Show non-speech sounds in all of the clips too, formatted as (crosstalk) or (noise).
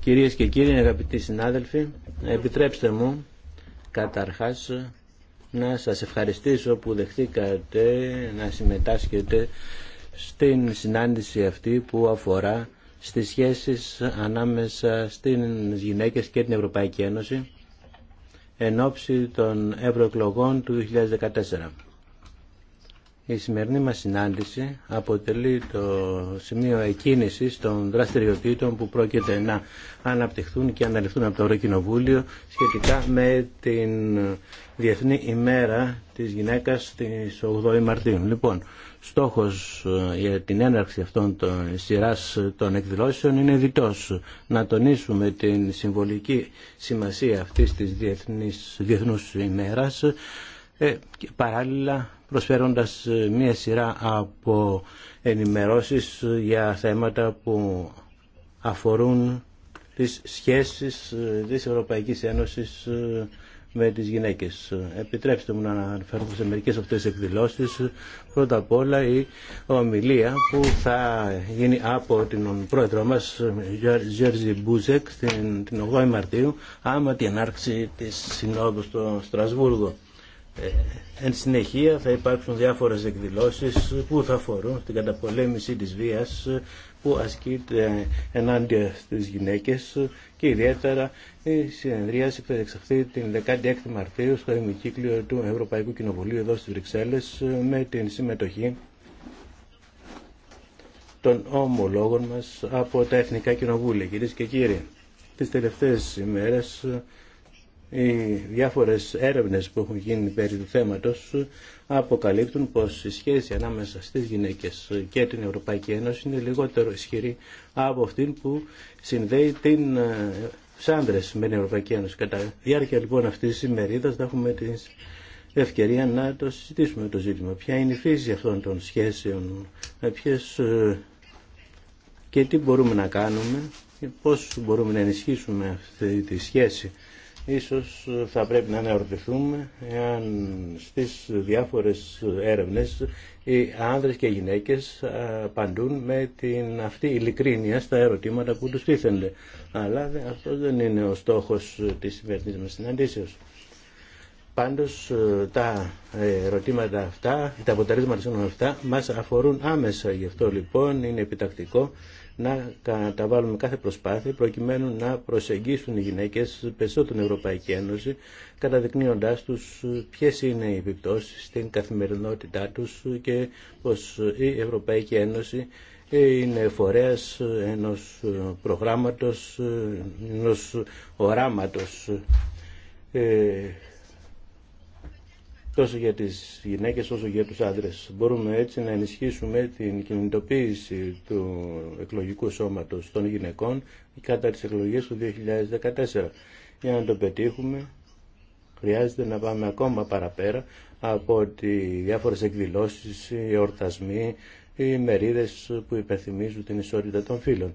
Κυρίες και κύριοι, αγαπητοί συνάδελφοι, επιτρέψτε μου καταρχάς να σας ευχαριστήσω που δεχτήκατε να συμμετάσχετε στην συνάντηση αυτή που αφορά στις σχέσεις ανάμεσα στις γυναίκες και την Ευρωπαϊκή Ένωση εν ώψη των ευρωεκλογών του 2014. Η σημερινή μας συνάντηση αποτελεί το σημείο εκκίνησης των δραστηριοτήτων που πρόκειται να αναπτυχθούν και αναλυθούν από το Ευρωκοινοβούλιο σχετικά με την Διεθνή ημέρα της γυναίκας στις 8 η Μαρτίου. Λοιπόν, στόχος ε, για την έναρξη αυτών των σειράς των εκδηλώσεων είναι διτός. Να τονίσουμε την συμβολική σημασία αυτής της διεθνής, διεθνούς ε, παράλληλα προσφέροντας ε, μία σειρά από ενημερώσεις για θέματα που αφορούν τις σχέσεις ε, της Ευρωπαϊκής Ένωσης με τις γυναίκες. Επιτρέψτε μου να αναφέρω σε μερικές αυτές τις εκδηλώσεις. Πρώτα απ' όλα η ομιλία που θα γίνει από τον πρόεδρο μας Γιώργη Μπούζεκ την 8η Μαρτίου άμα την άρξη της συνόδου στο Στρασβούργο. Ε, εν συνεχεία θα υπάρξουν διάφορες εκδηλώσεις που θα αφορούν την καταπολέμηση της βίας που ασκείται ενάντια στις γυναίκες και ιδιαίτερα η συνεδρίαση που θα διεξαχθεί την 16η Μαρτίου στο ημικύκλιο του Ευρωπαϊκού Κοινοβουλίου εδώ στις Βρυξέλλες με την συμμετοχή των ομολόγων μας από τα Εθνικά Κοινοβούλια. Κυρίες και κύριοι, τις τελευταίες ημέρες οι διάφορες έρευνες που έχουν γίνει περί του θέματος αποκαλύπτουν πως η σχέση ανάμεσα στις γυναίκες και την Ευρωπαϊκή Ένωση είναι λιγότερο ισχυρή από αυτήν που συνδέει την ε, άνδρες με την Ευρωπαϊκή Ένωση. Κατά διάρκεια λοιπόν αυτής της ημερίδας θα έχουμε την ευκαιρία να το συζητήσουμε το ζήτημα. Ποια είναι η φύση αυτών των σχέσεων, ποιες ε, και τι μπορούμε να κάνουμε και πώς μπορούμε να ενισχύσουμε αυτή τη σχέση Ίσως ε, θα πρέπει να αναρωτηθούμε εάν στις διάφορες έρευνες οι άνδρες και οι γυναίκες ε, απαντούν με την αυτή ειλικρίνεια στα ερωτήματα που τους τίθενται. Αλλά αυτό δεν είναι ο στόχος της σημερινής μας συναντήσεως. Πάντως ε, τα ερωτήματα αυτά, τα αποτελέσματα αυτά μας αφορούν άμεσα. Γι' αυτό λοιπόν είναι επιτακτικό να καταβάλουμε κάθε προσπάθεια προκειμένου να προσεγγίσουν οι γυναίκες περισσότερο την Ευρωπαϊκή Ένωση καταδεικνύοντάς τους ποιε είναι οι επιπτώσει στην καθημερινότητά τους και πως η Ευρωπαϊκή Ένωση είναι φορέας ενός προγράμματος, ενός οράματος ε, τόσο για τις γυναίκες όσο για τους άντρες. Μπορούμε έτσι να ενισχύσουμε την κινητοποίηση του εκλογικού σώματος των γυναικών κατά τις εκλογές του 2014. Για να το πετύχουμε χρειάζεται να πάμε ακόμα παραπέρα από ότι διάφορες εκδηλώσεις, οι ορθασμοί, οι μερίδες που υπερθυμίζουν την ισότητα των φίλων.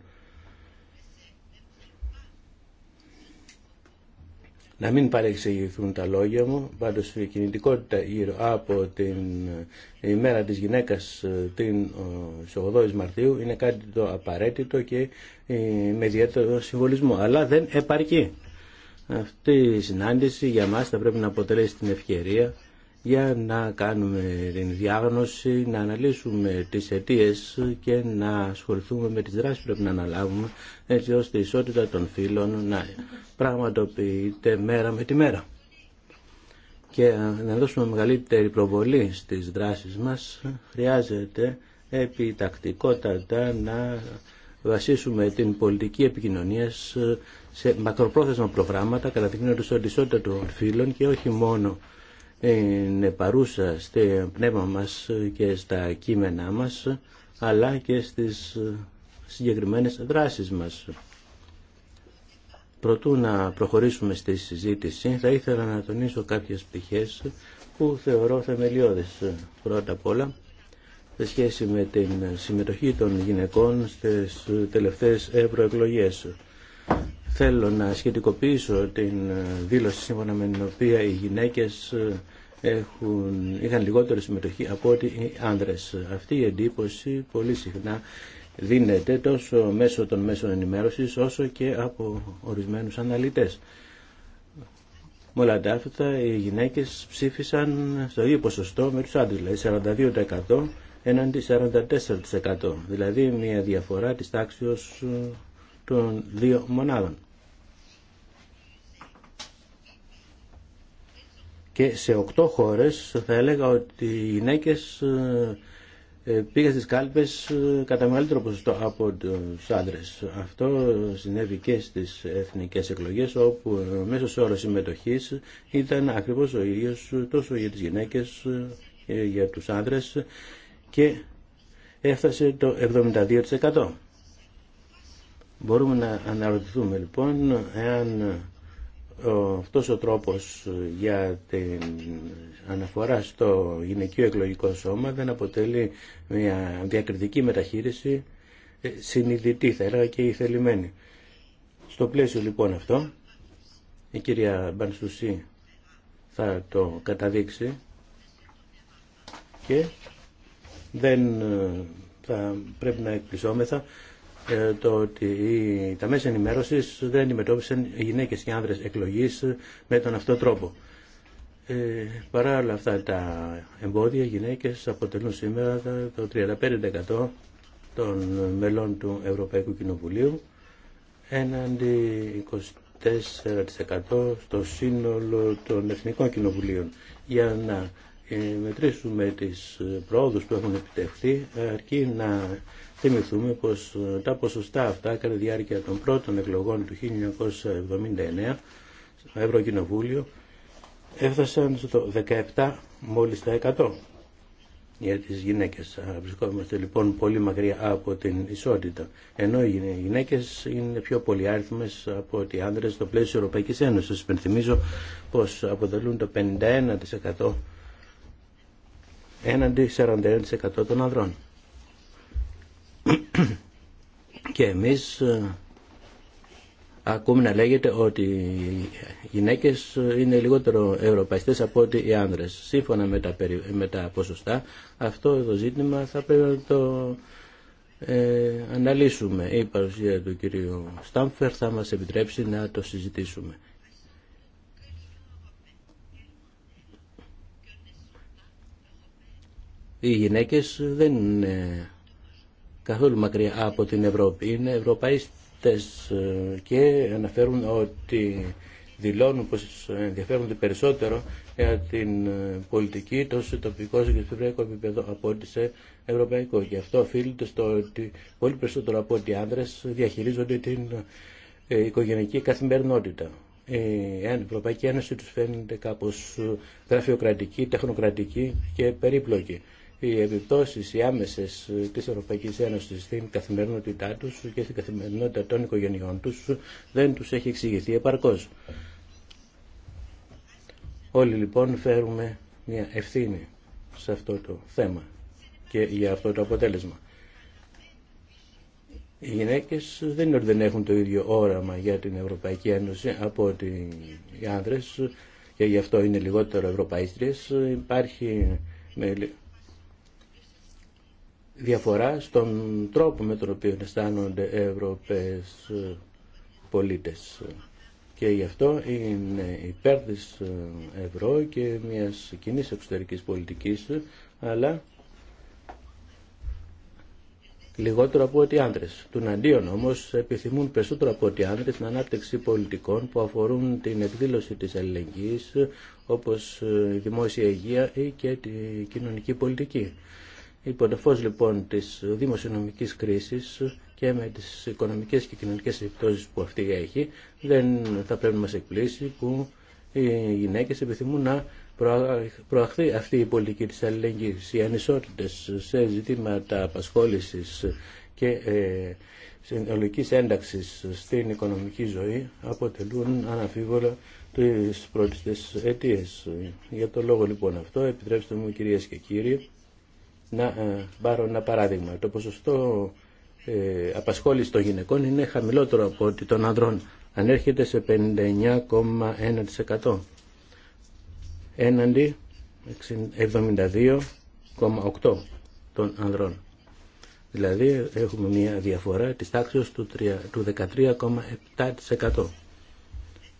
Να μην παρεξηγηθούν τα λόγια μου, πάντως η κινητικότητα γύρω από την ημέρα της γυναίκας ε, την 8 Μαρτίου είναι κάτι το απαραίτητο και ε, με ιδιαίτερο συμβολισμό, αλλά δεν επαρκεί. Αυτή η συνάντηση για μας θα πρέπει να αποτελέσει την ευκαιρία για να κάνουμε την διάγνωση, να αναλύσουμε τις αιτίε και να ασχοληθούμε με τις δράσεις που πρέπει να αναλάβουμε έτσι ώστε η ισότητα των φύλων να πραγματοποιείται μέρα με τη μέρα και να δώσουμε μεγαλύτερη προβολή στις δράσεις μας χρειάζεται επιτακτικότατα να βασίσουμε την πολιτική επικοινωνία σε μακροπρόθεσμα προγράμματα καταδεικνύοντας την ισότητα των φύλων και όχι μόνο είναι παρούσα στο πνεύμα μας και στα κείμενά μας αλλά και στις συγκεκριμένες δράσεις μας. Προτού να προχωρήσουμε στη συζήτηση θα ήθελα να τονίσω κάποιες πτυχές που θεωρώ θεμελιώδες πρώτα απ' όλα σε σχέση με την συμμετοχή των γυναικών στις τελευταίες ευρωεκλογές. Θέλω να σχετικοποιήσω την ε, δήλωση σύμφωνα με την οποία οι γυναίκες ε, έχουν, είχαν λιγότερη συμμετοχή από ότι οι άνδρες. Αυτή η εντύπωση πολύ συχνά δίνεται τόσο μέσω των μέσων ενημέρωσης όσο και από ορισμένους αναλυτές. Με όλα τα αυτά οι γυναίκες ψήφισαν στο ίδιο ποσοστό με τους άντρες, δηλαδή 42% έναντι 44%, δηλαδή μια διαφορά της τάξης ε, των δύο μονάδων. και σε οκτώ χώρες θα έλεγα ότι οι γυναίκες ε, ε, πήγαν στις κάλπες ε, κατά μεγαλύτερο ποσοστό από τους άντρες. Αυτό συνέβη και στις εθνικές εκλογές όπου μέσω σε όρος συμμετοχής ήταν ακριβώς ο ίδιος τόσο για τις γυναίκες και για τους άντρες και έφτασε το 72%. Μπορούμε να αναρωτηθούμε λοιπόν εάν αυτός ο τρόπος για την αναφορά στο γυναικείο εκλογικό σώμα δεν αποτελεί μια διακριτική μεταχείριση ε, συνειδητή θα έλεγα και ηθελημένη. Στο πλαίσιο λοιπόν αυτό η κυρία Μπανσουσί θα το καταδείξει και δεν ε, θα πρέπει να εκπλησόμεθα ε, το ότι τα μέσα ενημέρωση δεν αντιμετώπισαν γυναίκες και άνδρες εκλογής με τον αυτό τρόπο. Ε, παρά όλα αυτά τα εμπόδια, γυναίκες αποτελούν σήμερα το 35% των μελών του Ευρωπαϊκού Κοινοβουλίου έναντι 24% στο σύνολο των Εθνικών Κοινοβουλίων. Για να ε, μετρήσουμε τις ε, πρόοδους που έχουν επιτευχθεί αρκεί να θυμηθούμε πως ε, τα ποσοστά αυτά κατά τη διάρκεια των πρώτων εκλογών του 1979 στο Ευρωκοινοβούλιο έφτασαν στο 17 μόλις τα 100 για τις γυναίκες. Βρισκόμαστε λοιπόν πολύ μακριά από την ισότητα. Ενώ οι γυναίκες είναι πιο πολυάριθμες από ότι οι άνδρες στο πλαίσιο Ευρωπαϊκής Ένωσης. Υπενθυμίζω πως αποτελούν το 51% έναντι 41% των ανδρών και εμείς ε, ακούμε να λέγεται ότι οι γυναίκες είναι λιγότερο ευρωπαϊστές από ότι οι άνδρες. Σύμφωνα με τα, ποσοστά αυτό το ζήτημα θα πρέπει να το ε, αναλύσουμε. Η παρουσία του κυρίου Στάμφερ θα μας επιτρέψει να το συζητήσουμε. Οι γυναίκες δεν είναι καθόλου μακριά από την Ευρώπη. Είναι ευρωπαϊστές ε, και αναφέρουν ότι δηλώνουν πως ενδιαφέρονται περισσότερο για την ε, πολιτική τόσο τοπικό και ευρωπαϊκό επίπεδο από ό,τι σε ευρωπαϊκό. Και αυτό οφείλεται στο ότι πολύ περισσότερο από ό,τι άντρε διαχειρίζονται την ε, οικογενειακή καθημερινότητα. Η Ευρωπαϊκή Ένωση τους φαίνεται κάπως γραφειοκρατική, τεχνοκρατική και περίπλοκη οι επιπτώσει οι άμεσε ε, τη Ευρωπαϊκή Ένωση στην καθημερινότητά του και στην καθημερινότητα των οικογενειών του δεν τους έχει εξηγηθεί επαρκώς. Όλοι λοιπόν φέρουμε μια ευθύνη σε αυτό το θέμα και για αυτό το αποτέλεσμα. Οι γυναίκες δεν είναι ότι δεν έχουν το ίδιο όραμα για την Ευρωπαϊκή Ένωση από ότι οι άνδρες και γι' αυτό είναι λιγότερο ευρωπαϊστρίες. Υπάρχει διαφορά στον τρόπο με τον οποίο αισθάνονται Ευρωπαίες πολίτες. Και γι' αυτό είναι υπέρ της ευρώ και μιας κοινή εξωτερικής πολιτικής, αλλά λιγότερο από ό,τι άντρε. του αντίον όμω επιθυμούν περισσότερο από ό,τι άντρε την ανάπτυξη πολιτικών που αφορούν την εκδήλωση της αλληλεγγύη, όπως η δημόσια υγεία ή και την κοινωνική πολιτική. Υπό το φως λοιπόν της δημοσιονομικής κρίσης και με τις οικονομικές και κοινωνικές επιπτώσεις που αυτή έχει, δεν θα πρέπει να μας εκπλήσει που οι γυναίκες επιθυμούν να προαχθεί αυτή η πολιτική της αλληλεγγύης. Οι ανισότητες σε ζητήματα απασχόλησης και ε, συνολικής ένταξης στην οικονομική ζωή αποτελούν αναφίβολα τις πρώτες αιτίες. Για τον λόγο λοιπόν αυτό επιτρέψτε μου κυρίες και κύριοι να ε, πάρω ένα παράδειγμα. Το ποσοστό ε, απασχόληση των γυναικών είναι χαμηλότερο από ότι των ανδρών. Ανέρχεται σε 59,1% έναντι 72,8% των ανδρών. Δηλαδή έχουμε μια διαφορά της τάξης του 13,7%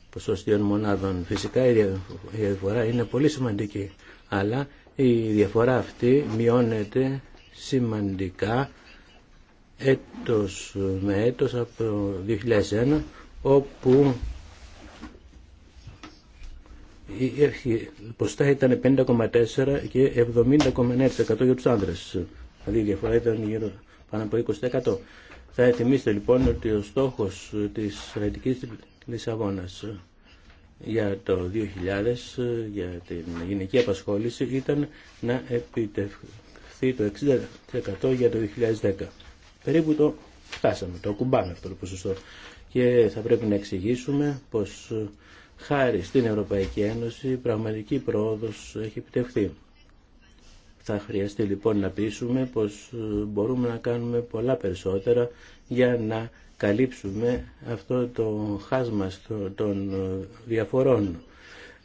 ποσοστιών μονάδων. Φυσικά η διαφορά είναι πολύ σημαντική, αλλά η διαφορά αυτή μειώνεται σημαντικά έτος με έτος από 2001 όπου η ποστά ήταν 50,4 και 70,9% για τους άνδρες. Δηλαδή η διαφορά ήταν γύρω πάνω από 20%. Θα ετοιμήσετε λοιπόν ότι ο στόχος της της Λισαβόνας για το 2000 ε, για την γυναική απασχόληση ήταν να επιτευχθεί το 60% για το 2010. Περίπου το φτάσαμε, το κουμπάμε αυτό το ποσοστό. Και θα πρέπει να εξηγήσουμε πως ε, χάρη στην Ευρωπαϊκή Ένωση πραγματική πρόοδος έχει επιτευχθεί. Θα χρειαστεί λοιπόν να πείσουμε πως ε, μπορούμε να κάνουμε πολλά περισσότερα για να καλύψουμε αυτό το χάσμα των διαφορών.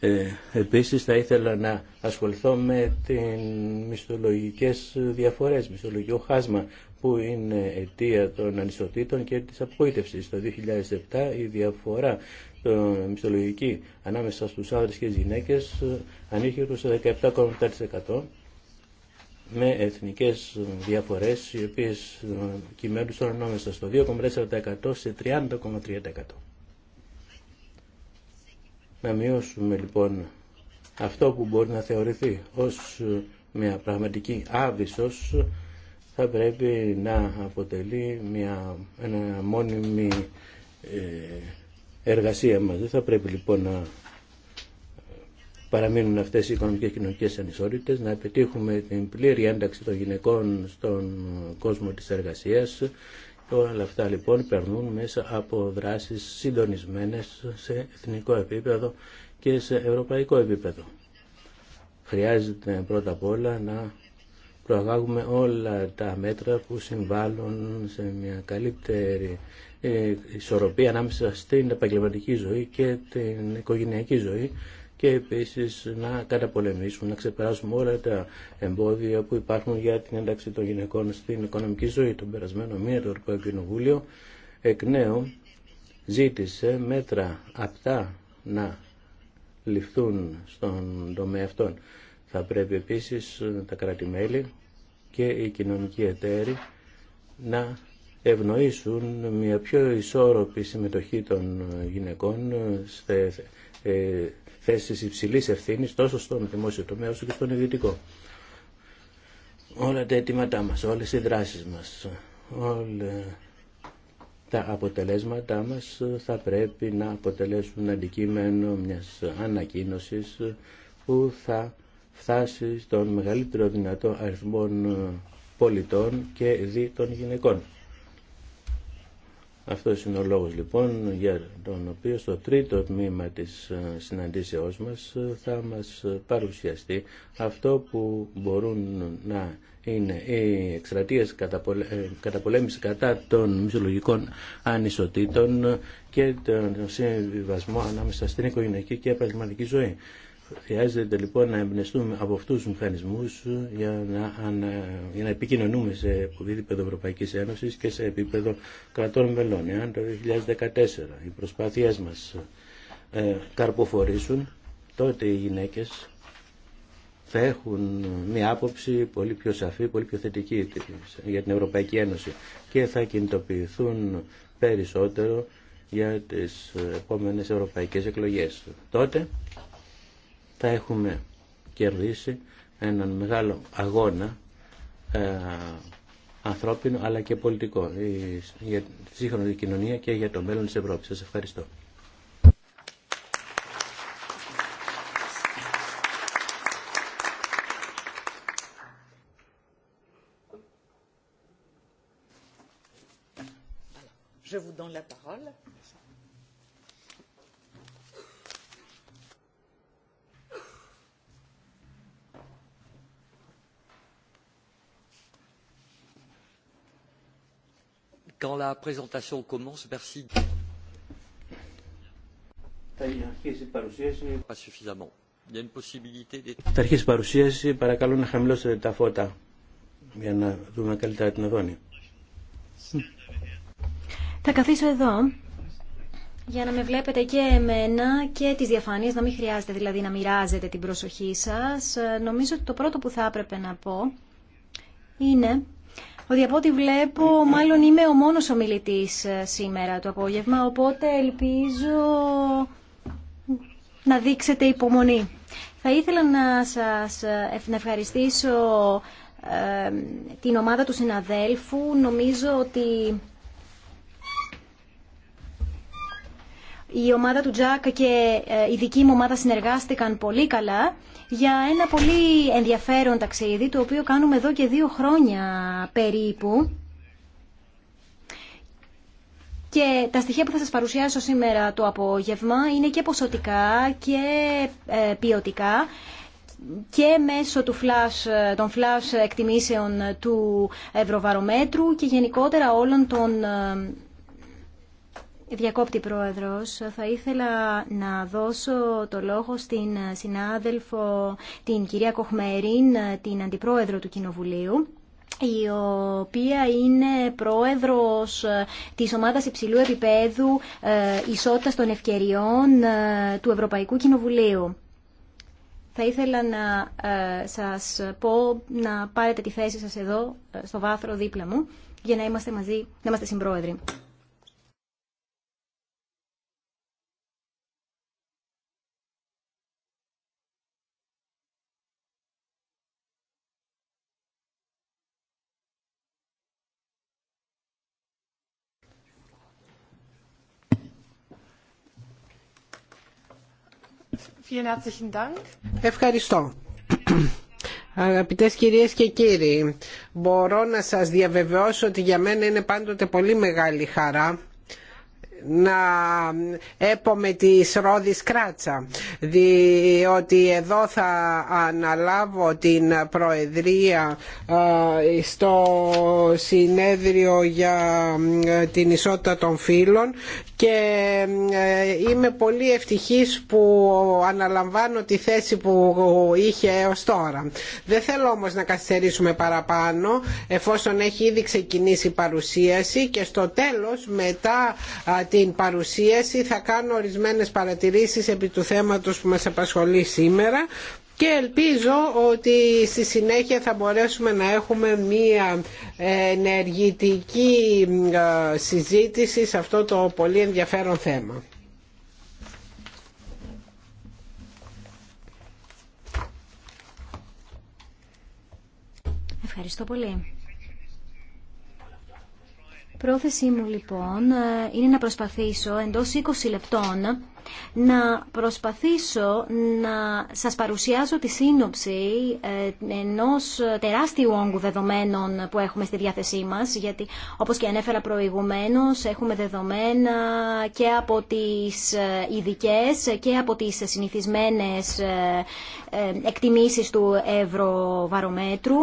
Ε, επίσης θα ήθελα να ασχοληθώ με την μισθολογικές διαφορές, μισθολογικό χάσμα που είναι αιτία των ανισοτήτων και της απογοήτευσης. Το 2007 η διαφορά το μισθολογική ανάμεσα στους άνδρες και τις γυναίκες ε, ανήκει το 17,7% με εθνικές διαφορές οι οποίες ε, κυμαίνουν ανάμεσα στο 2,4% σε 30,3%. Να μειώσουμε λοιπόν αυτό που μπορεί να θεωρηθεί ως ε, μια πραγματική άβυσος θα πρέπει να αποτελεί μια, μια μόνιμη ε, εργασία μας. Δεν θα πρέπει λοιπόν να παραμείνουν αυτές οι οικονομικές και κοινωνικές ανισότητες, να επιτύχουμε την πλήρη ένταξη των γυναικών στον κόσμο της εργασίας. Όλα αυτά λοιπόν περνούν μέσα από δράσεις συντονισμένες σε εθνικό επίπεδο και σε ευρωπαϊκό επίπεδο. Χρειάζεται πρώτα απ' όλα να προαγάγουμε όλα τα μέτρα που συμβάλλουν σε μια καλύτερη ε, ισορροπία ανάμεσα στην επαγγελματική ζωή και την οικογενειακή ζωή και επίσης να καταπολεμήσουν, να ξεπεράσουμε όλα τα εμπόδια που υπάρχουν για την ένταξη των γυναικών στην οικονομική ζωή. Τον περασμένο μήνα το Ευρωπαϊκό Κοινοβούλιο εκ νέου ζήτησε μέτρα απτά να ληφθούν στον τομέα αυτών. Θα πρέπει επίσης τα κράτη-μέλη και οι κοινωνικοί εταίροι να ευνοήσουν μια πιο ισόρροπη συμμετοχή των γυναικών ε, Θέσει υψηλή ευθύνη τόσο στον δημόσιο τομέα όσο και στον ιδιωτικό. Όλα τα αιτήματά μα, όλε οι δράσεις μας, όλα τα αποτελέσματά μας θα πρέπει να αποτελέσουν αντικείμενο μιας ανακοίνωση που θα φτάσει στον μεγαλύτερο δυνατό αριθμό πολιτών και δι των γυναικών. Αυτό είναι ο λόγος λοιπόν για τον οποίο στο τρίτο τμήμα της ε, συναντήσεώ μας ε, θα μας ε, παρουσιαστεί αυτό που μπορούν να είναι οι εκστρατείες καταπολέμηση κατά των μισολογικών ανισοτήτων και τον συμβιβασμό ανάμεσα στην οικογενειακή και επαγγελματική ζωή. Χρειάζεται λοιπόν να εμπνευστούμε από αυτού του μηχανισμού για, για, να επικοινωνούμε σε επίπεδο Ευρωπαϊκή Ένωση και σε επίπεδο κρατών μελών. Εάν το 2014 οι προσπάθειέ μα ε, καρποφορήσουν, τότε οι γυναίκε θα έχουν μια άποψη πολύ πιο σαφή, πολύ πιο θετική για την Ευρωπαϊκή Ένωση και θα κινητοποιηθούν περισσότερο για τις επόμενες ευρωπαϊκές εκλογές. Τότε θα έχουμε κερδίσει έναν μεγάλο αγώνα ε, ανθρώπινο αλλά και πολιτικό για τη σύγχρονη κοινωνία και για το μέλλον της Ευρώπης. Σας ευχαριστώ. Quand la présentation commence, Θα αρχίσει παρουσίαση. Παρακαλώ να χαμηλώσετε τα φώτα για να δούμε καλύτερα την οδόνη. Θα καθίσω εδώ για να με βλέπετε και εμένα και τις διαφάνειες, να μην χρειάζεται δηλαδή να μοιράζετε την προσοχή σας. Νομίζω ότι το πρώτο που θα έπρεπε να πω είναι ότι από ό,τι βλέπω μάλλον είμαι ο μόνος ομιλητής ε, σήμερα το απόγευμα, οπότε ελπίζω να δείξετε υπομονή. Θα ήθελα να σας ε, ευχαριστήσω ε, την ομάδα του συναδέλφου. Νομίζω ότι η ομάδα του Τζακ και η δική μου ομάδα συνεργάστηκαν πολύ καλά για ένα πολύ ενδιαφέρον ταξίδι, το οποίο κάνουμε εδώ και δύο χρόνια περίπου. Και τα στοιχεία που θα σας παρουσιάσω σήμερα το απόγευμα είναι και ποσοτικά και ε, ποιοτικά και μέσω του flash, ε, των flash εκτιμήσεων του Ευρωβαρομέτρου και γενικότερα όλων των ε, Διακόπτη Πρόεδρος, θα ήθελα να δώσω το λόγο στην συνάδελφο, την κυρία Κοχμερίν, την Αντιπρόεδρο του Κοινοβουλίου η οποία είναι πρόεδρος της ομάδας υψηλού επίπεδου ε, ισότητας των ευκαιριών ε, του Ευρωπαϊκού Κοινοβουλίου. Θα ήθελα να ε, σας πω να πάρετε τη θέση σας εδώ, στο βάθρο δίπλα μου, για να είμαστε μαζί, να είμαστε συμπρόεδροι. Ευχαριστώ. Αγαπητές κυρίες και κύριοι, μπορώ να σας διαβεβαιώσω ότι για μένα είναι πάντοτε πολύ μεγάλη χαρά να έπομε τη Ρόδης Κράτσα διότι εδώ θα αναλάβω την Προεδρία ε, στο συνέδριο για ε, την ισότητα των φύλων και ε, είμαι πολύ ευτυχής που αναλαμβάνω τη θέση που είχε έως τώρα. Δεν θέλω όμως να καθυστερήσουμε παραπάνω εφόσον έχει ήδη ξεκινήσει η παρουσίαση και στο τέλος μετά την παρουσίαση θα κάνω ορισμένες παρατηρήσεις επί του θέματος που μας απασχολεί σήμερα και ελπίζω ότι στη συνέχεια θα μπορέσουμε να έχουμε μία ενεργητική ε, συζήτηση σε αυτό το πολύ ενδιαφέρον θέμα. Ευχαριστώ πολύ. Πρόθεσή μου λοιπόν ε, είναι να προσπαθήσω εντός 20 λεπτών να προσπαθήσω να σας παρουσιάσω τη σύνοψη ε, ενός τεράστιου όγκου δεδομένων που έχουμε στη διάθεσή μας, γιατί όπως και ανέφερα προηγουμένως έχουμε δεδομένα και από τις ε, ειδικέ και από τις συνηθισμένες εκτιμήσεις του Ευρωβαρομέτρου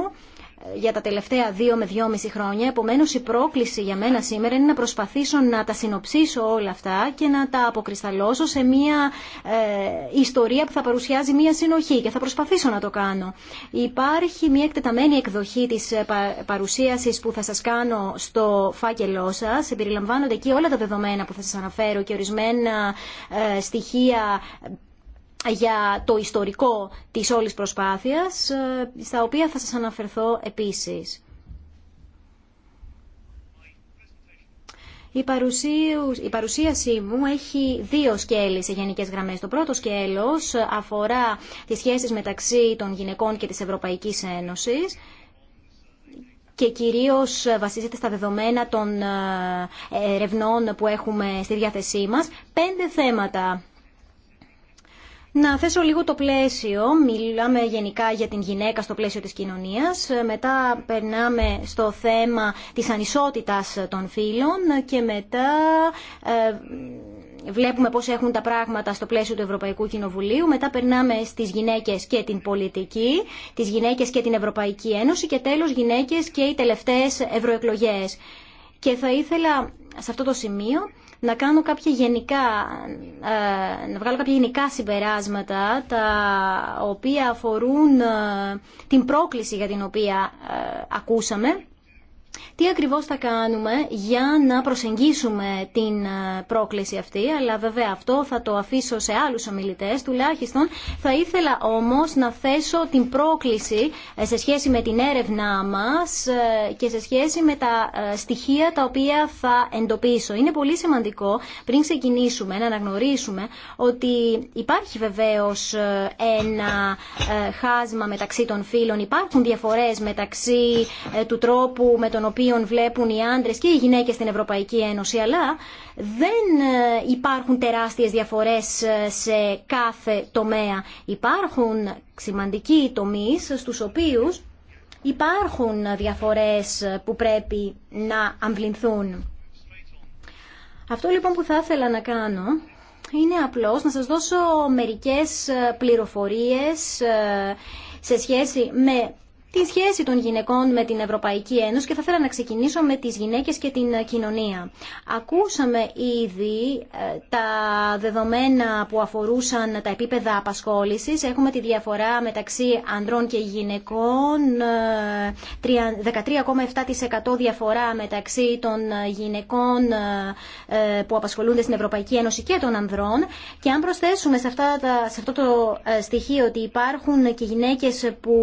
για τα τελευταία δύο με δυόμιση χρόνια. επομένω η πρόκληση για μένα σήμερα είναι να προσπαθήσω να τα συνοψίσω όλα αυτά και να τα αποκρισταλώσω σε μια ε, ιστορία που θα παρουσιάζει μια συνοχή και θα προσπαθήσω να το κάνω. Υπάρχει μια εκτεταμένη εκδοχή της ε, παρουσίαση που θα σας κάνω στο φάκελό σα. Συμπεριλαμβάνονται εκεί όλα τα δεδομένα που θα σα αναφέρω και ορισμένα ε, στοιχεία για το ιστορικό της όλης προσπάθειας, ε, στα οποία θα σας αναφερθώ επίσης. Η, παρουσίασή μου έχει δύο σκέλη σε γενικές γραμμές. Το πρώτο σκέλος αφορά τις σχέσεις μεταξύ των γυναικών και της Ευρωπαϊκής Ένωσης και κυρίως βασίζεται στα δεδομένα των ε, ερευνών που έχουμε στη διάθεσή μας. Πέντε θέματα να θέσω λίγο το πλαίσιο. Μιλάμε γενικά για την γυναίκα στο πλαίσιο της κοινωνίας. Μετά περνάμε στο θέμα της ανισότητας των φύλων και μετά ε, βλέπουμε πώς έχουν τα πράγματα στο πλαίσιο του Ευρωπαϊκού Κοινοβουλίου. Μετά περνάμε στις γυναίκες και την πολιτική, τις γυναίκες και την Ευρωπαϊκή Ένωση και τέλος γυναίκες και οι τελευταίες ευρωεκλογές. Και θα ήθελα σε αυτό το σημείο να κάνω κάποια γενικά, ε, να βγάλω κάποια γενικά συμπεράσματα τα οποία αφορούν ε, την πρόκληση για την οποία ε, ακούσαμε τι ακριβώς θα κάνουμε για να προσεγγίσουμε την ε, πρόκληση αυτή, αλλά βέβαια αυτό θα το αφήσω σε άλλους ομιλητές τουλάχιστον. Θα ήθελα όμως να θέσω την πρόκληση ε, σε σχέση με την έρευνά μας ε, και σε σχέση με τα στοιχεία τα οποία θα εντοπίσω. Είναι πολύ σημαντικό πριν ξεκινήσουμε να αναγνωρίσουμε ότι υπάρχει βεβαίως ένα χάσμα μεταξύ των φύλων, υπάρχουν διαφορές μεταξύ του τρόπου με τον οποίων βλέπουν οι άντρες και οι γυναίκες στην Ευρωπαϊκή Ένωση, αλλά δεν ε, υπάρχουν τεράστιες διαφορές ε, σε κάθε τομέα. Υπάρχουν σημαντικοί τομείς στους οποίους υπάρχουν διαφορές που πρέπει να αμβληνθούν. Αυτό λοιπόν που θα ήθελα να κάνω είναι απλώς να σας δώσω μερικές ε, πληροφορίες σε σχέση με τη σχέση των γυναικών με την Ευρωπαϊκή Ένωση και θα ήθελα να ξεκινήσω με τις γυναίκες και την ε, κοινωνία. Ακούσαμε ήδη ε, τα δεδομένα που αφορούσαν τα επίπεδα απασχόλησης. Έχουμε τη διαφορά μεταξύ ανδρών και γυναικών, 13,7% ε, διαφορά μεταξύ των γυναικών που απασχολούνται στην Ευρωπαϊκή Ένωση και των ανδρών. Και αν προσθέσουμε σε, αυτά αυτό το στοιχείο ότι υπάρχουν και γυναίκες που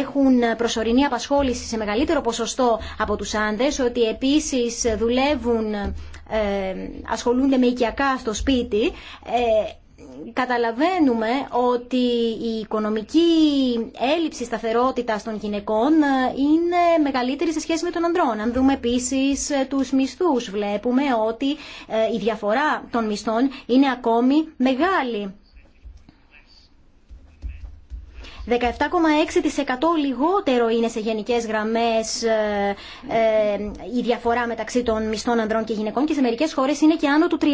έχουν έχουν προσωρινή απασχόληση σε μεγαλύτερο ποσοστό από τους άνδρες, ότι επίσης δουλεύουν, ε, ασχολούνται με οικιακά στο σπίτι, ε, καταλαβαίνουμε ότι η οικονομική έλλειψη σταθερότητας των γυναικών ε, είναι μεγαλύτερη σε σχέση με τον ανδρών. Αν δούμε επίσης τους μισθούς, βλέπουμε ότι η διαφορά των μισθών είναι ακόμη μεγάλη. 17,6% λιγότερο είναι σε γενικές γραμμές ε, ε, η διαφορά μεταξύ των μισθών ανδρών και γυναικών και σε μερικές χώρες είναι και άνω του 30%.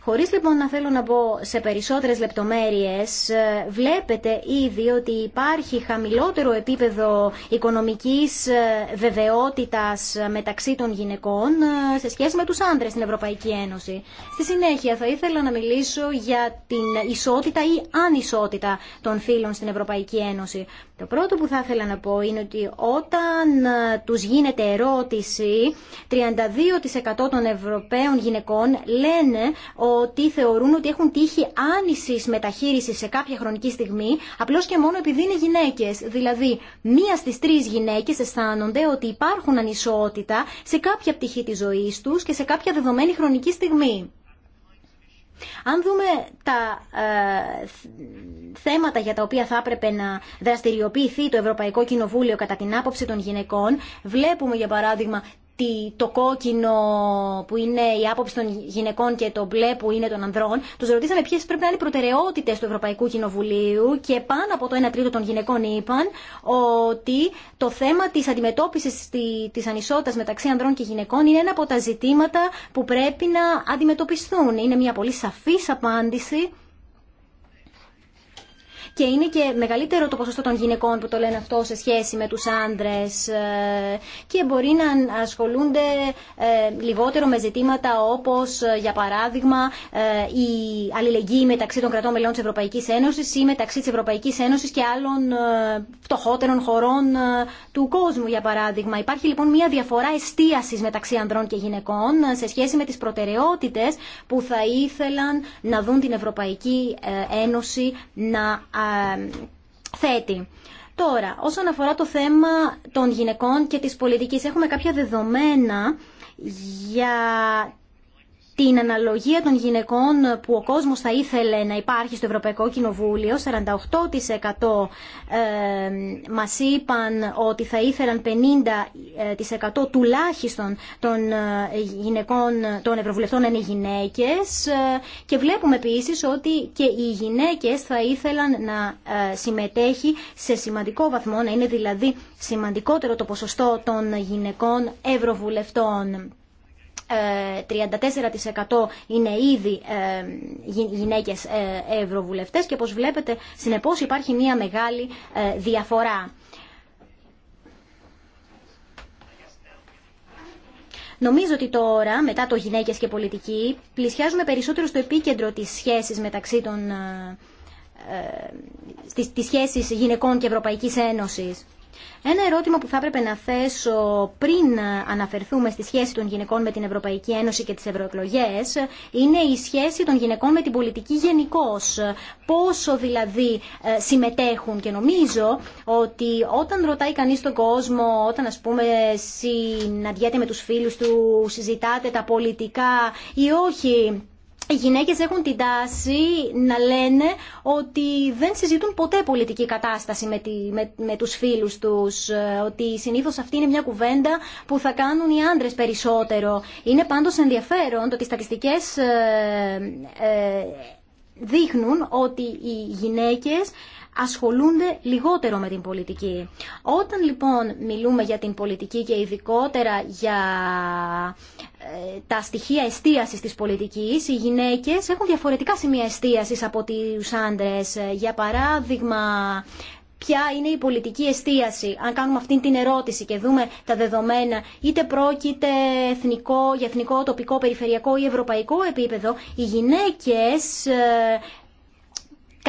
Χωρίς λοιπόν να θέλω να μπω σε περισσότερες λεπτομέρειες, ε, βλέπετε ήδη ότι υπάρχει χαμηλότερο επίπεδο οικονομικής βεβαιότητας μεταξύ των γυναικών σε σχέση με τους άνδρες στην Ευρωπαϊκή Ένωση. Στη συνέχεια θα ήθελα να μιλήσω για την ισότητα ή ανισότητα των φίλων στην Ευρωπαϊκή Ένωση. Το πρώτο που θα ήθελα να πω είναι ότι όταν ε, τους γίνεται ερώτηση, 32% των Ευρωπαίων γυναικών λένε ότι θεωρούν ότι έχουν τύχει άνηση μεταχείρισης σε κάποια χρονική στιγμή, απλώς και μόνο επειδή είναι γυναίκες. Δηλαδή, μία στις τρεις γυναίκες αισθάνονται ότι υπάρχουν ανισότητα σε κάποια πτυχή της ζωής τους και σε κάποια δεδομένη χρονική στιγμή. Αν δούμε τα ε, θέματα για τα οποία θα έπρεπε να δραστηριοποιηθεί το Ευρωπαϊκό Κοινοβούλιο κατά την άποψη των γυναικών, βλέπουμε για παράδειγμα το κόκκινο που είναι η άποψη των γυναικών και το μπλε που είναι των ανδρών, του ρωτήσαμε ποιε πρέπει να είναι οι προτεραιότητε του Ευρωπαϊκού Κοινοβουλίου και πάνω από το 1 τρίτο των γυναικών είπαν ότι το θέμα τη αντιμετώπιση τη ανισότητα μεταξύ ανδρών και γυναικών είναι ένα από τα ζητήματα που πρέπει να αντιμετωπιστούν. Είναι μια πολύ σαφή απάντηση και είναι και μεγαλύτερο το ποσοστό των γυναικών που το λένε αυτό σε σχέση με τους άντρες ε, και μπορεί να ασχολούνται ε, λιγότερο με ζητήματα όπως ε, για παράδειγμα η αλληλεγγύη μεταξύ των κρατών μελών της Ευρωπαϊκής Ένωσης ή μεταξύ της Ευρωπαϊκής Ένωσης και άλλων φτωχότερων χωρών του κόσμου για παράδειγμα. Υπάρχει λοιπόν μια διαφορά εστίασης μεταξύ ανδρών και γυναικών σε σχέση με τις προτεραιότητες που θα ήθελαν να δουν την Ευρωπαϊκή Ένωση να ε, θέτει. Τώρα, όσον αφορά το θέμα των γυναικών και της πολιτικής, έχουμε κάποια δεδομένα για την αναλογία των γυναικών που ο κόσμος θα ήθελε να υπάρχει στο Ευρωπαϊκό Κοινοβούλιο, 48% ε, μας είπαν ότι θα ήθελαν 50% τουλάχιστον των ε, γυναικών, των ευρωβουλευτών να είναι γυναίκες ε, και βλέπουμε επίσης ότι και οι γυναίκες θα ήθελαν να συμμετέχει σε σημαντικό βαθμό, να είναι δηλαδή σημαντικότερο το ποσοστό των γυναικών ευρωβουλευτών. 34% ε, είναι ήδη ε, γυναίκες ε, ευρωβουλευτές και όπως βλέπετε συνεπώς υπάρχει μια μεγάλη διαφορά. Νομίζω ότι τώρα, μετά το γυναίκες και πολιτική, πλησιάζουμε περισσότερο στο επίκεντρο της σχέσης μεταξύ των... της σχέσης γυναικών και Ευρωπαϊκής Ένωσης. Ένα ερώτημα που θα έπρεπε να θέσω πριν αναφερθούμε στη σχέση των γυναικών με την Ευρωπαϊκή Ένωση και τις ευρωεκλογέ είναι η σχέση των γυναικών με την πολιτική γενικώ. Πόσο δηλαδή ε, συμμετέχουν και νομίζω ότι όταν ρωτάει κανείς τον κόσμο, όταν ας πούμε συναντιέται με τους φίλους του, συζητάτε τα πολιτικά ή όχι, οι γυναίκες έχουν την τάση να λένε ότι δεν συζητούν ποτέ πολιτική κατάσταση με, με, με τους φίλους τους, ε, ότι συνήθως αυτή είναι μια κουβέντα που θα κάνουν οι άντρες περισσότερο. Είναι πάντως ενδιαφέρον το ότι οι στατιστικές ε, ε, δείχνουν ότι οι γυναίκες ασχολούνται λιγότερο με την πολιτική. Όταν λοιπόν μιλούμε για την πολιτική και ειδικότερα για ε, τα στοιχεία εστίασης της πολιτικής, οι γυναίκες έχουν διαφορετικά σημεία εστίασης από τους άντρες. Για παράδειγμα, ποια είναι η πολιτική εστίαση, αν κάνουμε αυτή την ερώτηση και δούμε τα δεδομένα, είτε πρόκειται εθνικό, για εθνικό, τοπικό, περιφερειακό ή ευρωπαϊκό επίπεδο, οι γυναίκες ε,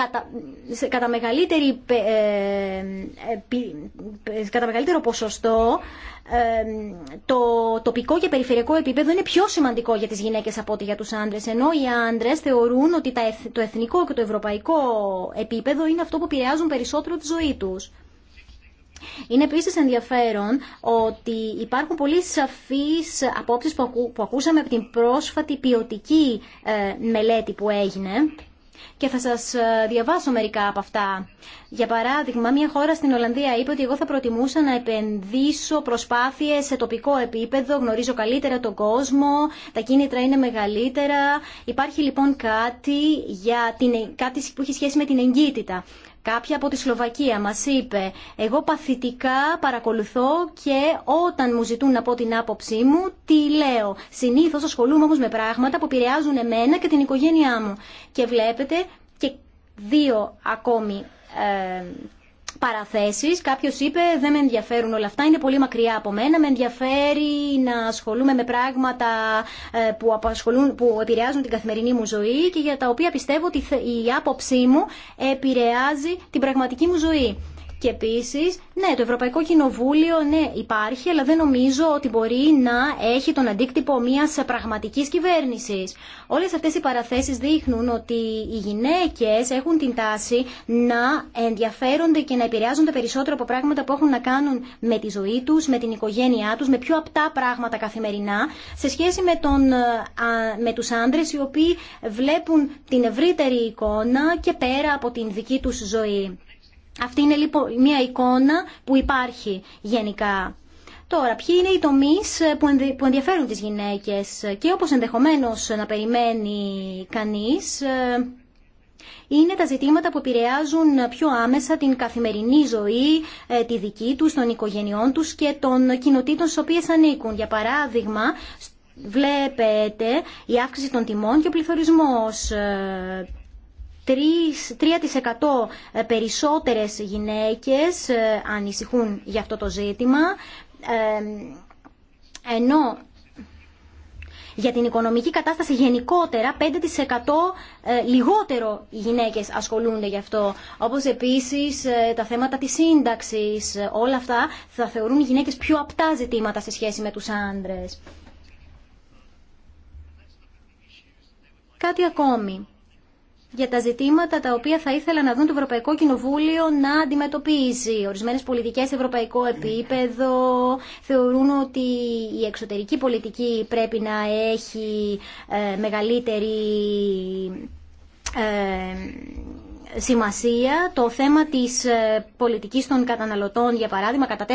κατά, σε, κατά, ε, ε, κατά μεγαλύτερο ποσοστό ε, το τοπικό και περιφερειακό επίπεδο είναι πιο σημαντικό για τις γυναίκες από ότι για τους άντρες ενώ οι άντρες θεωρούν ότι το εθνικό και το ευρωπαϊκό επίπεδο είναι αυτό που επηρεάζουν περισσότερο τη ζωή τους. Είναι επίση ενδιαφέρον ότι υπάρχουν πολύ σαφείς απόψεις που ακούσαμε από την πρόσφατη ποιοτική μελέτη που έγινε και θα σας ε, διαβάσω μερικά από αυτά. Για παράδειγμα, μια χώρα στην Ολλανδία είπε ότι εγώ θα προτιμούσα να επενδύσω προσπάθειες σε τοπικό επίπεδο, γνωρίζω καλύτερα τον κόσμο, τα κίνητρα είναι μεγαλύτερα. Υπάρχει λοιπόν κάτι, για την, κάτι που έχει σχέση με την εγκύτητα. Κάποια από τη Σλοβακία μας είπε «Εγώ παθητικά παρακολουθώ και όταν μου ζητούν να πω την άποψή μου, τι λέω. Συνήθως ασχολούμαι όμως με πράγματα που επηρεάζουν εμένα και την οικογένειά μου». Και βλέπετε και δύο ακόμη ε, παραθέσεις. Κάποιος είπε δεν με ενδιαφέρουν όλα αυτά, είναι πολύ μακριά από μένα. Με ενδιαφέρει να ασχολούμαι με πράγματα ε, που, απασχολούν, που επηρεάζουν την καθημερινή μου ζωή και για τα οποία πιστεύω ότι η άποψή μου επηρεάζει την πραγματική μου ζωή. Και επίση, ναι, το Ευρωπαϊκό Κοινοβούλιο, ναι, υπάρχει, αλλά δεν νομίζω ότι μπορεί να έχει τον αντίκτυπο μια πραγματικής κυβέρνησης. Όλες αυτές οι παραθέσεις δείχνουν ότι οι γυναίκε έχουν την τάση να ενδιαφέρονται και να επηρεάζονται περισσότερο από πράγματα που έχουν να κάνουν με τη ζωή του, με την οικογένειά τους, με πιο απτά πράγματα καθημερινά, σε σχέση με, τον, με τους άντρες οι οποίοι βλέπουν την ευρύτερη εικόνα και πέρα από την δική τους ζωή. Αυτή είναι λοιπόν μια εικόνα που υπάρχει γενικά. Τώρα, ποιοι είναι οι τομεί που ενδιαφέρουν τις γυναίκες και όπως ενδεχομένως να περιμένει κανείς, ε, είναι τα ζητήματα που επηρεάζουν πιο άμεσα την καθημερινή ζωή, ε, τη δική τους, των οικογενειών τους και των κοινοτήτων στις οποίες ανήκουν. Για παράδειγμα, βλέπετε η αύξηση των τιμών και ο πληθωρισμός ε, 3% ε, περισσότερες γυναίκες ε, ανησυχούν για αυτό το ζήτημα, ε, ενώ για την οικονομική κατάσταση γενικότερα 5% λιγότερο οι γυναίκες ασχολούνται γι' αυτό. Όπως επίσης τα θέματα της σύνταξης, όλα αυτά θα θεωρούν οι γυναίκες πιο απτά ζητήματα σε σχέση με τους άντρες. Κάτι ακόμη για τα ζητήματα τα οποία θα ήθελα να δουν το Ευρωπαϊκό Κοινοβούλιο να αντιμετωπίζει. Ορισμένες πολιτικές σε ευρωπαϊκό επίπεδο θεωρούν ότι η εξωτερική πολιτική πρέπει να έχει ε, μεγαλύτερη ε, σημασία το θέμα της ε, πολιτικής των καταναλωτών. Για παράδειγμα, κατά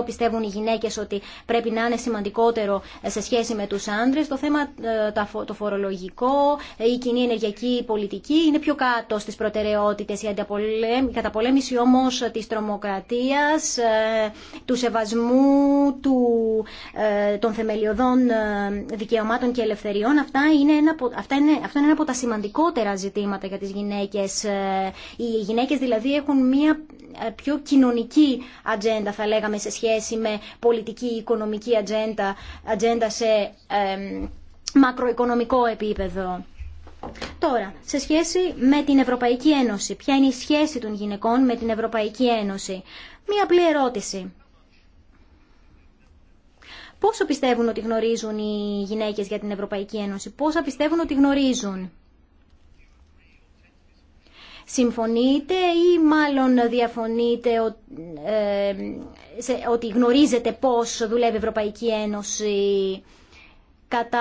4% πιστεύουν οι γυναίκες ότι πρέπει να είναι σημαντικότερο ε, σε σχέση με τους άντρες. Το θέμα ε, το φορολογικό, η κοινή ενεργειακή πολιτική είναι πιο κάτω στις προτεραιότητες. Η καταπολέμηση όμως της τρομοκρατίας, του σεβασμού του, των θεμελιωδών δικαιωμάτων και ελευθεριών, αυτά είναι ένα, αυτά είναι, αυτό είναι ένα από τα σημαντικότερα ζητήματα για τις γυναίκες ε, οι γυναίκες δηλαδή έχουν μια ε, πιο κοινωνική ατζέντα θα λέγαμε σε σχέση με πολιτική, οικονομική ατζέντα, ατζέντα σε μακροοικονομικό επίπεδο. Τώρα, σε σχέση με την Ευρωπαϊκή Ένωση, ποια είναι η σχέση των γυναικών με την Ευρωπαϊκή Ένωση. Μία απλή ερώτηση. Πόσο πιστεύουν ότι γνωρίζουν οι γυναίκες για την Ευρωπαϊκή Ένωση, πόσα πιστεύουν ότι γνωρίζουν. Συμφωνείτε ή μάλλον διαφωνείτε ε, ότι γνωρίζετε πώς δουλεύει η Ευρωπαϊκή Ένωση κατά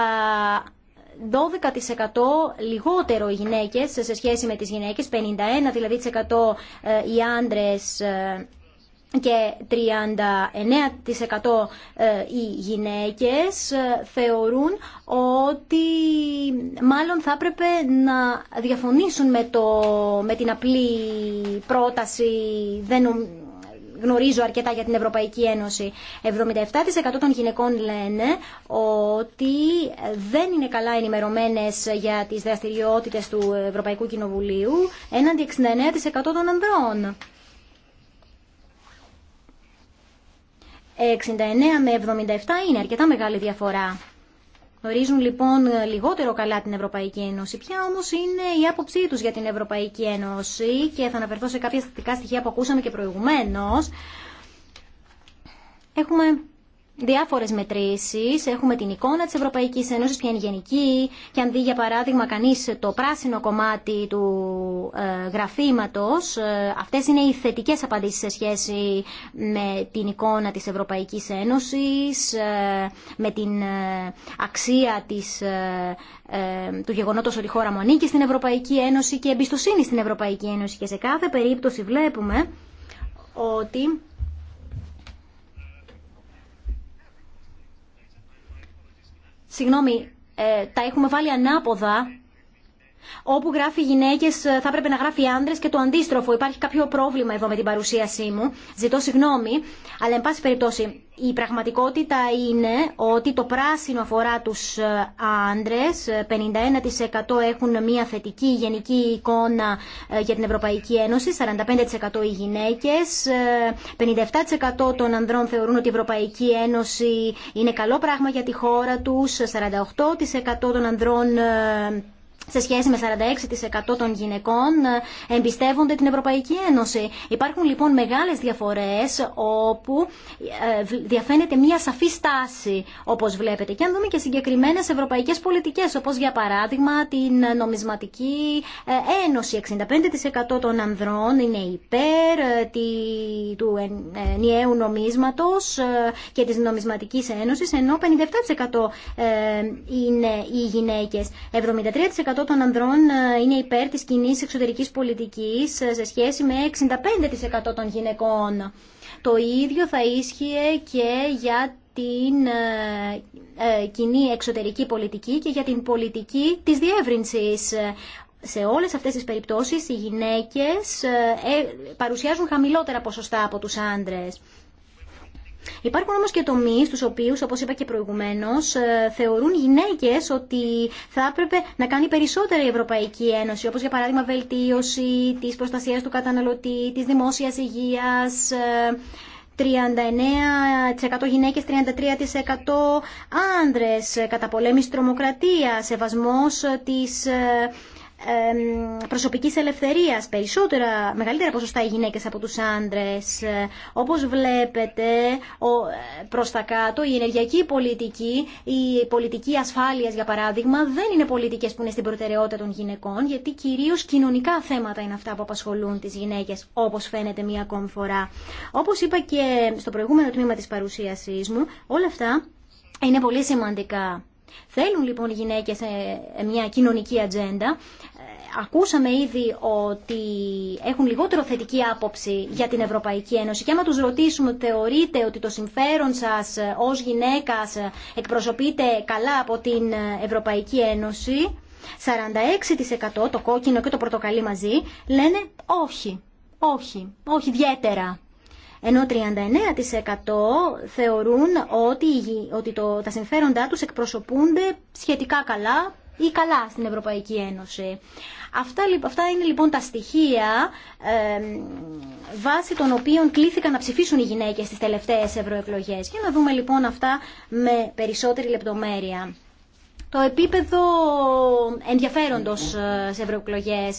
12% λιγότερο οι γυναίκες σε σχέση με τις γυναίκες, 51% δηλαδή ε, οι άντρες ε, και 39% ε, οι γυναίκες ε, θεωρούν ότι μάλλον θα έπρεπε να διαφωνήσουν με, το, με την απλή πρόταση δεν γνωρίζω αρκετά για την Ευρωπαϊκή Ένωση. 77% των γυναικών λένε ότι δεν είναι καλά ενημερωμένες για τις δραστηριότητες του Ευρωπαϊκού Κοινοβουλίου έναντι 69% των ανδρών. 69 με 77 είναι αρκετά μεγάλη διαφορά. Γνωρίζουν λοιπόν λιγότερο καλά την Ευρωπαϊκή Ένωση. Ποια όμω είναι η άποψή του για την Ευρωπαϊκή Ένωση και θα αναφερθώ σε κάποια στατικά στοιχεία που ακούσαμε και προηγουμένω. Έχουμε διάφορε μετρήσει. Έχουμε την εικόνα τη Ευρωπαϊκή Ένωση, ποια είναι γενική. Και αν δει, για παράδειγμα, κανεί το πράσινο κομμάτι του ε, γραφήματο, ε, αυτέ είναι οι θετικέ απαντήσει σε σχέση με την εικόνα τη Ευρωπαϊκή Ένωση, ε, με την ε, αξία της, του γεγονότος ότι η χώρα μου ανήκει στην Ευρωπαϊκή Ένωση και εμπιστοσύνη στην Ευρωπαϊκή Ένωση. Και σε κάθε περίπτωση βλέπουμε ότι Συγγνώμη, ε, τα έχουμε βάλει ανάποδα Όπου γράφει γυναίκε, ε, θα έπρεπε να γράφει άντρε και το αντίστροφο. Υπάρχει κάποιο πρόβλημα εδώ με την παρουσίασή μου. Ζητώ συγγνώμη, αλλά εν πάση περιπτώσει η πραγματικότητα είναι ότι το πράσινο αφορά του άντρε. 51% έχουν μια θετική γενική εικόνα ε, για την Ευρωπαϊκή Ένωση. 45% οι γυναίκε. 57% ε, των ανδρών θεωρούν ότι η Ευρωπαϊκή Ένωση είναι καλό πράγμα για τη χώρα του. 48% των ανδρών σε σχέση με 46% των γυναικών ε, εμπιστεύονται την Ευρωπαϊκή Ένωση. Υπάρχουν λοιπόν μεγάλες διαφορές όπου ε, διαφαίνεται μια σαφή στάση όπως βλέπετε. Και αν δούμε και συγκεκριμένες ευρωπαϊκές πολιτικές όπως για παράδειγμα την νομισματική ε, ένωση. 65% των ανδρών είναι υπέρ του ενιαίου νομίσματος και της νομισματικής ένωσης ενώ 57% είναι οι γυναίκες. 73% των ανδρών ε, είναι υπέρ της κοινή εξωτερικής πολιτικής ε, σε σχέση με 65% των γυναικών. Το ίδιο θα ίσχυε και για την ε, κοινή εξωτερική πολιτική και για την πολιτική της διεύρυνσης. Σε όλες αυτές τις περιπτώσεις οι γυναίκες παρουσιάζουν χαμηλότερα ποσοστά από τους άντρες. Υπάρχουν όμως και τομείς τους οποίους, όπως είπα και προηγουμένως, ε, θεωρούν γυναίκες ότι θα έπρεπε να κάνει περισσότερη η Ευρωπαϊκή Ένωση, όπως για παράδειγμα βελτίωση της προστασίας του καταναλωτή, της δημόσιας υγείας, 39% ε, γυναίκες, 33% άνδρες, ε, καταπολέμηση τρομοκρατία, σεβασμός της προσωπικής ελευθερίας, περισσότερα, μεγαλύτερα ποσοστά οι γυναίκες από τους άντρες. Ε, όπως βλέπετε, ε, προς τα κάτω, η ενεργειακή πολιτική, η πολιτική ασφάλειας, για παράδειγμα, δεν είναι πολιτικές που είναι στην προτεραιότητα των γυναικών, γιατί κυρίως κοινωνικά θέματα είναι αυτά που απασχολούν τις γυναίκες, όπως φαίνεται μία ακόμη φορά. Όπως είπα και στο προηγούμενο τμήμα της παρουσίασής μου, όλα αυτά είναι πολύ σημαντικά. Θέλουν λοιπόν οι γυναίκες ε, μια κοινωνική ατζέντα ακούσαμε ήδη ότι έχουν λιγότερο θετική άποψη για την Ευρωπαϊκή Ένωση και άμα τους ρωτήσουμε θεωρείτε ότι το συμφέρον σας ως γυναίκας εκπροσωπείται καλά από την Ευρωπαϊκή Ένωση 46% το κόκκινο και το πορτοκαλί μαζί λένε όχι, όχι, όχι ιδιαίτερα ενώ 39% θεωρούν ότι, ότι το, τα συμφέροντά τους εκπροσωπούνται σχετικά καλά ή καλά στην Ευρωπαϊκή Ένωση. Αυτά, αυτά είναι λοιπόν τα στοιχεία ε, βάσει των οποίων κλήθηκαν να ψηφίσουν οι γυναίκες στις τελευταίες ευρωεκλογές. Και να δούμε λοιπόν αυτά με περισσότερη λεπτομέρεια. Το επίπεδο ενδιαφέροντος ε, σε ευρωεκλογέ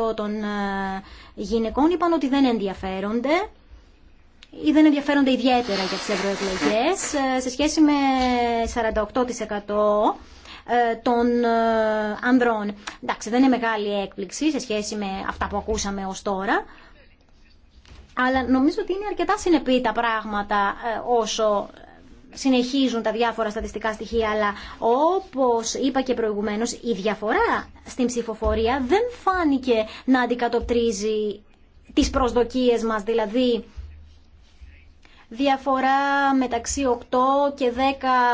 55% των ε, γυναικών είπαν ότι δεν ενδιαφέρονται ή δεν ενδιαφέρονται ιδιαίτερα για τις ευρωεκλογέ ε, σε σχέση με 48% ε, των ε, ανδρών. Εντάξει, δεν είναι μεγάλη έκπληξη σε σχέση με αυτά που ακούσαμε ως τώρα. Αλλά νομίζω ότι είναι αρκετά συνεπή τα πράγματα ε, όσο συνεχίζουν τα διάφορα στατιστικά στοιχεία, αλλά όπως είπα και προηγουμένως, η διαφορά στην ψηφοφορία δεν φάνηκε να αντικατοπτρίζει τις προσδοκίες μας, δηλαδή διαφορά μεταξύ 8 και 10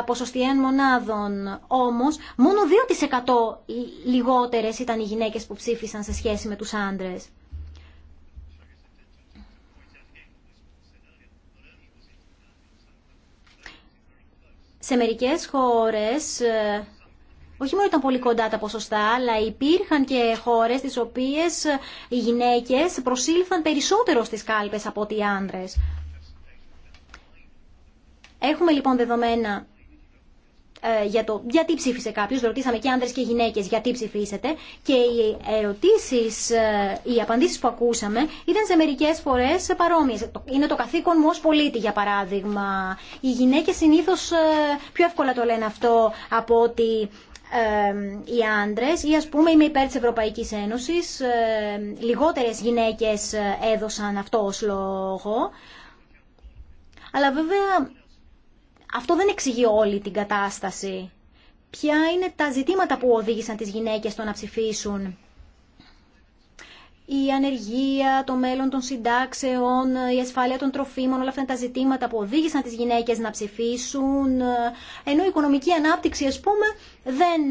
ποσοστιαίων μονάδων. Όμως, μόνο 2% λιγότερες ήταν οι γυναίκες που ψήφισαν σε σχέση με τους άντρε. Σε μερικές χώρες ε, όχι μόνο ήταν πολύ κοντά τα ποσοστά, αλλά υπήρχαν και χώρες τις οποίες οι γυναίκες προσήλθαν περισσότερο στις κάλπες από ότι οι άνδρες. Έχουμε λοιπόν δεδομένα ε, για το γιατί ψήφισε κάποιος, ρωτήσαμε και άνδρες και γυναίκες γιατί ψηφίσετε και οι ερωτήσεις, ε, οι απαντήσεις που ακούσαμε ήταν σε μερικές φορέ παρόμοιε. Είναι το καθήκον μου ω πολίτη για παράδειγμα. Οι γυναίκες συνήθως ε, πιο εύκολα το λένε αυτό από ότι οι άντρε ή ας πούμε είμαι υπέρ της Ευρωπαϊκής Ένωσης. Λιγότερες γυναίκες έδωσαν αυτό ως λόγο. Αλλά βέβαια αυτό δεν εξηγεί όλη την κατάσταση. Ποια είναι τα ζητήματα που οδήγησαν τις γυναίκες στο να ψηφίσουν. Η ανεργία, το μέλλον των συντάξεων, η ασφάλεια των τροφίμων, όλα αυτά είναι τα ζητήματα που οδήγησαν τις γυναίκες να ψηφίσουν, ενώ η οικονομική ανάπτυξη, ας πούμε, δεν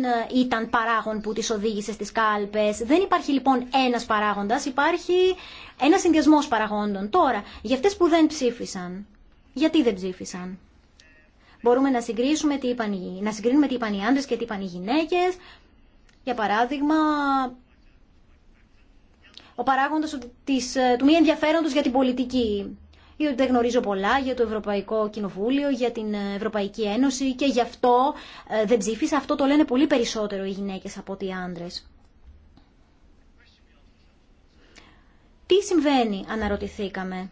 ήταν παράγον που τις οδήγησε στις κάλπες. Δεν υπάρχει λοιπόν ένας παράγοντας, υπάρχει ένας συνδυασμός παραγόντων. Τώρα, για αυτές που δεν ψήφισαν, γιατί δεν ψήφισαν. Μπορούμε να, συγκρίνουμε τι είπαν, να συγκρίνουμε τι είπαν οι άντρες και τι είπαν οι γυναίκες. Για παράδειγμα, ο παράγοντας της, ε, του μη ενδιαφέροντος για την πολιτική. δεν γνωρίζω πολλά για το Ευρωπαϊκό Κοινοβούλιο, για την ε, Ευρωπαϊκή Ένωση και γι' αυτό ε, δεν ψήφισα. Αυτό το λένε πολύ περισσότερο οι γυναίκες από ότι οι άντρες. Τι συμβαίνει, αναρωτηθήκαμε.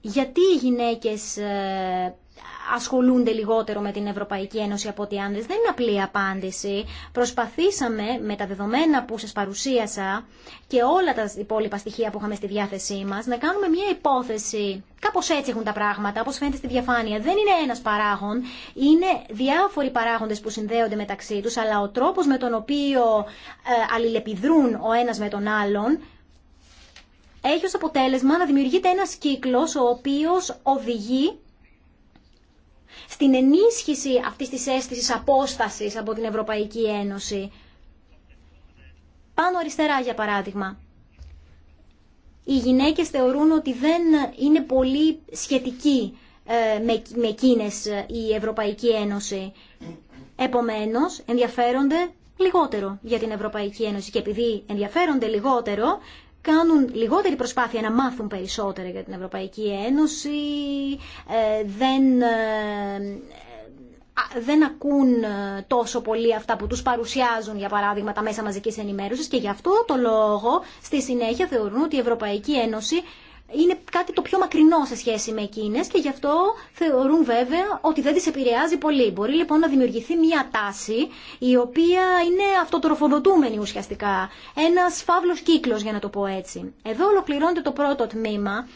Γιατί οι γυναίκες ασχολούνται λιγότερο με την Ευρωπαϊκή Ένωση από ότι άντρε. Δεν είναι απλή απάντηση. Προσπαθήσαμε με τα δεδομένα που σα παρουσίασα και όλα τα υπόλοιπα στοιχεία που είχαμε στη διάθεσή μα να κάνουμε μια υπόθεση. Κάπω έτσι έχουν τα πράγματα, όπω φαίνεται στη διαφάνεια. Δεν είναι ένα παράγον, είναι διάφοροι παράγοντε που συνδέονται μεταξύ του, αλλά ο τρόπο με τον οποίο ε, αλληλεπιδρούν ο ένα με τον άλλον έχει ως αποτέλεσμα να δημιουργείται ένας κύκλος ο οποίος οδηγεί στην ενίσχυση αυτής της αίσθησης απόστασης από την Ευρωπαϊκή Ένωση. Πάνω αριστερά, για παράδειγμα. Οι γυναίκες θεωρούν ότι δεν είναι πολύ σχετικοί ε, με εκείνες ε, η Ευρωπαϊκή Ένωση. Επομένως, ενδιαφέρονται λιγότερο για την Ευρωπαϊκή Ένωση και επειδή ενδιαφέρονται λιγότερο, κάνουν λιγότερη προσπάθεια να μάθουν περισσότερα για την Ευρωπαϊκή Ένωση, ε, δεν ε, δεν ακούν ε, τόσο πολύ αυτά που τους παρουσιάζουν, για παράδειγμα, τα μέσα μαζικής ενημέρωσης και γι' αυτό το λόγο στη συνέχεια θεωρούν ότι η Ευρωπαϊκή Ένωση είναι κάτι το πιο μακρινό σε σχέση με εκείνε και γι' αυτό θεωρούν βέβαια ότι δεν τι επηρεάζει πολύ. Μπορεί λοιπόν να δημιουργηθεί μια τάση η οποία είναι αυτοτροφοδοτούμενη ουσιαστικά. Ένας φαύλο κύκλο για να το πω έτσι. Εδώ ολοκληρώνεται το πρώτο τμήμα.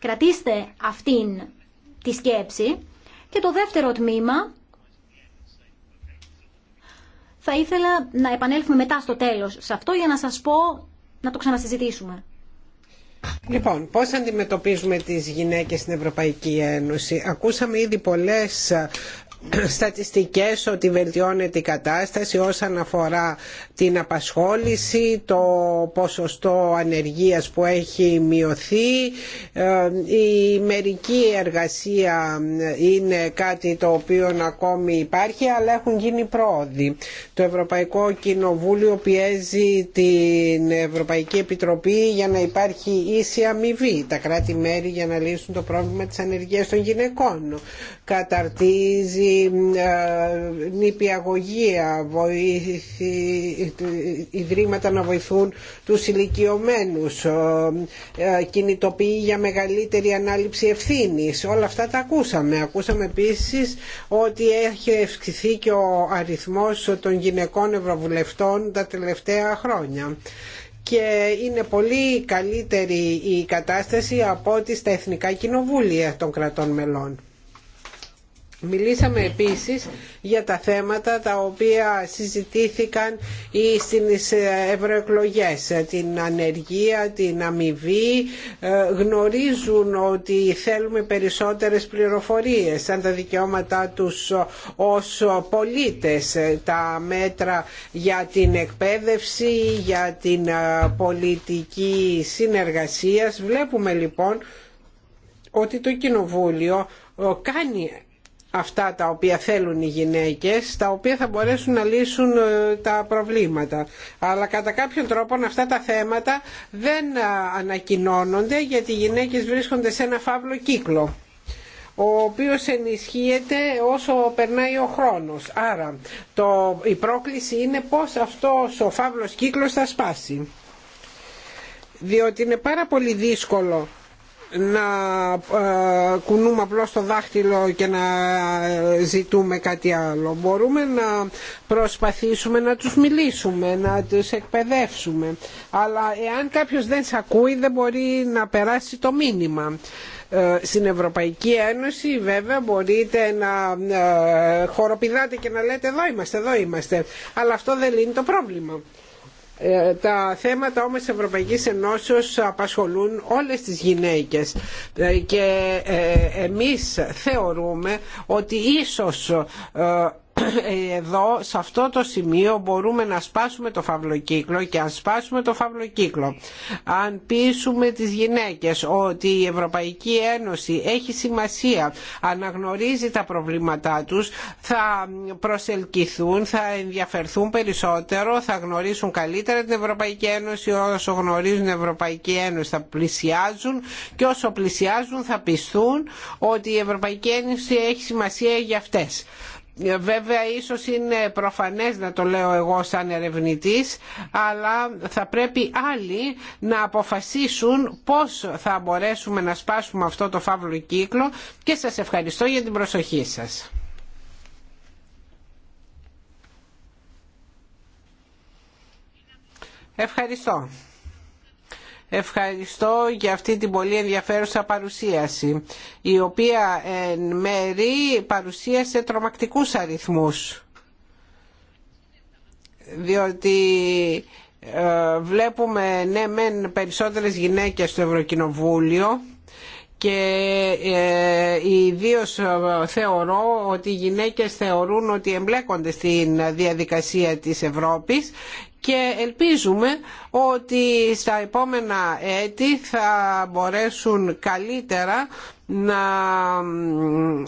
Κρατήστε αυτήν τη σκέψη. Και το δεύτερο τμήμα θα ήθελα να επανέλθουμε μετά στο τέλος σε αυτό για να σας πω να το ξανασυζητήσουμε. Λοιπόν, πώς αντιμετωπίζουμε τις γυναίκες στην Ευρωπαϊκή Ένωση. Ακούσαμε ήδη πολλές στατιστικές ότι βελτιώνεται η κατάσταση όσον αφορά την απασχόληση, το ποσοστό ανεργίας που έχει μειωθεί, ε, η μερική εργασία είναι κάτι το οποίο ακόμη υπάρχει αλλά έχουν γίνει πρόοδοι. Το Ευρωπαϊκό Κοινοβούλιο πιέζει την Ευρωπαϊκή Επιτροπή για να υπάρχει ίση αμοιβή τα κράτη-μέρη για να λύσουν το πρόβλημα της ανεργίας των γυναικών. Καταρτίζει η ε, νηπιαγωγία, ιδρύματα να βοηθούν τους ηλικιωμένους, ε, κινητοποιεί για μεγαλύτερη ανάληψη ευθύνης. Όλα αυτά τα ακούσαμε. Ακούσαμε επίσης ότι έχει ευξηθεί και ο αριθμός των γυναικών ευρωβουλευτών τα τελευταία χρόνια και είναι πολύ καλύτερη η κατάσταση από ό,τι στα εθνικά κοινοβούλια των κρατών μελών. Μιλήσαμε επίσης για τα θέματα τα οποία συζητήθηκαν στις ευρωεκλογές, την ανεργία, την αμοιβή. Ε, γνωρίζουν ότι θέλουμε περισσότερες πληροφορίες σαν τα δικαιώματά τους ως πολίτες, τα μέτρα για την εκπαίδευση, για την ε, πολιτική συνεργασία. Βλέπουμε λοιπόν ότι το Κοινοβούλιο ε, κάνει αυτά τα οποία θέλουν οι γυναίκες τα οποία θα μπορέσουν να λύσουν ε, τα προβλήματα αλλά κατά κάποιον τρόπο αυτά τα θέματα δεν ανακοινώνονται γιατί οι γυναίκες βρίσκονται σε ένα φαύλο κύκλο ο οποίος ενισχύεται όσο περνάει ο χρόνος. Άρα το, η πρόκληση είναι πώς αυτός ο φαύλος κύκλος θα σπάσει. Διότι είναι πάρα πολύ δύσκολο να ε, κουνούμε απλώ το δάχτυλο και να ζητούμε κάτι άλλο. Μπορούμε να προσπαθήσουμε να τους μιλήσουμε, να τους εκπαιδεύσουμε. Αλλά εάν κάποιος δεν σε ακούει δεν μπορεί να περάσει το μήνυμα. Ε, στην Ευρωπαϊκή Ένωση βέβαια μπορείτε να ε, χοροπηδάτε και να λέτε εδώ είμαστε, εδώ είμαστε. Αλλά αυτό δεν λύνει το πρόβλημα. Ε, τα θέματα όμως της Ευρωπαϊκής Ενώσεως απασχολούν όλες τις γυναίκες ε, και ε, εμείς θεωρούμε ότι ίσως ε, εδώ σε αυτό το σημείο μπορούμε να σπάσουμε το φαυλοκύκλο και αν σπάσουμε το φαυλοκύκλο αν πείσουμε τις γυναίκες ότι η Ευρωπαϊκή Ένωση έχει σημασία αναγνωρίζει τα προβλήματά τους θα προσελκυθούν θα ενδιαφερθούν περισσότερο θα γνωρίσουν καλύτερα την Ευρωπαϊκή Ένωση όσο γνωρίζουν την Ευρωπαϊκή Ένωση θα πλησιάζουν και όσο πλησιάζουν θα πιστούν ότι η Ευρωπαϊκή Ένωση έχει σημασία για αυτές. Ε, βέβαια ίσως είναι προφανές να το λέω εγώ σαν ερευνητής αλλά θα πρέπει άλλοι να αποφασίσουν πώς θα μπορέσουμε να σπάσουμε αυτό το φαύλο κύκλο και σας ευχαριστώ για την προσοχή σας. Ευχαριστώ. Ευχαριστώ για αυτή την πολύ ενδιαφέρουσα παρουσίαση, η οποία εν μέρη παρουσίασε τρομακτικούς αριθμούς. Διότι ε, βλέπουμε ναι μεν περισσότερες γυναίκες στο Ευρωκοινοβούλιο και ε, ιδίω ε, θεωρώ ότι οι γυναίκες θεωρούν ότι εμπλέκονται στην διαδικασία της Ευρώπης και ελπίζουμε ότι στα επόμενα έτη θα μπορέσουν καλύτερα να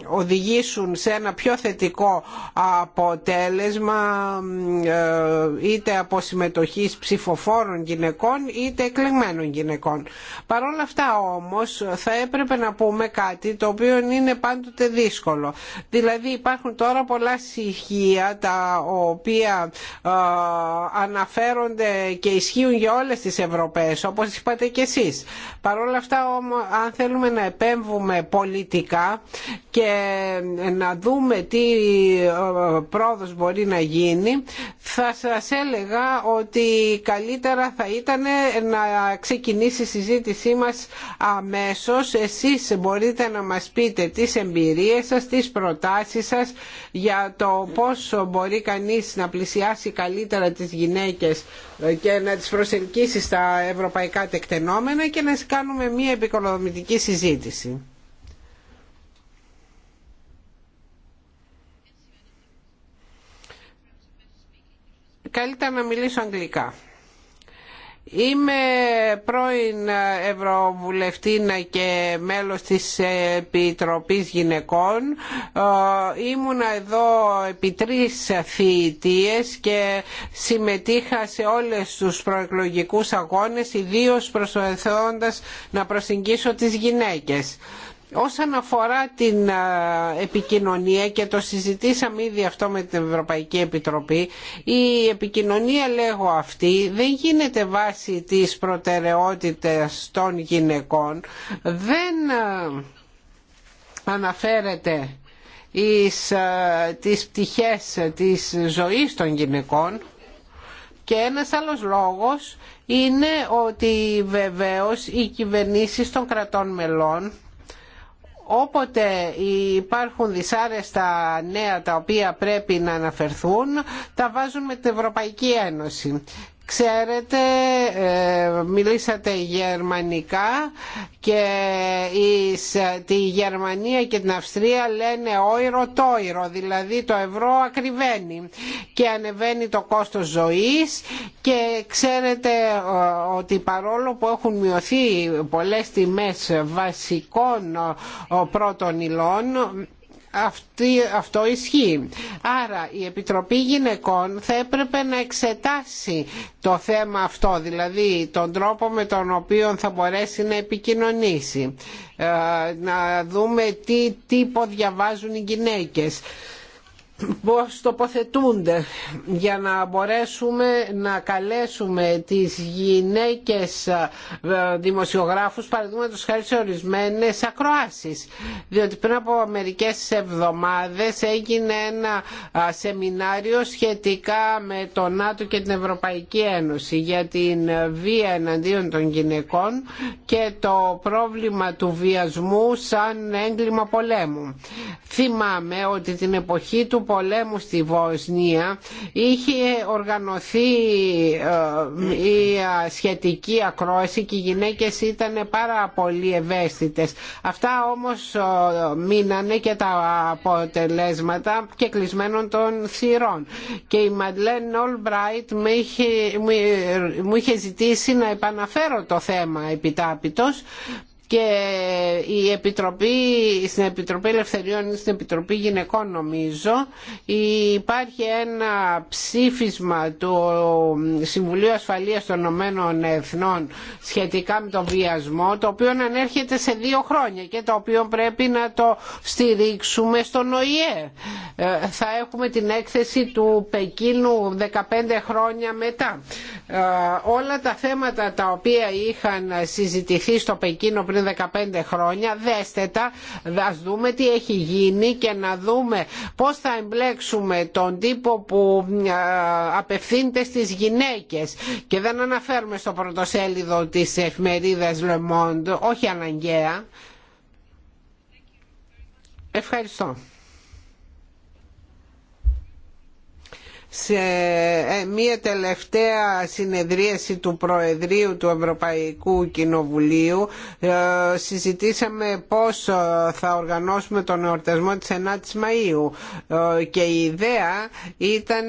οδηγήσουν σε ένα πιο θετικό αποτέλεσμα ε, είτε από συμμετοχή ψηφοφόρων γυναικών είτε εκλεγμένων γυναικών. Παρ' όλα αυτά όμως θα έπρεπε να πούμε κάτι το οποίο είναι πάντοτε δύσκολο. Δηλαδή υπάρχουν τώρα πολλά στοιχεία τα οποία ε, αναφέρονται και ισχύουν για όλες τις Ευρωπαίες όπως είπατε και εσείς. αυτά όμως αν θέλουμε να επέμβουμε πολιτικά και να δούμε τι ε, πρόοδος μπορεί να γίνει θα σας έλεγα ότι καλύτερα θα ήταν να ξεκινήσει η συζήτησή μας αμέσως εσείς μπορείτε να μας πείτε τις εμπειρίες σας, τις προτάσεις σας για το πως μπορεί κανείς να πλησιάσει καλύτερα τις γυναίκες και να τις προσελκύσει στα ευρωπαϊκά τεκτενόμενα και να κάνουμε μια επικοδομητική συζήτηση. Καλύτερα να μιλήσω αγγλικά. Είμαι πρώην Ευρωβουλευτήνα και μέλος της Επιτροπής Γυναικών. Ε, ήμουνα εδώ επί τρεις και συμμετείχα σε όλες τους προεκλογικούς αγώνες, ιδίως προσπαθώντας να προσεγγίσω τις γυναίκες. Όσον αφορά την επικοινωνία και το συζητήσαμε ήδη αυτό με την Ευρωπαϊκή Επιτροπή, η επικοινωνία λέγω αυτή δεν γίνεται βάση της προτεραιότητας των γυναικών, δεν αναφέρεται εις τις πτυχές της ζωής των γυναικών και ένας άλλος λόγος είναι ότι βεβαίως οι κυβερνήσεις των κρατών μελών όποτε υπάρχουν δυσάρεστα νέα τα οποία πρέπει να αναφερθούν τα βάζουν με την Ευρωπαϊκή Ένωση Ξέρετε, ε, μιλήσατε γερμανικά και τη Γερμανία και την Αυστρία λένε όιρο τόιρο, δηλαδή το ευρώ ακριβένει και ανεβαίνει το κόστος ζωής και ξέρετε ότι παρόλο που έχουν μειωθεί πολλές τιμές βασικών πρώτων υλών αυτό ισχύει. Άρα η Επιτροπή Γυναικών θα έπρεπε να εξετάσει το θέμα αυτό, δηλαδή τον τρόπο με τον οποίο θα μπορέσει να επικοινωνήσει. Ε, να δούμε τι τύπο διαβάζουν οι γυναίκες πώς τοποθετούνται για να μπορέσουμε να καλέσουμε τις γυναίκες ε, δημοσιογράφους παραδείγματος χάρη σε ορισμένες ακροάσεις διότι πριν από μερικές εβδομάδες έγινε ένα σεμινάριο σχετικά με το ΝΑΤΟ και την Ευρωπαϊκή Ένωση για την βία εναντίον των γυναικών και το πρόβλημα του βιασμού σαν έγκλημα πολέμου. Θυμάμαι ότι την εποχή του πολέμου στη Βοσνία είχε οργανωθεί η ε, σχετική ακρόαση και οι γυναίκες ήταν πάρα πολύ ευαίσθητες. Αυτά όμως ε, μείνανε και τα αποτελέσματα και κλεισμένων των θυρών. Και η Μαντλέν Ολμπράιτ μου είχε ζητήσει να επαναφέρω το θέμα επιτάπητος και η Επιτροπή, στην Επιτροπή Ελευθεριών στην Επιτροπή Γυναικών νομίζω υπάρχει ένα ψήφισμα του Συμβουλίου Ασφαλείας των Ηνωμένων Εθνών σχετικά με τον βιασμό το οποίο ανέρχεται σε δύο χρόνια και το οποίο πρέπει να το στηρίξουμε στον ΟΗΕ. Ε, θα έχουμε την έκθεση του Πεκίνου 15 χρόνια μετά. Ε, όλα τα θέματα τα οποία είχαν συζητηθεί στο Πεκίνο πριν πριν 15 χρόνια, δέστε τα, δούμε τι έχει γίνει και να δούμε πώς θα εμπλέξουμε τον τύπο που ε, απευθύνεται στις γυναίκες και δεν αναφέρουμε στο πρωτοσέλιδο της εφημερίδας Le Monde, όχι αναγκαία. Ευχαριστώ. σε ε, μία τελευταία συνεδρίαση του Προεδρείου του Ευρωπαϊκού Κοινοβουλίου ε, συζητήσαμε πώς ε, θα οργανώσουμε τον εορτασμό της 9ης Μαΐου και η ιδέα ήταν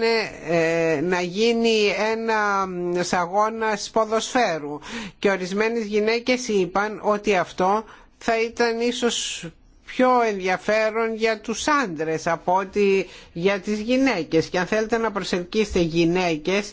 να γίνει ένα αγώνας ποδοσφαίρου και ορισμένες γυναίκες είπαν ότι αυτό θα ήταν ίσως πιο ενδιαφέρον για τους άντρες από ότι για τις γυναίκες και αν θέλετε να προσελκύσετε γυναίκες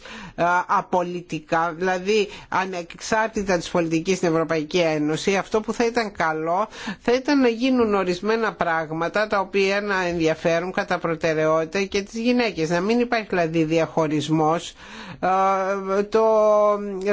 απολυτικά δηλαδή ανεξάρτητα της πολιτικής στην Ευρωπαϊκή Ένωση αυτό που θα ήταν καλό θα ήταν να γίνουν ορισμένα πράγματα τα οποία να ενδιαφέρουν κατά προτεραιότητα και τις γυναίκες να μην υπάρχει δηλαδή διαχωρισμός το,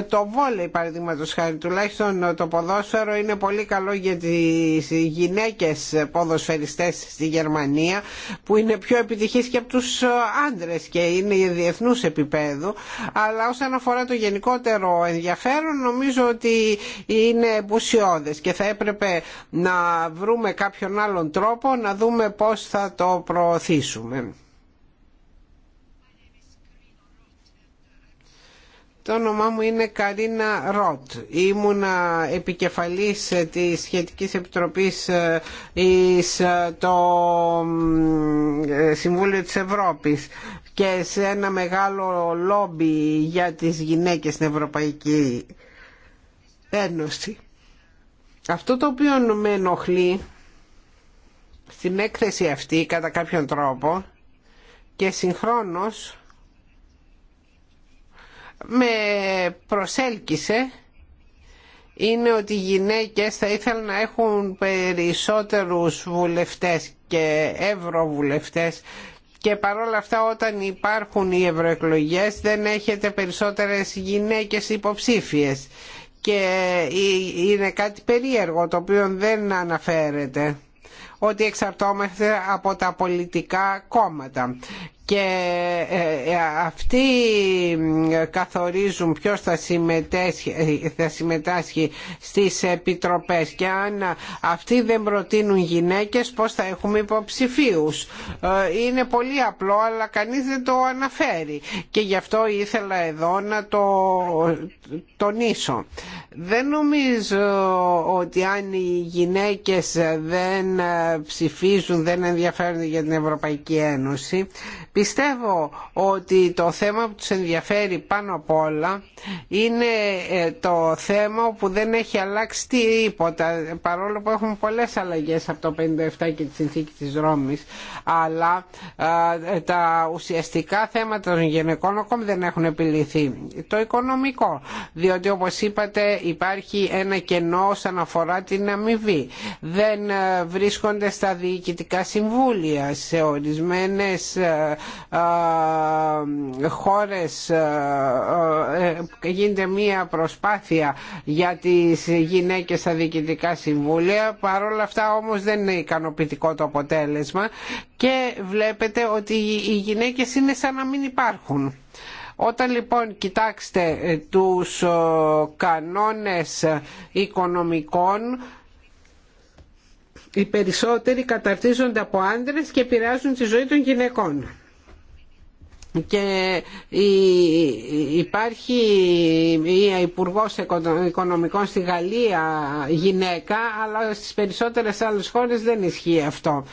το βόλεϊ παραδείγματος χάρη τουλάχιστον το ποδόσφαιρο είναι πολύ καλό για τις γυναίκες ποδοσφαιριστές στη Γερμανία που είναι πιο επιτυχής και από τους ε, άντρες και είναι διεθνούς επίπεδου αλλά όσον αφορά το γενικότερο ενδιαφέρον νομίζω ότι είναι μπουσιώδες και θα έπρεπε να βρούμε κάποιον άλλον τρόπο να δούμε πώς θα το προωθήσουμε. Το όνομά μου είναι Καρίνα Ροτ. Ήμουνα επικεφαλής της Σχετικής Επιτροπής στο ε, ε, το ε, Συμβούλιο της Ευρώπης και σε ένα μεγάλο λόμπι για τις γυναίκες στην Ευρωπαϊκή Ένωση. Αυτό το οποίο με ενοχλεί στην έκθεση αυτή κατά κάποιον τρόπο και συγχρόνως με προσέλκυσε είναι ότι οι γυναίκες θα ήθελαν να έχουν περισσότερους βουλευτές και ευρωβουλευτές και παρόλα αυτά όταν υπάρχουν οι ευρωεκλογέ δεν έχετε περισσότερες γυναίκες υποψήφιες και είναι κάτι περίεργο το οποίο δεν αναφέρεται ότι εξαρτώμαστε από τα πολιτικά κόμματα και ε, ε, αυτοί καθορίζουν ποιος θα συμμετάσχει, ε, θα συμμετάσχει στις επιτροπές και αν αυτοί δεν προτείνουν γυναίκες πώς θα έχουμε υποψηφίους. Είναι πολύ απλό αλλά κανείς δεν το αναφέρει και γι' αυτό ήθελα εδώ να το τονίσω. Δεν νομίζω ότι αν οι γυναίκες δεν ψηφίζουν, δεν ενδιαφέρονται για την Ευρωπαϊκή Ένωση Πιστεύω ότι το θέμα που τους ενδιαφέρει πάνω απ' όλα είναι ε, το θέμα που δεν έχει αλλάξει τίποτα παρόλο που έχουμε πολλές αλλαγές από το 57 και τη συνθήκη της Ρώμης αλλά τα ουσιαστικά θέματα των γυναικών ακόμη δεν έχουν επιληθεί. Το οικονομικό, διότι όπως είπατε υπάρχει ένα κενό όσον αφορά την αμοιβή. Δεν ε, βρίσκονται στα διοικητικά συμβούλια σε ορισμένες ε, χώρες ε, γίνεται μία προσπάθεια για τις γυναίκες στα διοικητικά συμβούλια παρόλα αυτά όμως δεν είναι ικανοποιητικό το αποτέλεσμα και βλέπετε ότι οι γυναίκες είναι σαν να μην υπάρχουν. Όταν λοιπόν κοιτάξτε ε, τους ε, κανόνες οικονομικών οι περισσότεροι καταρτίζονται από άντρες και επηρεάζουν τη ζωή των γυναικών και υπάρχει η υπουργό Οικονομικών στη Γαλλία γυναίκα αλλά στις περισσότερες άλλες χώρες δεν ισχύει αυτό.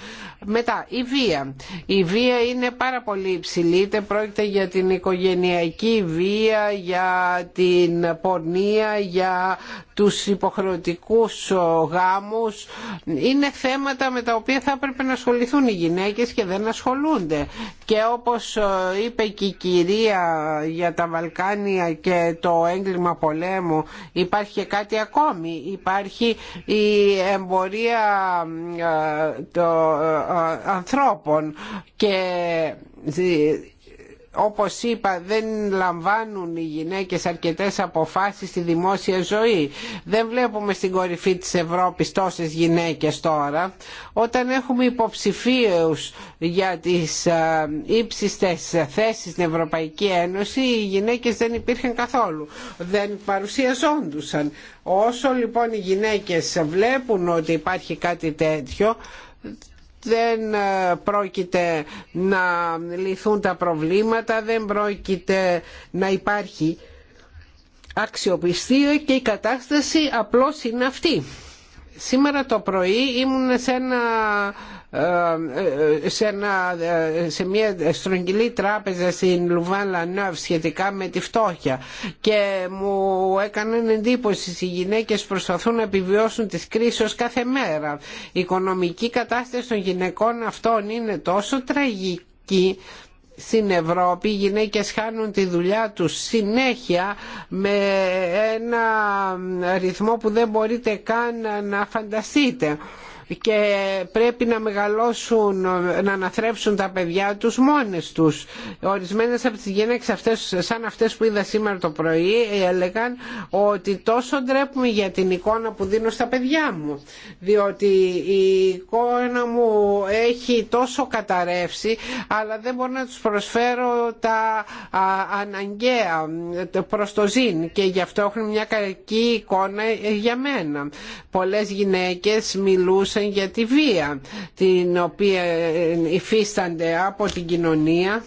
Μετά, η βία. Η βία είναι πάρα πολύ υψηλή, είτε πρόκειται για την οικογενειακή βία, για την πορνεία, για τους υποχρεωτικούς γάμους. Είναι θέματα με τα οποία θα έπρεπε να ασχοληθούν οι γυναίκες και δεν ασχολούνται. Και όπως ε, είπε και η κυρία για τα Βαλκάνια και το έγκλημα πολέμου, υπάρχει και κάτι ακόμη. Υπάρχει η εμπορία ε, το, ε, ε, ανθρώπων και όπως είπα δεν λαμβάνουν οι γυναίκες αρκετές αποφάσεις στη δημόσια ζωή. Δεν βλέπουμε στην κορυφή της Ευρώπης τόσες γυναίκες τώρα. Όταν έχουμε υποψηφίους για τις ε, ύψιστες θέσεις στην Ευρωπαϊκή Ένωση οι γυναίκες δεν υπήρχαν καθόλου. Δεν παρουσιαζόντουσαν. Όσο λοιπόν οι γυναίκες βλέπουν ότι υπάρχει κάτι τέτοιο δεν ε, πρόκειται να λυθούν τα προβλήματα, δεν πρόκειται να υπάρχει αξιοπιστία και η κατάσταση απλώς είναι αυτή. Σήμερα το πρωί ήμουν σε ένα ε, ε, ε, σε, μια στρογγυλή τράπεζα στην Λουβάν Λανόβ σχετικά με τη φτώχεια και μου έκανε εντύπωση οι γυναίκες προσπαθούν να επιβιώσουν τις κρίσεις κάθε μέρα η οικονομική κατάσταση των γυναικών αυτών είναι τόσο τραγική στην Ευρώπη οι γυναίκες χάνουν τη δουλειά τους συνέχεια με ένα ρυθμό που δεν μπορείτε καν να φανταστείτε και πρέπει να μεγαλώσουν, να αναθρέψουν τα παιδιά τους μόνες τους. Ορισμένες από τις γυναίκες αυτές, σαν αυτές που είδα σήμερα το πρωί, έλεγαν ότι τόσο ντρέπουμε για την εικόνα που δίνω στα παιδιά μου, διότι η εικόνα μου έχει τόσο καταρρεύσει, αλλά δεν μπορώ να τους προσφέρω τα αναγκαία προς το ζήν και γι' αυτό έχουν μια κακή εικόνα για μένα. Πολλές γυναίκες μιλούσαν για τη βία την οποία υφίστανται από την κοινωνία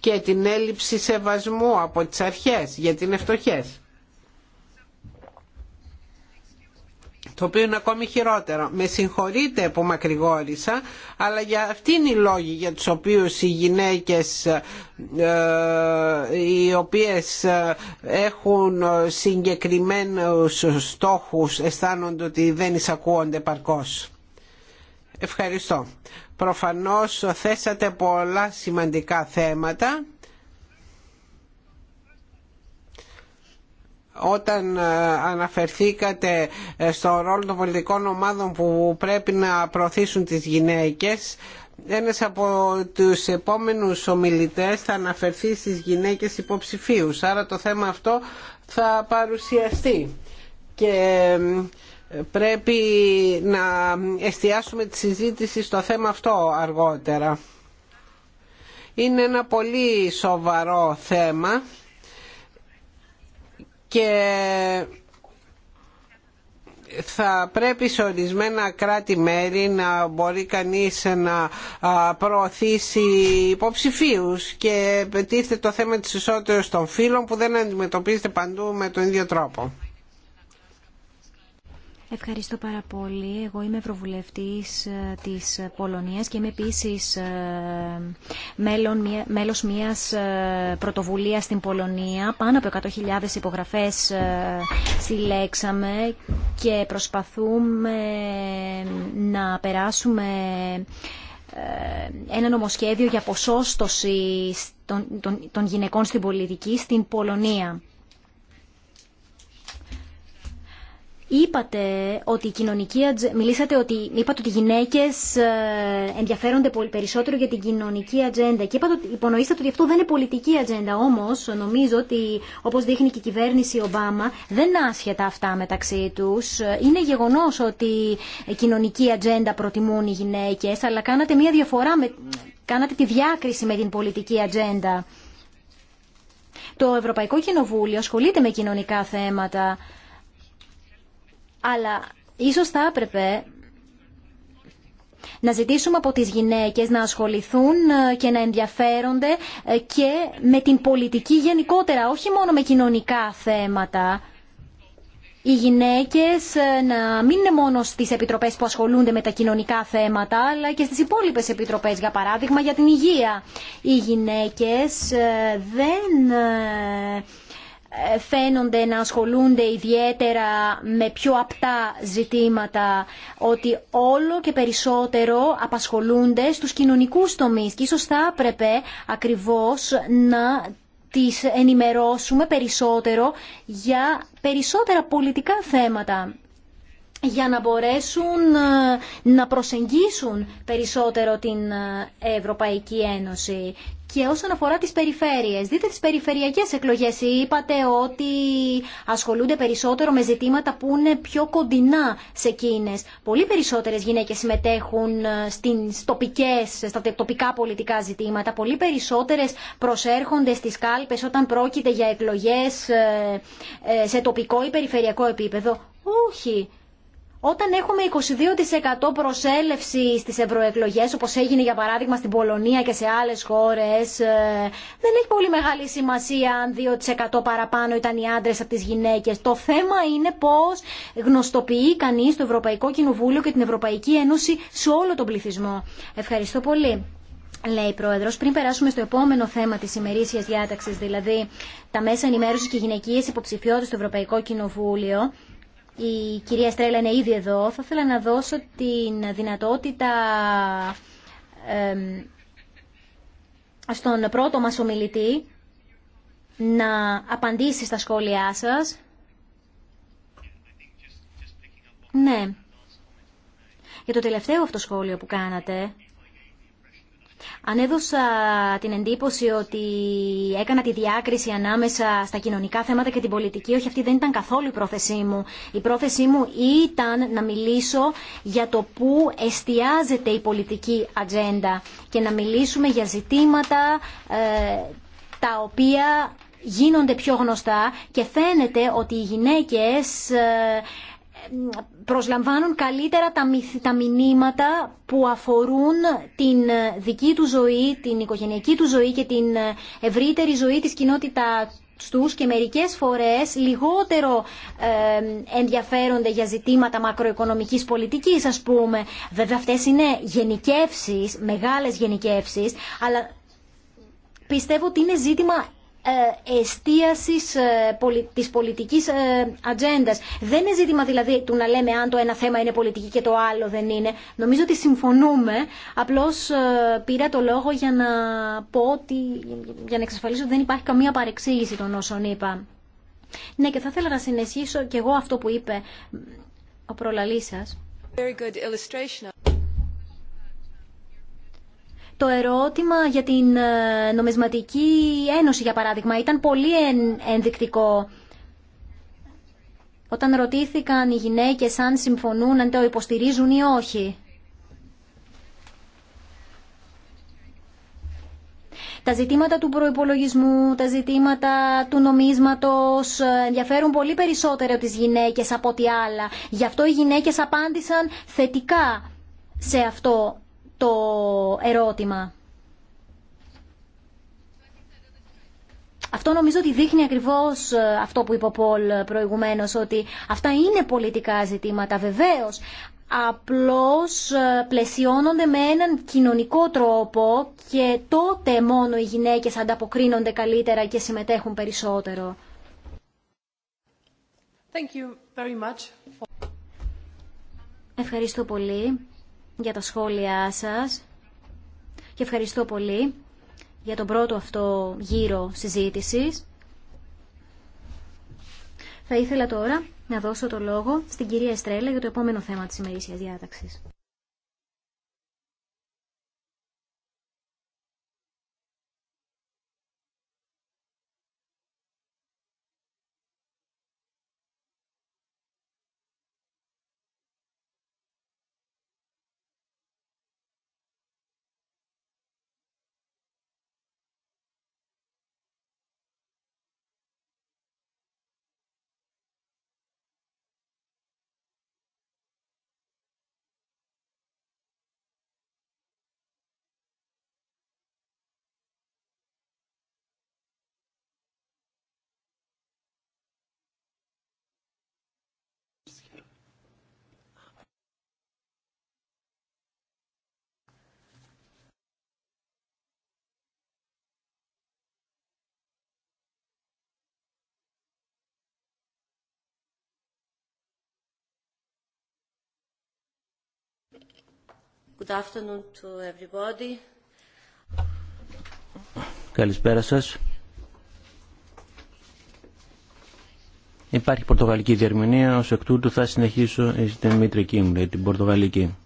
και την έλλειψη σεβασμού από τις αρχές γιατί είναι φτωχές. το οποίο είναι ακόμη χειρότερο. Με συγχωρείτε που μακρηγόρησα, αλλά για αυτή είναι η λόγη για τους οποίους οι γυναίκες ε, οι οποίες ε, έχουν συγκεκριμένους στόχους αισθάνονται ότι δεν εισακούονται παρκώς. Ευχαριστώ. Προφανώς θέσατε πολλά σημαντικά θέματα όταν ε, αναφερθήκατε ε, στο ρόλο των πολιτικών ομάδων που πρέπει να προωθήσουν τις γυναίκες ένας από τους επόμενους ομιλητές θα αναφερθεί στις γυναίκες υποψηφίους άρα το θέμα αυτό θα παρουσιαστεί και πρέπει να εστιάσουμε τη συζήτηση στο θέμα αυτό αργότερα. Είναι ένα πολύ σοβαρό θέμα και θα πρέπει σε ορισμένα κράτη-μέρη να μπορεί κανείς να προωθήσει υποψηφίους και πετύχεται το θέμα της ισότητας των φύλων που δεν αντιμετωπίζεται παντού με τον ίδιο τρόπο. Ευχαριστώ πάρα πολύ. Εγώ είμαι Ευρωβουλευτής ε, της Πολωνίας και είμαι επίσης ε, μέλος μιας ε, πρωτοβουλίας στην Πολωνία. Πάνω από 100.000 υπογραφές συλλέξαμε και προσπαθούμε να περάσουμε ένα νομοσχέδιο για ποσόστοση των γυναικών στην πολιτική στην Πολωνία. Είπατε ότι η κοινωνική μιλήσατε ότι, είπατε ότι οι γυναίκε ε, ενδιαφέρονται πολύ περισσότερο για την κοινωνική ατζέντα και είπατε, υπονοήσατε ότι αυτό δεν είναι πολιτική ατζέντα Όμω, νομίζω ότι όπω δείχνει και η κυβέρνηση Ομπάμα δεν άσχετα αυτά μεταξύ του. είναι γεγονό ότι κοινωνική ατζέντα προτιμούν οι γυναίκε, αλλά κάνατε μια διαφορά με, κάνατε τη διάκριση με την πολιτική ατζέντα το Ευρωπαϊκό Κοινοβούλιο ασχολείται με κοινωνικά θέματα αλλά ίσως θα έπρεπε να ζητήσουμε από τις γυναίκες να ασχοληθούν ε, και να ενδιαφέρονται ε, και με την πολιτική γενικότερα, όχι μόνο με κοινωνικά θέματα. Οι γυναίκες ε, να μην είναι μόνο στις επιτροπές που ασχολούνται με τα κοινωνικά θέματα, αλλά και στις υπόλοιπες επιτροπές, για παράδειγμα για την υγεία. Οι γυναίκες δεν ε, φαίνονται να ασχολούνται ιδιαίτερα με πιο απτά ζητήματα, ότι όλο και περισσότερο απασχολούνται στους κοινωνικούς τομείς και ίσως θα έπρεπε ακριβώς να τις ενημερώσουμε περισσότερο για περισσότερα πολιτικά θέματα για να μπορέσουν ε, να προσεγγίσουν περισσότερο την ε, Ευρωπαϊκή Ένωση. Και όσον αφορά τις περιφέρειες, δείτε τις περιφερειακές εκλογές. Είπατε ότι ασχολούνται περισσότερο με ζητήματα που είναι πιο κοντινά σε εκείνες. Πολύ περισσότερες γυναίκες συμμετέχουν ε, στις τοπικές, στα τοπικά πολιτικά ζητήματα. Πολύ περισσότερες προσέρχονται στις κάλπες όταν πρόκειται για εκλογές σε τοπικό ή περιφερειακό επίπεδο. Όχι, όταν έχουμε 22% προσέλευση στις ευρωεκλογέ, όπως έγινε για παράδειγμα στην Πολωνία και σε άλλες χώρες, ε, δεν έχει πολύ μεγάλη σημασία αν 2% παραπάνω ήταν οι άντρες από τις γυναίκες. Το θέμα είναι πώς γνωστοποιεί κανείς το Ευρωπαϊκό Κοινοβούλιο και την Ευρωπαϊκή Ένωση σε όλο τον πληθυσμό. Ευχαριστώ πολύ. Λέει η Πρόεδρος, πριν περάσουμε στο επόμενο θέμα της ημερήσιας διάταξης, δηλαδή τα μέσα ενημέρωσης και γυναικείες υποψηφιότητες στο Ευρωπαϊκό Κοινοβούλιο, η κυρία Στρέλα είναι ήδη εδώ, θα ήθελα να δώσω την δυνατότητα στον πρώτο μας ομιλητή να απαντήσει στα σχόλιά σας. Ναι. Για το τελευταίο αυτό σχόλιο που κάνατε, αν έδωσα την εντύπωση ότι έκανα τη διάκριση ανάμεσα στα κοινωνικά θέματα και την πολιτική, όχι αυτή δεν ήταν καθόλου η πρόθεσή μου. Η πρόθεσή μου ήταν να μιλήσω για το πού εστιάζεται η πολιτική ατζέντα και να μιλήσουμε για ζητήματα ε, τα οποία γίνονται πιο γνωστά και φαίνεται ότι οι γυναίκες... Ε, προσλαμβάνουν καλύτερα τα μηνύματα που αφορούν την ε, δική του ζωή, την οικογενειακή του ζωή και την ε, ευρύτερη ζωή της κοινότητά τους και μερικές φορές λιγότερο ενδιαφέρονται για ζητήματα μακροοικονομικής πολιτικής ας πούμε. Βέβαια αυτές είναι γενικεύσεις, μεγάλες γενικεύσεις, αλλά πιστεύω ότι είναι ζήτημα ε, εστίασης ε, της πολιτικής ε, ατζέντα. Δεν είναι ζήτημα δηλαδή του να λέμε αν το ένα θέμα είναι πολιτική και το άλλο δεν είναι. Νομίζω ότι συμφωνούμε. Απλώς πήρα το λόγο για να πω ότι, για να εξασφαλίσω ότι δεν υπάρχει καμία παρεξήγηση των όσων είπα. Ναι και θα ήθελα να συνεχίσω και εγώ αυτό που είπε ο προλαλή σα το ερώτημα για την ε, νομισματική ένωση, για παράδειγμα, ήταν πολύ ενδεικτικό. Όταν ρωτήθηκαν οι γυναίκες αν συμφωνούν, αν το υποστηρίζουν ή όχι. Τα ζητήματα του προϋπολογισμού, τα ζητήματα του νομίσματος ε, ενδιαφέρουν πολύ περισσότερο τις γυναίκες από ό,τι άλλα. Γι' αυτό οι γυναίκες απάντησαν θετικά σε αυτό το ερώτημα. Αυτό νομίζω ότι δείχνει ακριβώς ε, αυτό που είπε ο Πολ προηγουμένως, ότι αυτά είναι πολιτικά ζητήματα βεβαίως, απλώς ε, πλαισιώνονται με έναν κοινωνικό τρόπο και τότε μόνο οι γυναίκες ανταποκρίνονται καλύτερα και συμμετέχουν περισσότερο. Thank you very much Ευχαριστώ πολύ για τα σχόλιά σας και ευχαριστώ πολύ για τον πρώτο αυτό γύρο συζήτησης. Θα ήθελα τώρα να δώσω το λόγο στην κυρία Εστρέλα για το επόμενο θέμα της ημερήσιας διάταξης. to everybody. Καλησπέρα σας. Υπάρχει πορτογαλική διερμηνία, ως εκ τούτου θα συνεχίσω στην μητρική μου, την πορτογαλική.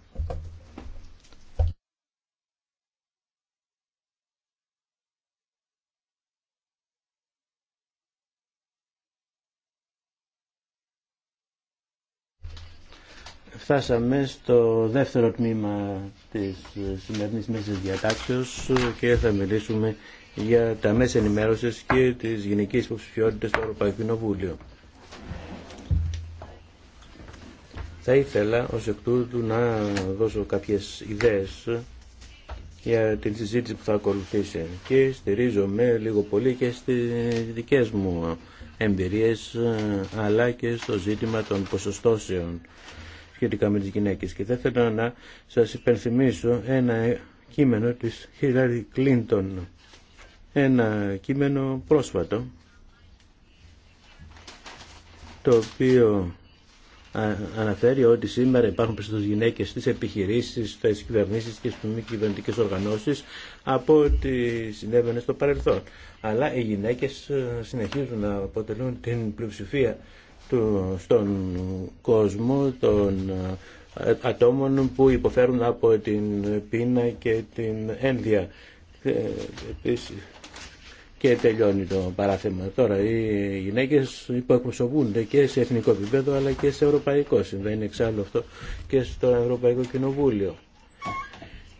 Φτάσαμε στο δεύτερο τμήμα της σημερινής μέσης διατάξεως και θα μιλήσουμε για τα μέσα ενημέρωσης και τις γενικές υποψηφιότητες στο Ευρωπαϊκό Κοινοβούλιο. Θα ήθελα ως εκ τούτου να δώσω κάποιες ιδέες για την συζήτηση που θα ακολουθήσει και στηρίζομαι λίγο πολύ και στις δικές μου εμπειρίες αλλά και στο ζήτημα των ποσοστώσεων σχετικά με τις γυναίκες. Και θα ήθελα να σας υπενθυμίσω ένα κείμενο της Χίλαρη Κλίντον. Ένα κείμενο πρόσφατο, το οποίο αναφέρει ότι σήμερα υπάρχουν περισσότερε γυναίκε στις επιχειρήσει, στις κυβερνήσει και στις μη κυβερνητικέ οργανώσει από ό,τι συνέβαινε στο παρελθόν. Αλλά οι γυναίκες ε, συνεχίζουν να αποτελούν την πλειοψηφία στον κόσμο των ε, ατόμων που υποφέρουν από την πείνα και την ένδια. Ε, και τελειώνει το παράθεμα. Τώρα οι γυναίκες υποεκπροσωπούνται και σε εθνικό επίπεδο αλλά και σε ευρωπαϊκό. Συμβαίνει εξάλλου αυτό και στο Ευρωπαϊκό Κοινοβούλιο.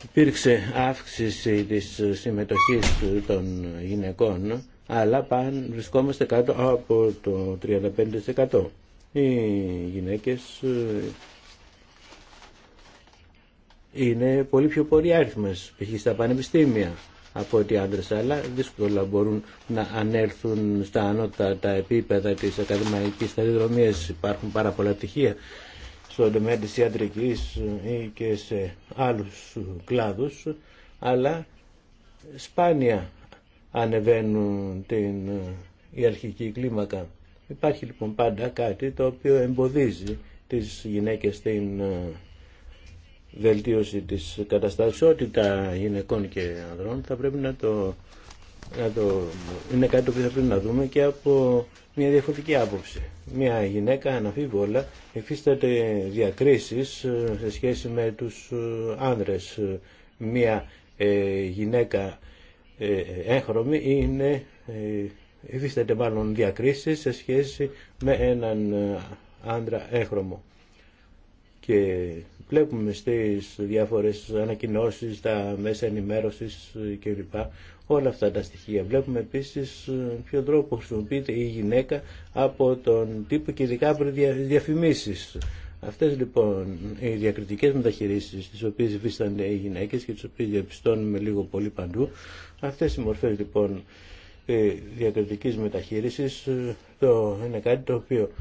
Υπήρξε αύξηση της συμμετοχής των γυναικών αλλά πάν, βρισκόμαστε κάτω από το 35%. Οι γυναίκες ε, είναι πολύ πιο πολυάριθμες, π.χ. στα πανεπιστήμια από ότι άντρες, αλλά δύσκολα μπορούν να ανέλθουν στα ανώτατα επίπεδα της ακαδημαϊκής σταδιοδρομίας. Υπάρχουν πάρα πολλά τυχεία στο τομέα της ιατρικής ε, ή και σε άλλους κλάδους, αλλά σπάνια ανεβαίνουν την, ε, η αρχική κλίμακα. Υπάρχει λοιπόν πάντα κάτι το οποίο εμποδίζει τις γυναίκες στην ε, βελτίωση της τα γυναικών και ανδρών θα πρέπει να το, να το είναι κάτι το οποίο θα πρέπει να δούμε και από μια διαφορετική άποψη. Μια γυναίκα αναφίβολα υφίσταται διακρίσεις ε, σε σχέση με τους άνδρες. Μια γυναίκα ε, έγχρωμη είναι, ε, υφίσταται μάλλον διακρίσεις σε σχέση με έναν ε, άντρα έγχρωμο. Και βλέπουμε στις διάφορες ανακοινώσεις, τα μέσα ενημέρωσης κλπ. Όλα αυτά τα στοιχεία. Βλέπουμε επίσης ποιο τρόπο χρησιμοποιείται η γυναίκα από τον τύπο και ειδικά από διαφημίσεις. Αυτές λοιπόν οι διακριτικές μεταχειρήσεις τις οποίες υφίστανται οι γυναίκες και τις οποίες διαπιστώνουμε λίγο πολύ παντού, αυτές οι μορφές λοιπόν ε, διακριτικής μεταχείρισης ε, το είναι κάτι το οποίο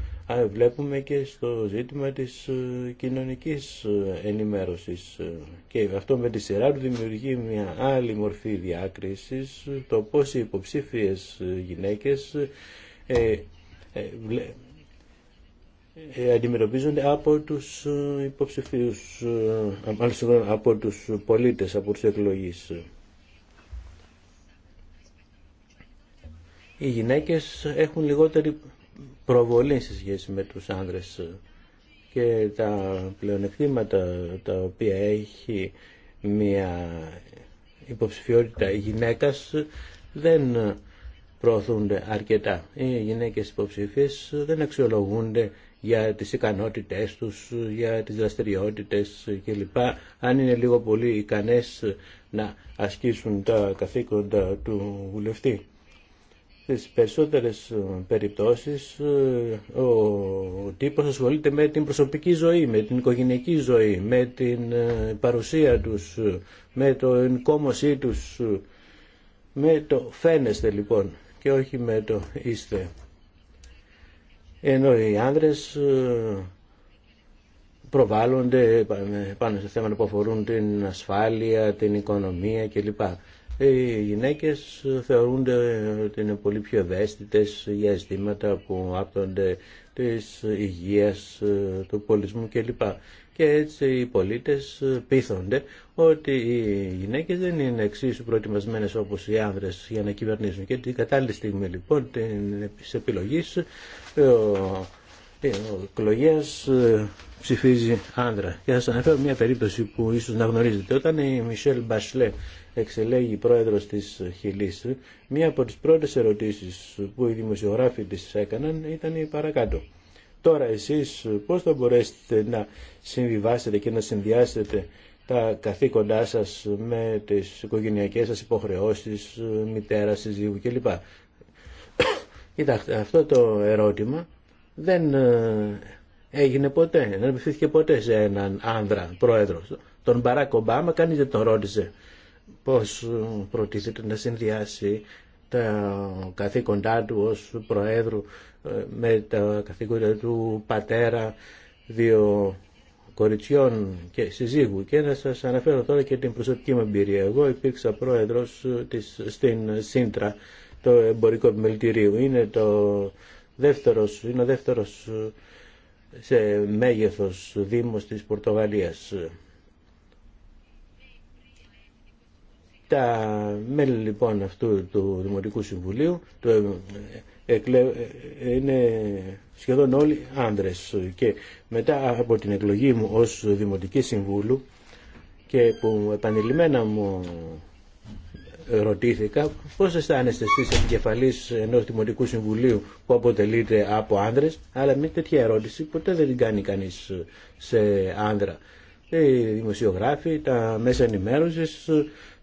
βλέπουμε και στο ζήτημα της ε, κοινωνικής ενημέρωσης και αυτό με τη σειρά του δημιουργεί μια άλλη μορφή διάκρισης το πώς οι υποψήφιες γυναίκες ε, αντιμετωπίζονται από τους ε, υποψηφίους, ε, από τους πολίτες, από τους εκλογείς. Οι γυναίκες έχουν λιγότερη προβολή σε σχέση με τους άνδρες και τα πλεονεκτήματα τα οποία έχει μια υποψηφιότητα γυναίκας δεν προωθούνται αρκετά. Οι γυναίκες υποψηφίες δεν αξιολογούνται για τις ικανότητές τους, για τις δραστηριότητες κλπ. Αν είναι λίγο πολύ ικανές να ασκήσουν τα καθήκοντα του βουλευτή. Στις περισσότερες περιπτώσεις ο τύπος ασχολείται με την προσωπική ζωή, με την οικογενειακή ζωή, με την ε, παρουσία τους, με το ενκόμωσή τους, με το φαίνεστε λοιπόν και όχι με το είστε ενώ οι άνδρες ε, προβάλλονται πάνω σε θέματα που αφορούν την ασφάλεια, την οικονομία κλπ. Ε, οι γυναίκες ε, θεωρούνται ότι είναι πολύ πιο ευαίσθητες για αισθήματα που άπτονται της υγείας, του πολιτισμού κλπ και έτσι οι πολίτες πείθονται ότι οι γυναίκες δεν είναι εξίσου προετοιμασμένες όπως οι άνδρες για να κυβερνήσουν και την κατάλληλη στιγμή λοιπόν της επιλογής ο ε, εκλογέας ε, ψηφίζει άνδρα. Και θα σας αναφέρω μια περίπτωση που ίσως να γνωρίζετε. Όταν η Μισελ Μπασλέ εξελέγει πρόεδρος της Χιλής, μία από τις πρώτες ερωτήσεις που οι δημοσιογράφοι της έκαναν ήταν η παρακάτω. Τώρα εσείς πώς θα μπορέσετε να συμβιβάσετε και να συνδυάσετε τα καθήκοντά σας με τις οικογενειακές σας υποχρεώσεις, μητέρα, συζύγου κλπ. Κοιτάξτε, αυτό το ερώτημα δεν ε, έγινε ποτέ, δεν επιφύθηκε ποτέ σε έναν άνδρα πρόεδρο. Τον Μπαράκ Ομπάμα κανείς δεν τον ρώτησε πώς ε, προτίθεται να συνδυάσει τα καθήκοντά του ως Προέδρου με τα καθήκοντα του πατέρα δύο κοριτσιών και συζύγου και να σας αναφέρω τώρα και την προσωπική μου εμπειρία. Εγώ υπήρξα πρόεδρος της, στην Σύντρα το εμπορικό επιμελητηρίο. Είναι, το δεύτερος, είναι ο δεύτερος σε μέγεθος δήμος της Πορτογαλίας. Τα μέλη λοιπόν αυτού του Δημοτικού Συμβουλίου, του ε, ε, είναι σχεδόν όλοι άντρες και μετά από την εκλογή μου ως Δημοτική Συμβούλου και που επανειλημμένα μου ρωτήθηκα πώς αισθάνεστε εσείς επικεφαλής ενός Δημοτικού Συμβουλίου που αποτελείται από άνδρες αλλά μια τέτοια ερώτηση ποτέ δεν την κάνει κανείς σε άνδρα. Οι δημοσιογράφοι, τα μέσα ενημέρωσης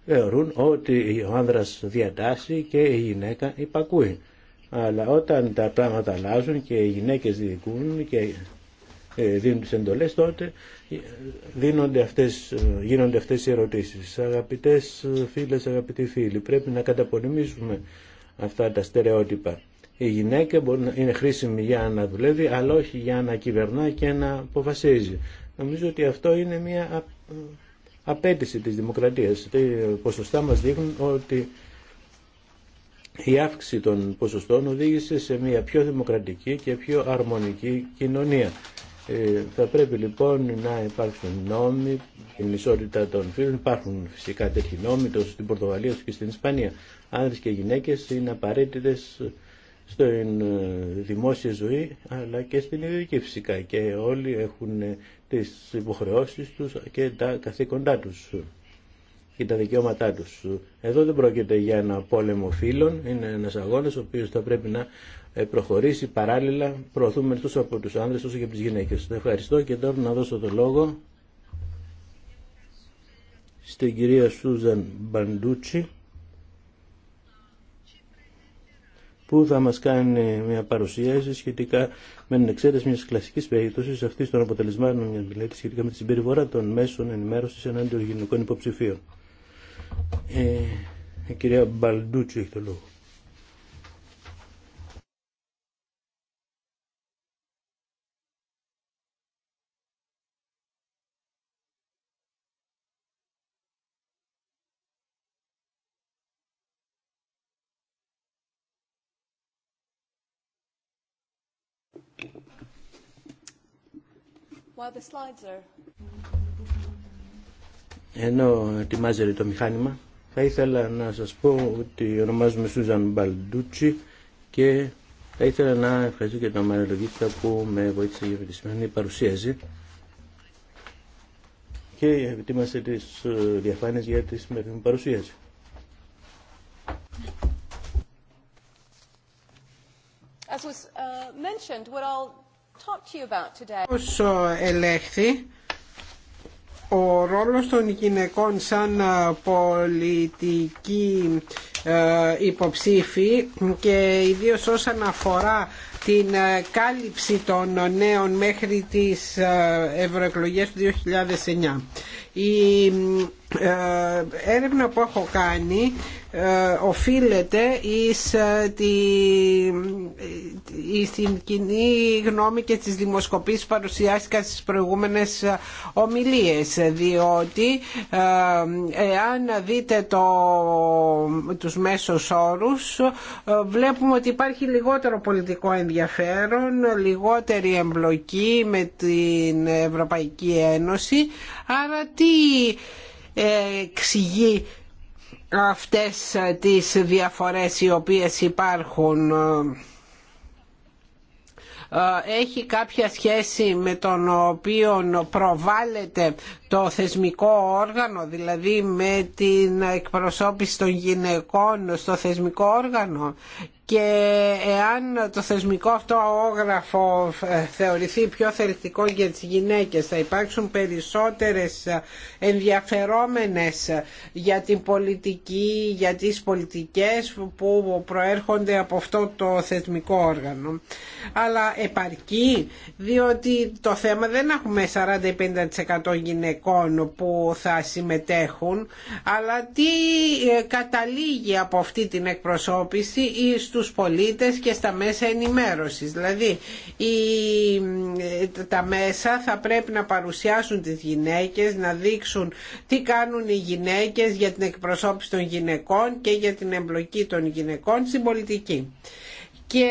θεωρούν ότι ο άνδρας διατάσσει και η γυναίκα υπακούει. Αλλά όταν τα πράγματα αλλάζουν και οι γυναίκες διοικούν και ε, δίνουν τις εντολές τότε ε, δίνονται αυτές, ε, γίνονται αυτές οι ερωτήσεις. Αγαπητές φίλες, αγαπητοί φίλοι, πρέπει να καταπονημήσουμε αυτά τα στερεότυπα. Η γυναίκα μπορεί είναι χρήσιμη για να δουλεύει, αλλά όχι για να κυβερνά και να αποφασίζει. Νομίζω ότι αυτό είναι μια απέτηση της δημοκρατίας. Οι ποσοστά μας δείχνουν ότι η αύξηση των ποσοστών οδήγησε σε μια πιο δημοκρατική και πιο αρμονική κοινωνία. Ε, θα πρέπει λοιπόν να υπάρξουν νόμοι, την ισότητα των φίλων. Υπάρχουν φυσικά τέτοιοι νόμοι τόσο στην Πορτογαλία όσο και στην Ισπανία. Άνδρες και γυναίκες είναι απαραίτητες στην ε, δημόσια ζωή αλλά και στην ειδική φυσικά και όλοι έχουν τις υποχρεώσεις τους και τα καθήκοντά τους και τα δικαιώματά τους. Εδώ δεν πρόκειται για ένα πόλεμο φίλων, είναι ένας αγώνας ο οποίος θα πρέπει να ε, προχωρήσει παράλληλα προωθούμε τόσο από τους άνδρες όσο και από τις γυναίκες. Ευχαριστώ και τώρα να δώσω το λόγο στην κυρία Σούζαν Μπαντούτσι που θα μας κάνει μια παρουσίαση σχετικά με την εξαίρεση μιας κλασικής περίπτωσης αυτής των αποτελεσμάτων μιας μελέτης σχετικά με τη συμπεριφορά των μέσων ενημέρωσης ενάντια των γυναικών υποψηφίων. Ε, η κυρία Μπαλντούτσου έχει το λόγο. While the slides are ενώ ετοιμάζεται το μηχάνημα θα ήθελα να σας πω ότι ονομάζομαι Σούζαν Μπαλντούτσι και θα ήθελα να ευχαριστώ και τον Μαρελογίστα που με βοήθησε για αυτή τη σημερινή παρουσίαση και ετοίμασε τις ε, διαφάνειες για τη σημερινή παρουσίαση. As was uh, mentioned, talk to you about today. Όσο ελέγχθη, ο ρόλος των γυναικών σαν πολιτική υποψήφοι και ιδίως όσον αφορά την κάλυψη των νέων μέχρι τις ευρωεκλογές του 2009. Η έρευνα που έχω κάνει ε, οφείλεται εις, ε, τη, εις την κοινή γνώμη και τις δημοσκοπήσεις που παρουσιάστηκαν στις προηγούμενες ε, ομιλίες διότι εάν δείτε το, τους μέσους όρους βλέπουμε ότι υπάρχει λιγότερο πολιτικό ενδιαφέρον λιγότερη εμπλοκή με την Ευρωπαϊκή Ένωση άρα τι εξηγεί αυτές ε, τις διαφορές οι οποίες υπάρχουν ε, ε, έχει κάποια σχέση με τον οποίο προβάλλεται το θεσμικό όργανο, δηλαδή με την εκπροσώπηση των γυναικών στο θεσμικό όργανο και εάν το θεσμικό αυτό όγραφο ε, θεωρηθεί πιο θελκτικό για τις γυναίκες θα υπάρξουν περισσότερες ε, ενδιαφερόμενες για την πολιτική, για τις πολιτικές που προέρχονται από αυτό το θεσμικό όργανο. Αλλά επαρκεί διότι το θέμα δεν έχουμε 40-50% γυναικών που θα συμμετέχουν αλλά τι ε, καταλήγει από αυτή την εκπροσώπηση στους στους πολίτες και στα μέσα ενημέρωσης. Δηλαδή η, τα μέσα θα πρέπει να παρουσιάσουν τις γυναίκες, να δείξουν τι κάνουν οι γυναίκες για την εκπροσώπηση των γυναικών και για την εμπλοκή των γυναικών στην πολιτική και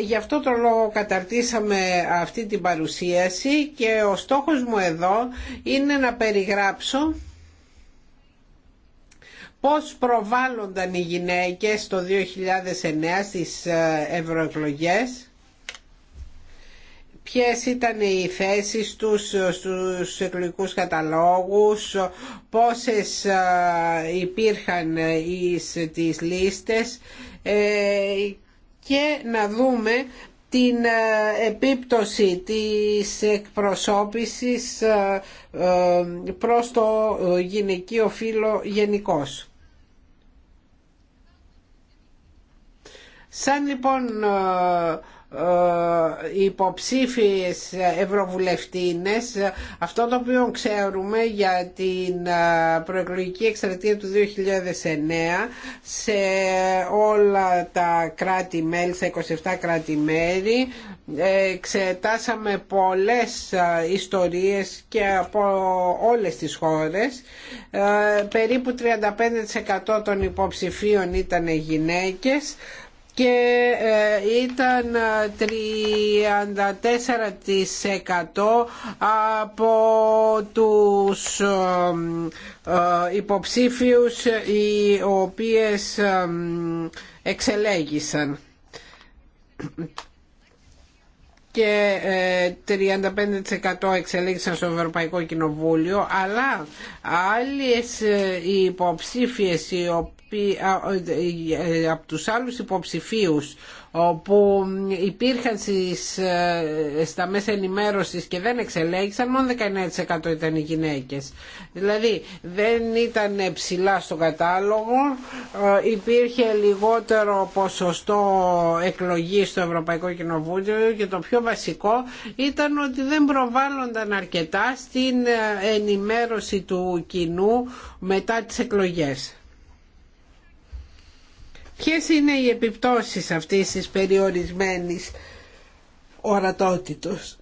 γι' αυτό το λόγο καταρτήσαμε αυτή την παρουσίαση και ο στόχος μου εδώ είναι να περιγράψω πώς προβάλλονταν οι γυναίκες το 2009 στις ε, ευρωεκλογές ποιες ήταν οι θέσεις τους ε, στους εκλογικούς καταλόγους, πόσες ε, υπήρχαν στις λίστες και να δούμε την ε, επίπτωση της εκπροσώπησης ε, ε, προς το γυναικείο φύλλο γενικώ. Σαν λοιπόν ε, υποψήφιες ευρωβουλευτίνες αυτό το οποίο ξέρουμε για την ε, προεκλογική εκστρατεία του 2009 σε όλα τα κράτη-μέλη, σε 27 κράτη-μέλη ε, εξετάσαμε πολλές ιστορίες και από όλες τις χώρες περίπου 35% των υποψηφίων ήταν γυναίκες και ε, ήταν 34% ε, από τους ε, υποψήφιους οι οποίες εξελέγησαν και 35% ε, εξελίξαν στο Ευρωπαϊκό Κοινοβούλιο αλλά άλλες ε, οι υποψήφιες οι οποίοι, ε, από τους άλλους υποψηφίους όπου υπήρχαν στις, ε, στα μέσα ενημέρωσης και δεν εξελέγησαν, μόνο 19% ήταν οι γυναίκες. Δηλαδή δεν ήταν ψηλά στο κατάλογο, ε, υπήρχε λιγότερο ποσοστό εκλογής στο Ευρωπαϊκό Κοινοβούλιο και το πιο βασικό ήταν ότι δεν προβάλλονταν αρκετά στην ε, ενημέρωση του κοινού μετά τις εκλογές. Ποιες είναι οι επιπτώσεις αυτής της περιορισμένης ορατότητος.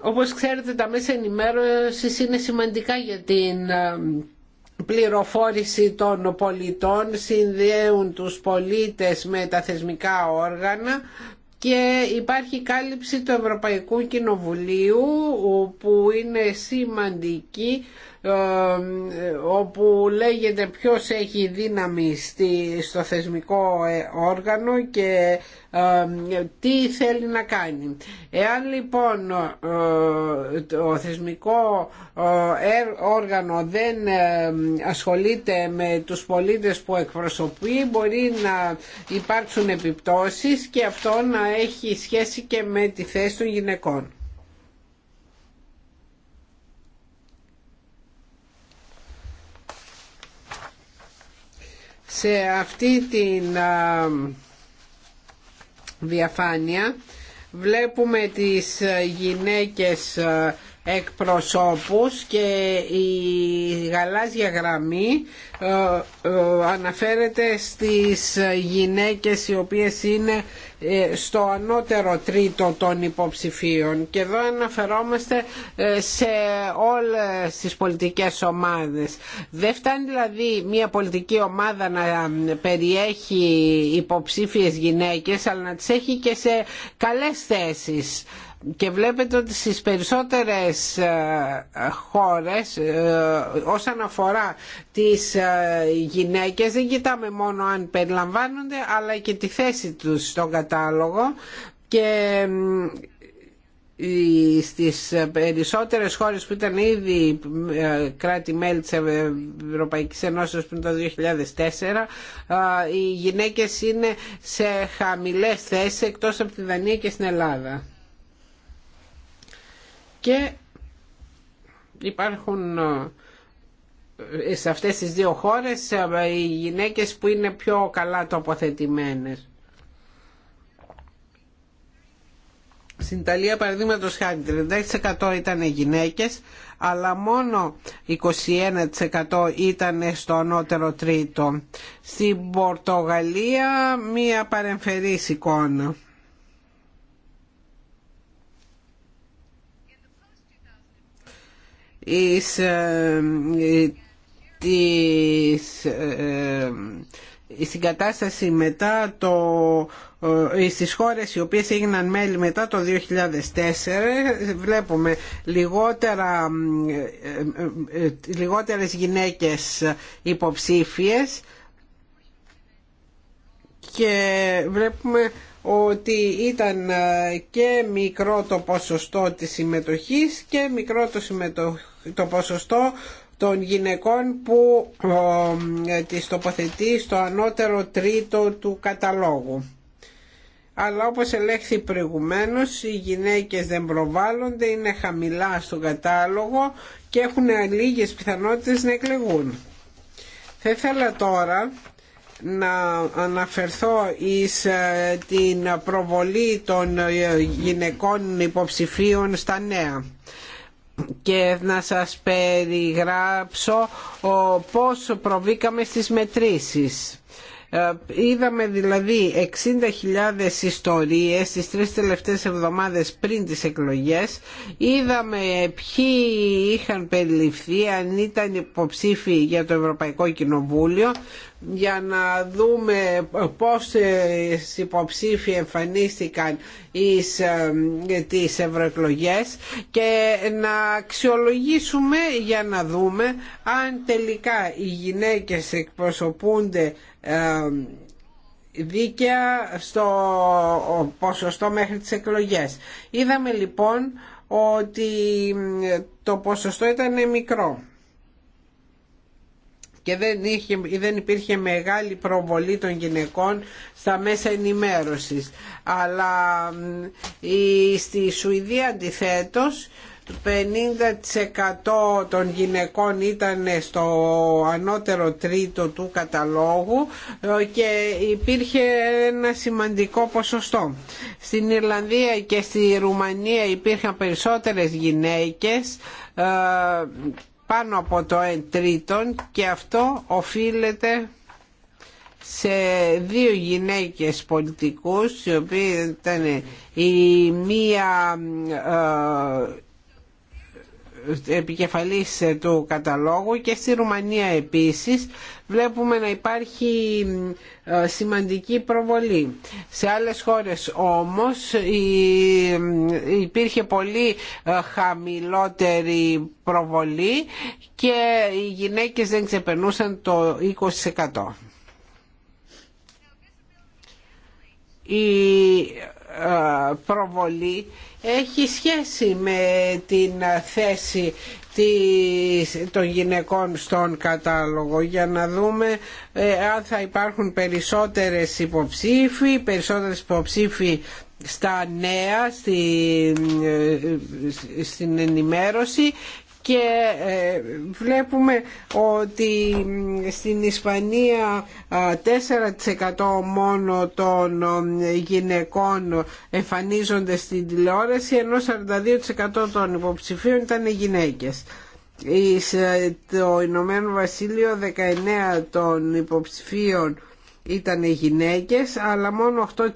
Όπως ξέρετε τα μέσα ενημέρωσης είναι σημαντικά για την ε, πληροφόρηση των πολιτών, συνδέουν τους πολίτες με τα θεσμικά όργανα και υπάρχει κάλυψη του Ευρωπαϊκού Κοινοβουλίου που είναι σημαντική όπου λέγεται ποιος έχει δύναμη στο θεσμικό ε, όργανο και τι θέλει να κάνει. Εάν λοιπόν ε, το θεσμικό ε, όργανο δεν ασχολείται με τους πολίτες που εκπροσωπεί μπορεί να υπάρξουν επιπτώσεις και αυτό να έχει σχέση και με τη θέση των γυναικών. σε αυτή την διαφάνεια βλέπουμε τις γυναίκες εκπροσώπους και η γαλάζια γραμμή ε, ε, αναφέρεται στις γυναίκες οι οποίες είναι ε, στο ανώτερο τρίτο των υποψηφίων και εδώ αναφερόμαστε σε όλες τις πολιτικές ομάδες. Δεν φτάνει δηλαδή μια πολιτική ομάδα να περιέχει υποψήφιες γυναίκες αλλά να τις έχει και σε καλές θέσεις και βλέπετε ότι στις περισσότερες ε, χώρες ε, όσον αφορά τις ε, γυναίκες δεν κοιτάμε μόνο αν περιλαμβάνονται αλλά και τη θέση τους στον κατάλογο και στις περισσότερες χώρες που ήταν ήδη κράτη-μέλη της Ευρωπαϊκής Ενώσεως πριν το 2004 οι γυναίκες είναι σε χαμηλές θέσεις εκτός από τη Δανία και στην Ελλάδα και υπάρχουν ε, σε αυτές τις δύο χώρες ε, οι γυναίκες που είναι πιο καλά τοποθετημένες. Στην Ιταλία παραδείγματος χάρη 36% ήταν γυναίκες αλλά μόνο 21% ήταν στο ανώτερο τρίτο. Στην Πορτογαλία μία παρεμφερής εικόνα. εις ε, ε, της ε, στην μετά το, στις χώρες οι οποίες έγιναν μέλη μετά το 2004 βλέπουμε λιγότερα, λιγότερες γυναίκες υποψήφιες και βλέπουμε ότι ήταν και μικρό το ποσοστό της συμμετοχής και μικρό το συμμετοχή το ποσοστό των γυναικών που ε, τις τοποθετεί στο ανώτερο τρίτο του καταλόγου. Αλλά όπως ελέγχθη προηγουμένως, οι γυναίκες δεν προβάλλονται, είναι χαμηλά στον κατάλογο και έχουν λίγες πιθανότητες να εκλεγούν. Θα ήθελα τώρα να αναφερθώ εις ε, την προβολή των ε, γυναικών υποψηφίων στα νέα και να σας περιγράψω πώς προβήκαμε στις μετρήσεις. Ε, είδαμε δηλαδή 60.000 ιστορίες τις τρεις τελευταίες εβδομάδες πριν τις εκλογές. Είδαμε ποιοι είχαν περιληφθεί, αν ήταν υποψήφοι για το Ευρωπαϊκό Κοινοβούλιο για να δούμε πόσες υποψήφοι εμφανίστηκαν εις ε, τις ευρωεκλογές και να αξιολογήσουμε για να δούμε αν τελικά οι γυναίκες εκπροσωπούνται ε, δίκαια στο ποσοστό μέχρι τις εκλογές. Είδαμε λοιπόν ότι το ποσοστό ήταν μικρό και δεν, υπήρχε μεγάλη προβολή των γυναικών στα μέσα ενημέρωσης. Αλλά στη Σουηδία αντιθέτως 50% των γυναικών ήταν στο ανώτερο τρίτο του καταλόγου ε, και υπήρχε ένα σημαντικό ποσοστό. Στην Ιρλανδία και στη Ρουμανία υπήρχαν περισσότερες γυναίκες ε, πάνω από το 1 τρίτον και αυτό οφείλεται σε δύο γυναίκες πολιτικούς οι οποίοι ήταν η μία ε, επικεφαλής ε, του καταλόγου και στη Ρουμανία επίσης βλέπουμε να υπάρχει ε, σημαντική προβολή. Σε άλλες χώρες όμως ε, υπήρχε πολύ χαμηλότερη προβολή και οι γυναίκες δεν ξεπερνούσαν το 20%. Η προβολή έχει σχέση με την θέση των γυναικών στον κατάλογο για να δούμε ε, αν θα υπάρχουν περισσότερες υποψήφοι, περισσότερες υποψήφοι στα νέα, στην ε, ε, ενημέρωση και ε, βλέπουμε ότι στην Ισπανία 4% μόνο των γυναικών εμφανίζονται στην τηλεόραση ενώ 42% των υποψηφίων ήταν γυναίκες. Ε, το Ηνωμένο Βασίλειο 19 των υποψηφίων ήταν γυναίκες αλλά μόνο 8% ε,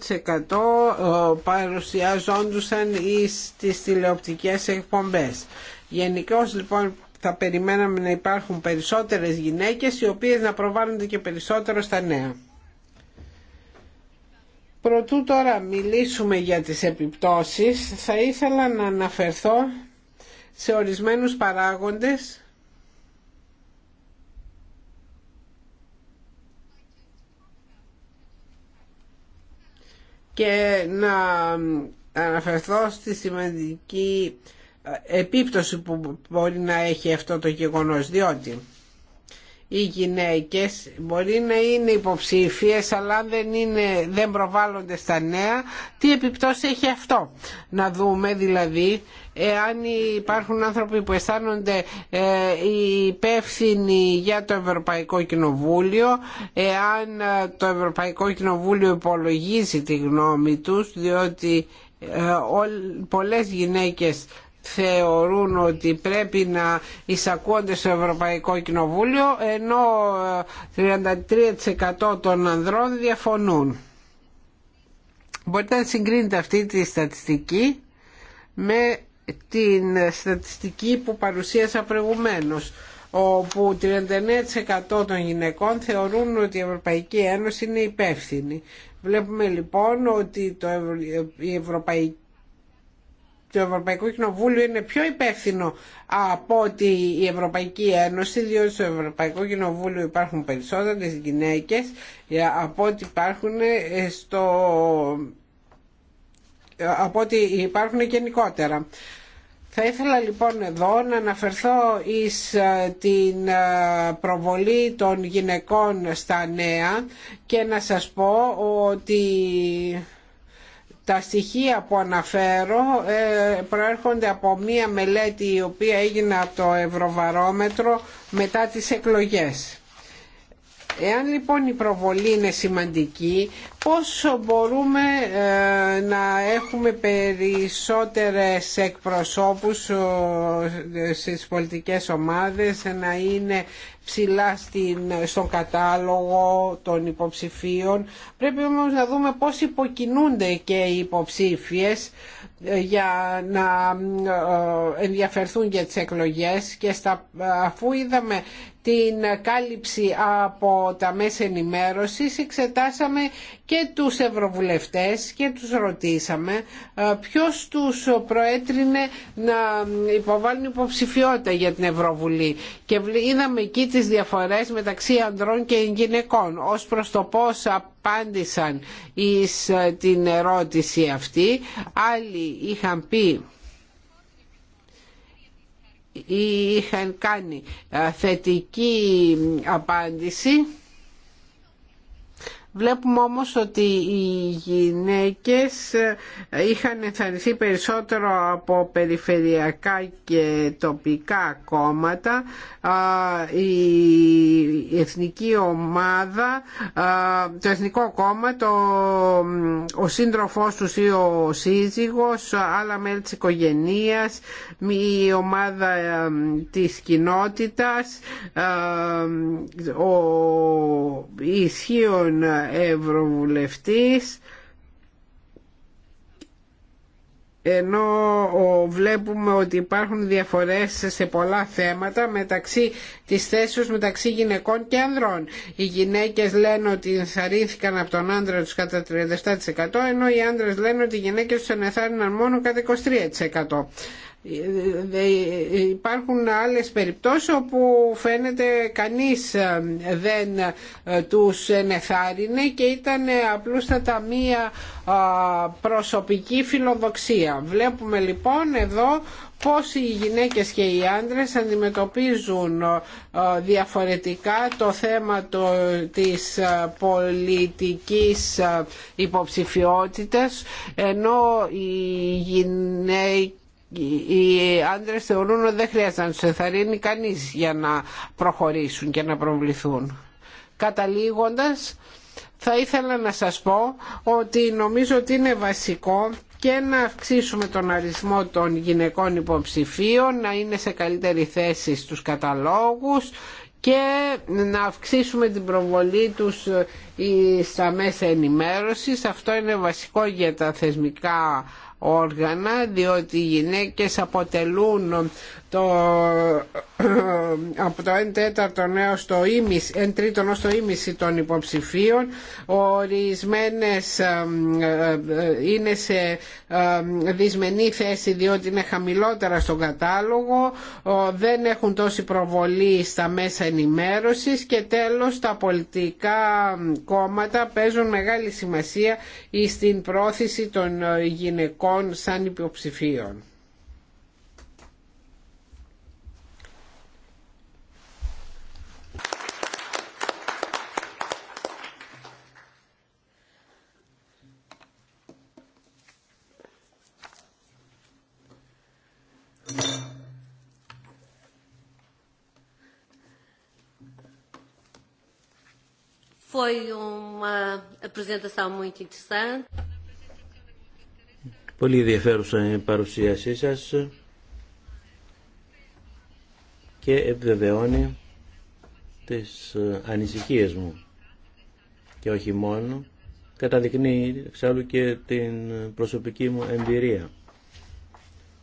παρουσιάζοντουσαν στις τηλεοπτικές εκπομπές Γενικώ λοιπόν θα περιμέναμε να υπάρχουν περισσότερες γυναίκες οι οποίες να προβάλλονται και περισσότερο στα νέα. Προτού τώρα μιλήσουμε για τις επιπτώσεις, θα ήθελα να αναφερθώ σε ορισμένους παράγοντες και να αναφερθώ στη σημαντική επίπτωση που μπορεί να έχει αυτό το γεγονός διότι οι γυναίκες μπορεί να είναι υποψήφιες αλλά δεν, είναι, δεν προβάλλονται στα νέα τι επιπτώσει έχει αυτό να δούμε δηλαδή εάν υπάρχουν άνθρωποι που αισθάνονται ε, υπεύθυνοι για το Ευρωπαϊκό Κοινοβούλιο εάν ε, το Ευρωπαϊκό Κοινοβούλιο υπολογίζει τη γνώμη τους διότι ε, πολλές γυναίκες θεωρούν ότι πρέπει να εισακούονται στο Ευρωπαϊκό Κοινοβούλιο ενώ ε, 33% των ανδρών διαφωνούν. Μπορείτε να συγκρίνετε αυτή τη στατιστική με την στατιστική που παρουσίασα προηγουμένως όπου 39% των γυναικών θεωρούν ότι η Ευρωπαϊκή Ένωση είναι υπεύθυνη. Βλέπουμε λοιπόν ότι η Ευρωπαϊκή το Ευρωπαϊκό Κοινοβούλιο είναι πιο υπεύθυνο από ότι η Ευρωπαϊκή Ένωση, διότι στο Ευρωπαϊκό Κοινοβούλιο υπάρχουν περισσότερες γυναίκες ε, από ότι υπάρχουν ε, στο ε, από ότι υπάρχουν γενικότερα. Θα ήθελα λοιπόν εδώ να αναφερθώ εις την προβολή των γυναικών στα νέα και να σας πω ότι τα στοιχεία που αναφέρω ε, προέρχονται από μία μελέτη η οποία έγινε από το Ευρωβαρόμετρο μετά τις εκλογές. Εάν λοιπόν η προβολή είναι σημαντική, πώς μπορούμε ε, να έχουμε περισσότερες εκπροσώπους στις πολιτικές ομάδες, να είναι ψηλά στην, στον κατάλογο των υποψηφίων. Πρέπει όμως να δούμε πώς υποκινούνται και οι υποψήφιες ε, για να ε, ενδιαφερθούν για τις εκλογές και στα, αφού είδαμε την κάλυψη από τα μέσα ενημέρωσης εξετάσαμε και τους ευρωβουλευτές και τους ρωτήσαμε ε, ποιος τους προέτρινε να υποβάλουν υποψηφιότητα για την Ευρωβουλή και είδαμε εκεί τις διαφορές μεταξύ ανδρών και γυναικών ως προς το πώς απάντησαν εις ε, την ερώτηση αυτή άλλοι είχαν πει είχαν κάνει ε, θετική απάντηση Βλέπουμε όμως ότι οι γυναίκες ε, είχαν ενθαρρυνθεί περισσότερο από περιφερειακά και τοπικά κόμματα. Η εθνική ομάδα, το εθνικό κόμμα, το, ο σύντροφός τους ή ο σύζυγος, άλλα μέλη της οικογενείας, η ομάδα ε, της κοινότητας, ε, ο ισχύων ευρωβουλευτής ενώ βλέπουμε ότι υπάρχουν διαφορές σε πολλά θέματα μεταξύ της θέσης μεταξύ γυναικών και ανδρών. Οι γυναίκες λένε ότι ενθαρρύνθηκαν από τον άντρα τους κατά 37% ενώ οι άντρες λένε ότι οι γυναίκες τους ενθάρρυναν μόνο κατά 23%. Υπάρχουν άλλες περιπτώσεις όπου φαίνεται κανείς δεν τους ενεθάρρυνε και ήταν απλούστατα μία προσωπική φιλοδοξία. Βλέπουμε λοιπόν εδώ πώς οι γυναίκες και οι άντρες αντιμετωπίζουν διαφορετικά το θέμα το, της πολιτικής υποψηφιότητας ενώ οι γυναίκες οι άντρες θεωρούν ότι δεν χρειάζεται να τους εθαρρύνει κανείς για να προχωρήσουν και να προβληθούν. Καταλήγοντας, θα ήθελα να σας πω ότι νομίζω ότι είναι βασικό και να αυξήσουμε τον αριθμό των γυναικών υποψηφίων, να είναι σε καλύτερη θέση στους καταλόγους και να αυξήσουμε την προβολή τους ε, στα μέσα ενημέρωσης. Αυτό είναι βασικό για τα θεσμικά όργανα διότι οι γυναίκες αποτελούν το, από το 1 τέταρτο έως το ίμιση, 1 τρίτον ως το ίμιση των υποψηφίων ορισμένες ε, ε, είναι σε ε, δυσμενή θέση διότι είναι χαμηλότερα στον κατάλογο δεν έχουν τόση προβολή στα μέσα ενημέρωσης και τέλος τα πολιτικά κόμματα παίζουν μεγάλη σημασία στην πρόθεση των γυναικών σαν υποψηφίων. Foi uma apresentação muito interessante. Πολύ ενδιαφέρουσα η παρουσίασή σα. και επιβεβαιώνει τι ε, ανησυχίε μου και όχι μόνο καταδεικνύει εξάλλου και την προσωπική μου εμπειρία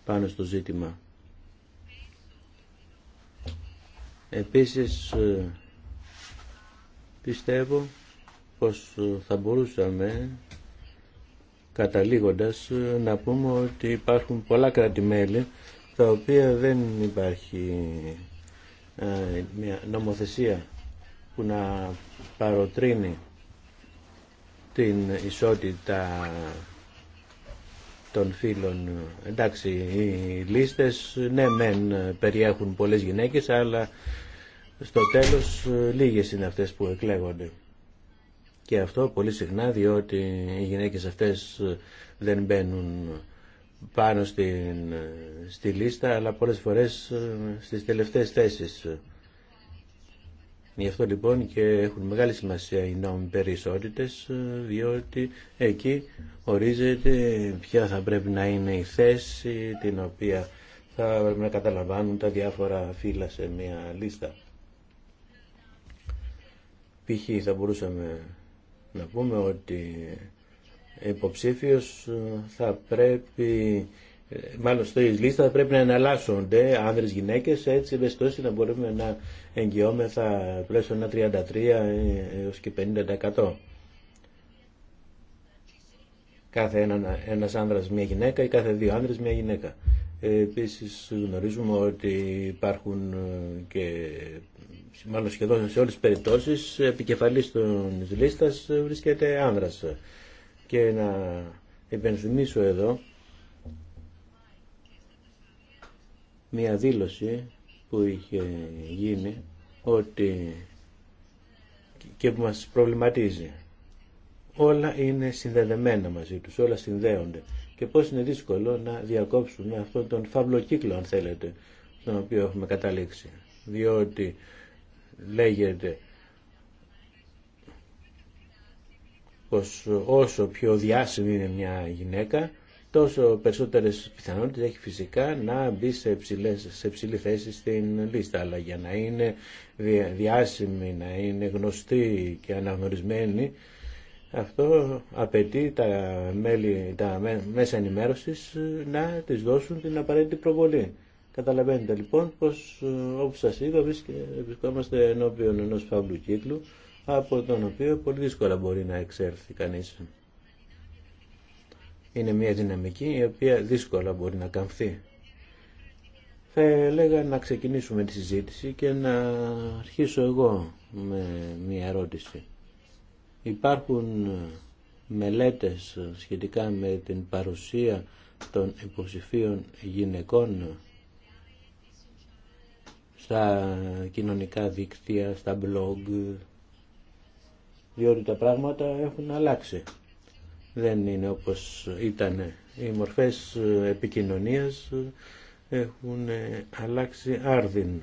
πάνω στο ζήτημα. Επίσης ε, πιστεύω πως θα μπορούσαμε καταλήγοντας να πούμε ότι υπάρχουν πολλά κράτη-μέλη τα οποία δεν υπάρχει ε, μια νομοθεσία που να παροτρύνει την ισότητα των φίλων. Εντάξει, οι λίστες ναι μεν περιέχουν πολλές γυναίκες αλλά στο τέλος ε, λίγες είναι αυτές που εκλέγονται. Και αυτό πολύ συχνά διότι οι γυναίκες αυτές ε, δεν μπαίνουν πάνω στην, ε, στη λίστα αλλά πολλές φορές στις τελευταίες θέσεις. Γι' αυτό λοιπόν και έχουν μεγάλη σημασία οι νόμοι περισσότητες διότι εκεί ορίζεται ποια θα πρέπει να είναι η θέση την οποία θα πρέπει να καταλαμβάνουν τα διάφορα φύλλα σε μια λίστα. Π.χ. θα μπορούσαμε να πούμε ότι υποψήφιος ε, θα πρέπει ε, μάλλον στο λίστα θα πρέπει να εναλλάσσονται άνδρες γυναίκες έτσι βεστώσει να μπορούμε να εγγυόμεθα πλέον ένα 33 ε, έως και 50% κάθε ένα, ένας άνδρας μια γυναίκα ή κάθε δύο άνδρες μια γυναίκα ε, επίσης γνωρίζουμε ότι υπάρχουν ε, και μάλλον σχεδόν σε όλες τις περιπτώσεις επικεφαλής των λίστας βρίσκεται άνδρας. Και να υπενθυμίσω εδώ μια δήλωση που είχε γίνει ότι και που μας προβληματίζει. Όλα είναι συνδεδεμένα μαζί τους, όλα συνδέονται και πώς είναι δύσκολο να διακόψουμε αυτόν τον φαύλο κύκλο, αν θέλετε, στον οποίο έχουμε καταλήξει. Διότι λέγεται πως ειναι δυσκολο να διακοψουμε αυτον τον φαυλο αν θελετε τον οποιο εχουμε καταληξει διοτι λεγεται πως οσο πιο διάσημη είναι μια γυναίκα, τόσο περισσότερες πιθανότητες έχει φυσικά να μπει σε, ψηλές, σε ψηλή θέση στην λίστα. Αλλά για να είναι διάσημη, να είναι γνωστή και αναγνωρισμένη, αυτό απαιτεί τα, μέλη, τα μέσα ενημέρωσης ε, να τις δώσουν την απαραίτητη προβολή. Καταλαβαίνετε λοιπόν πως ε, όπως σας είπα βρισκόμαστε ενώπιον ενός φαύλου κύκλου από τον οποίο πολύ δύσκολα μπορεί να εξέλθει κανείς. Είναι μια δυναμική η οποία δύσκολα μπορεί να καμφθεί. Θα έλεγα να ξεκινήσουμε τη συζήτηση και να αρχίσω εγώ με μια ερώτηση. Υπάρχουν ε, μελέτες ε, σχετικά με την παρουσία των υποψηφίων γυναικών ε, στα κοινωνικά δίκτυα, στα blog, διότι τα πράγματα έχουν αλλάξει. Δεν είναι όπως ήταν. Οι μορφές επικοινωνίας έχουν αλλάξει άρδιν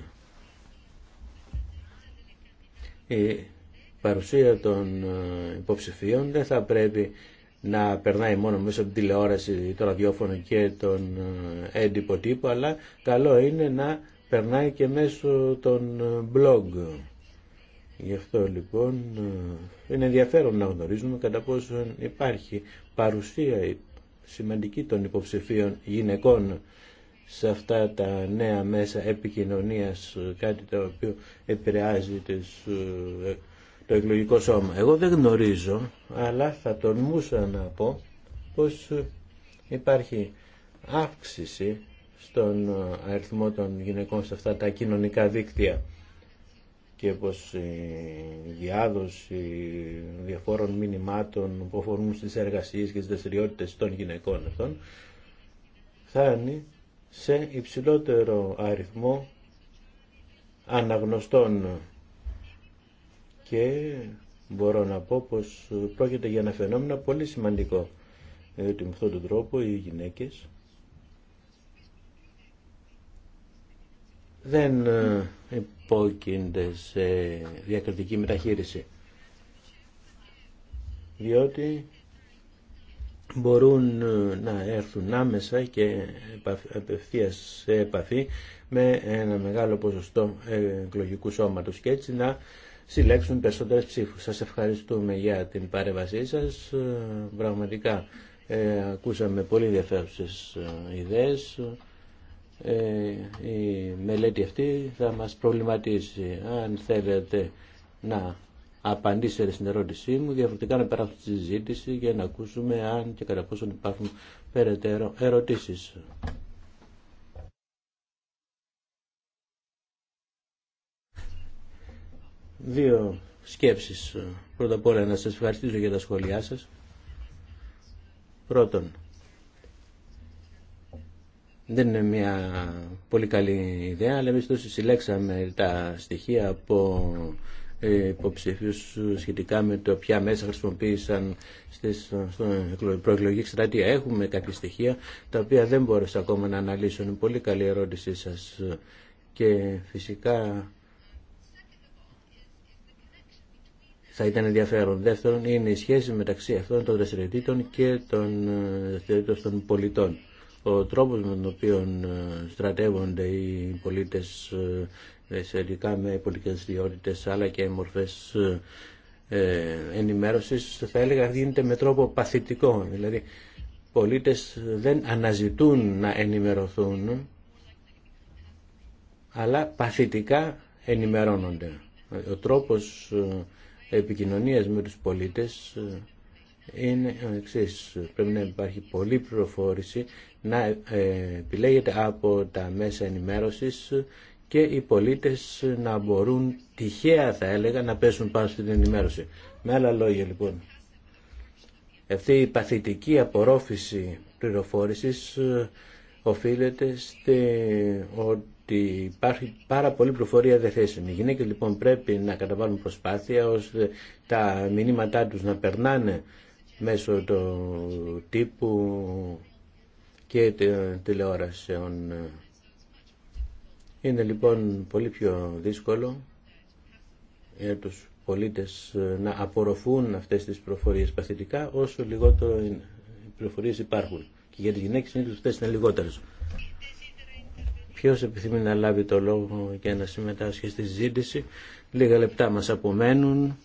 παρουσία των ε, υποψηφίων δεν θα πρέπει να περνάει μόνο μέσω από την τηλεόραση, το ραδιόφωνο και τον ε, έντυπο τύπο, αλλά καλό είναι να περνάει και μέσω των ε, blog. Γι' αυτό λοιπόν είναι ενδιαφέρον να γνωρίζουμε κατά πόσο υπάρχει παρουσία σημαντική των υποψηφίων γυναικών σε αυτά τα νέα μέσα επικοινωνίας, κάτι το οποίο επηρεάζει τις το εκλογικό σώμα. Εγώ δεν γνωρίζω, αλλά θα τολμούσα να πω πως υπάρχει αύξηση στον αριθμό των γυναικών σε αυτά τα κοινωνικά δίκτυα και πως η διάδοση διαφόρων μηνυμάτων που αφορούν στις εργασίες και στις δραστηριότητε των γυναικών αυτών φτάνει σε υψηλότερο αριθμό αναγνωστών και μπορώ να πω πως πρόκειται για ένα φαινόμενο πολύ σημαντικό διότι με αυτόν τον τρόπο οι γυναίκες δεν ε, υπόκεινται σε διακριτική μεταχείριση διότι μπορούν ε, να έρθουν άμεσα και απευθείας σε επαφή με ένα μεγάλο ποσοστό ε, εκλογικού σώματος και έτσι να συλλέξουν περισσότερες ψήφους. Σας ευχαριστούμε για την παρέμβασή σας. Ε, πραγματικά ε, ακούσαμε πολύ ενδιαφέρουσες ε, ιδέες. Ε, η μελέτη αυτή θα μας προβληματίσει. Αν θέλετε να απαντήσετε στην ερώτησή μου, διαφορετικά να περάσουμε στη συζήτηση για να ακούσουμε αν και κατά πόσο υπάρχουν περαιτέρω ερωτήσεις. Δύο σκέψεις. Πρώτα απ' όλα να σας ευχαριστήσω για τα σχόλιά σας. Πρώτον, δεν είναι μια πολύ καλή ιδέα, αλλά εμείς τόσο συλλέξαμε τα στοιχεία από ε, υποψηφίους σχετικά με το ποια μέσα χρησιμοποίησαν στις, στην προεκλογική εκστρατεία. Έχουμε κάποια στοιχεία τα οποία δεν μπόρεσα ακόμα να αναλύσω. πολύ καλή ερώτησή σας και φυσικά θα ήταν ενδιαφέρον. Δεύτερον, είναι η σχέση μεταξύ αυτών των δραστηριοτήτων και των ε, δραστηριοτήτων των πολιτών. Ο τρόπος με τον οποίο ε, στρατεύονται οι πολίτες ε, σχετικά με πολιτικές διότητες αλλά και μορφές ενημέρωσης θα έλεγα γίνεται με τρόπο παθητικό. Δηλαδή, πολίτες δεν αναζητούν να ενημερωθούν αλλά παθητικά ενημερώνονται. Ο τρόπος επικοινωνίας με τους πολίτες ε, είναι ο Πρέπει να υπάρχει πολλή πληροφόρηση να ε, επιλέγεται από τα μέσα ενημέρωσης και οι πολίτες να μπορούν τυχαία θα έλεγα να πέσουν πάνω στην ενημέρωση. Με άλλα λόγια λοιπόν, αυτή η παθητική απορρόφηση πληροφόρησης ε, οφείλεται στη, ότι υπάρχει πάρα πολύ προφορία διαθέσιμη. Οι γυναίκες λοιπόν πρέπει να καταβάλουν προσπάθεια ώστε τα μηνύματά τους να περνάνε μέσω του τύπου και τηλεόρασεων. Είναι λοιπόν πολύ πιο δύσκολο για τους πολίτες να απορροφούν αυτές τις προφορίες παθητικά όσο λιγότερο οι προφορίες υπάρχουν. Και για τις γυναίκες είναι αυτές είναι λιγότερες. Ποιος επιθυμεί να λάβει το λόγο και να συμμετάσχει στη ζήτηση, Λίγα λεπτά μας απομένουν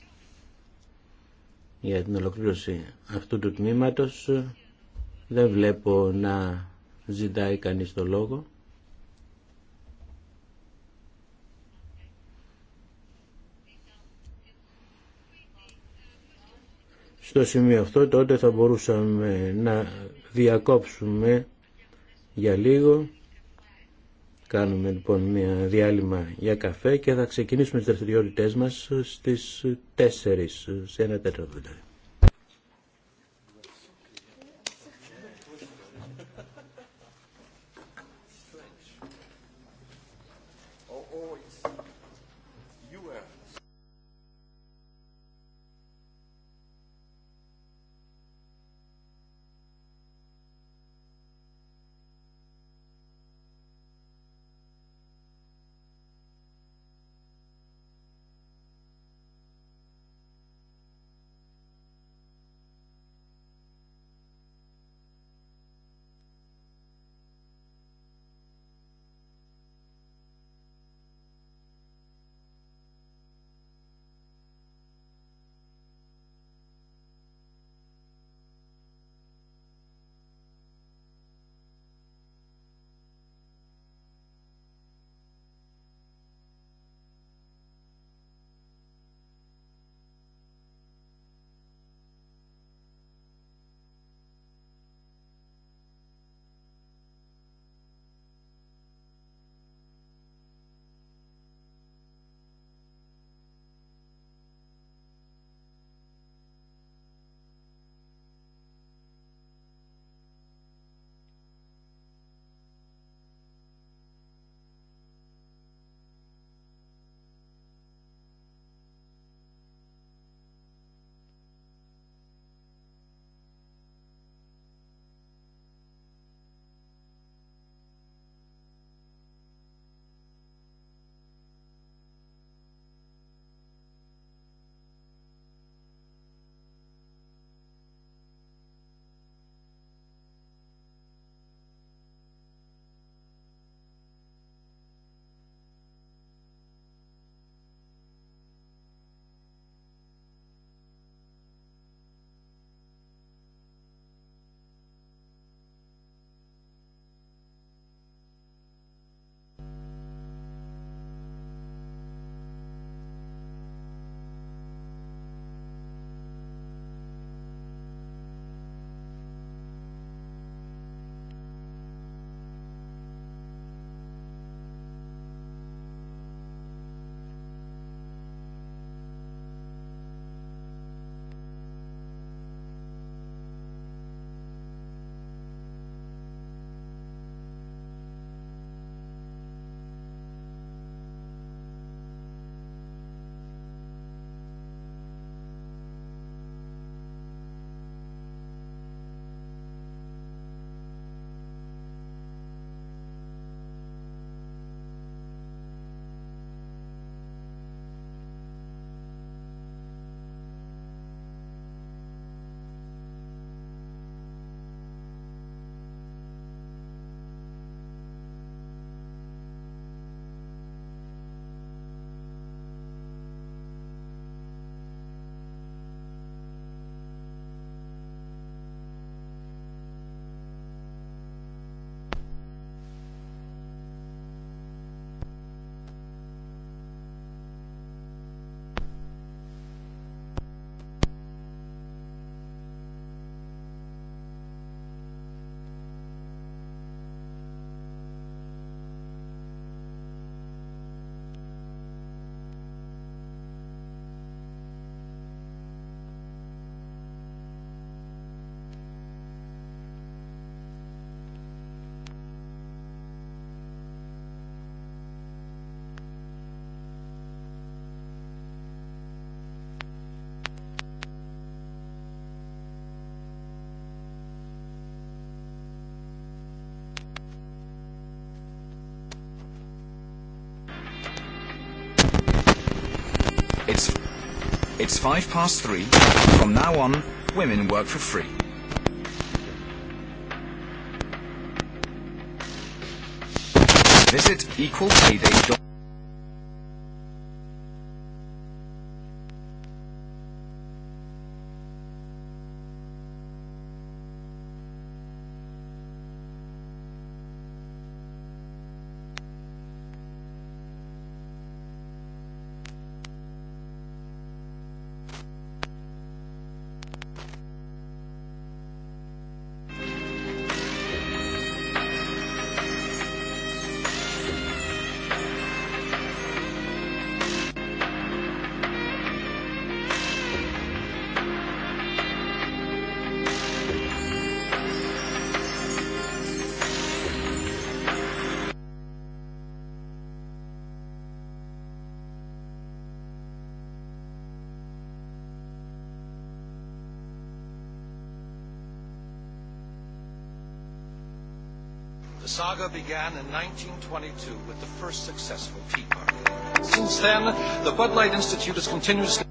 για την ολοκλήρωση αυτού του τμήματος. Δεν βλέπω να ζητάει κανείς το λόγο. Στο σημείο αυτό τότε θα μπορούσαμε να διακόψουμε για λίγο Κάνουμε λοιπόν μια διάλειμμα για καφέ και θα ξεκινήσουμε τις δραστηριότητές μας στις 4, σε ένα τέταρτο. It's five past three. From now on, women work for free. Visit equalpayday.com. saga began in 1922 with the first successful Tea Party. Since then, the Bud Light Institute has continuously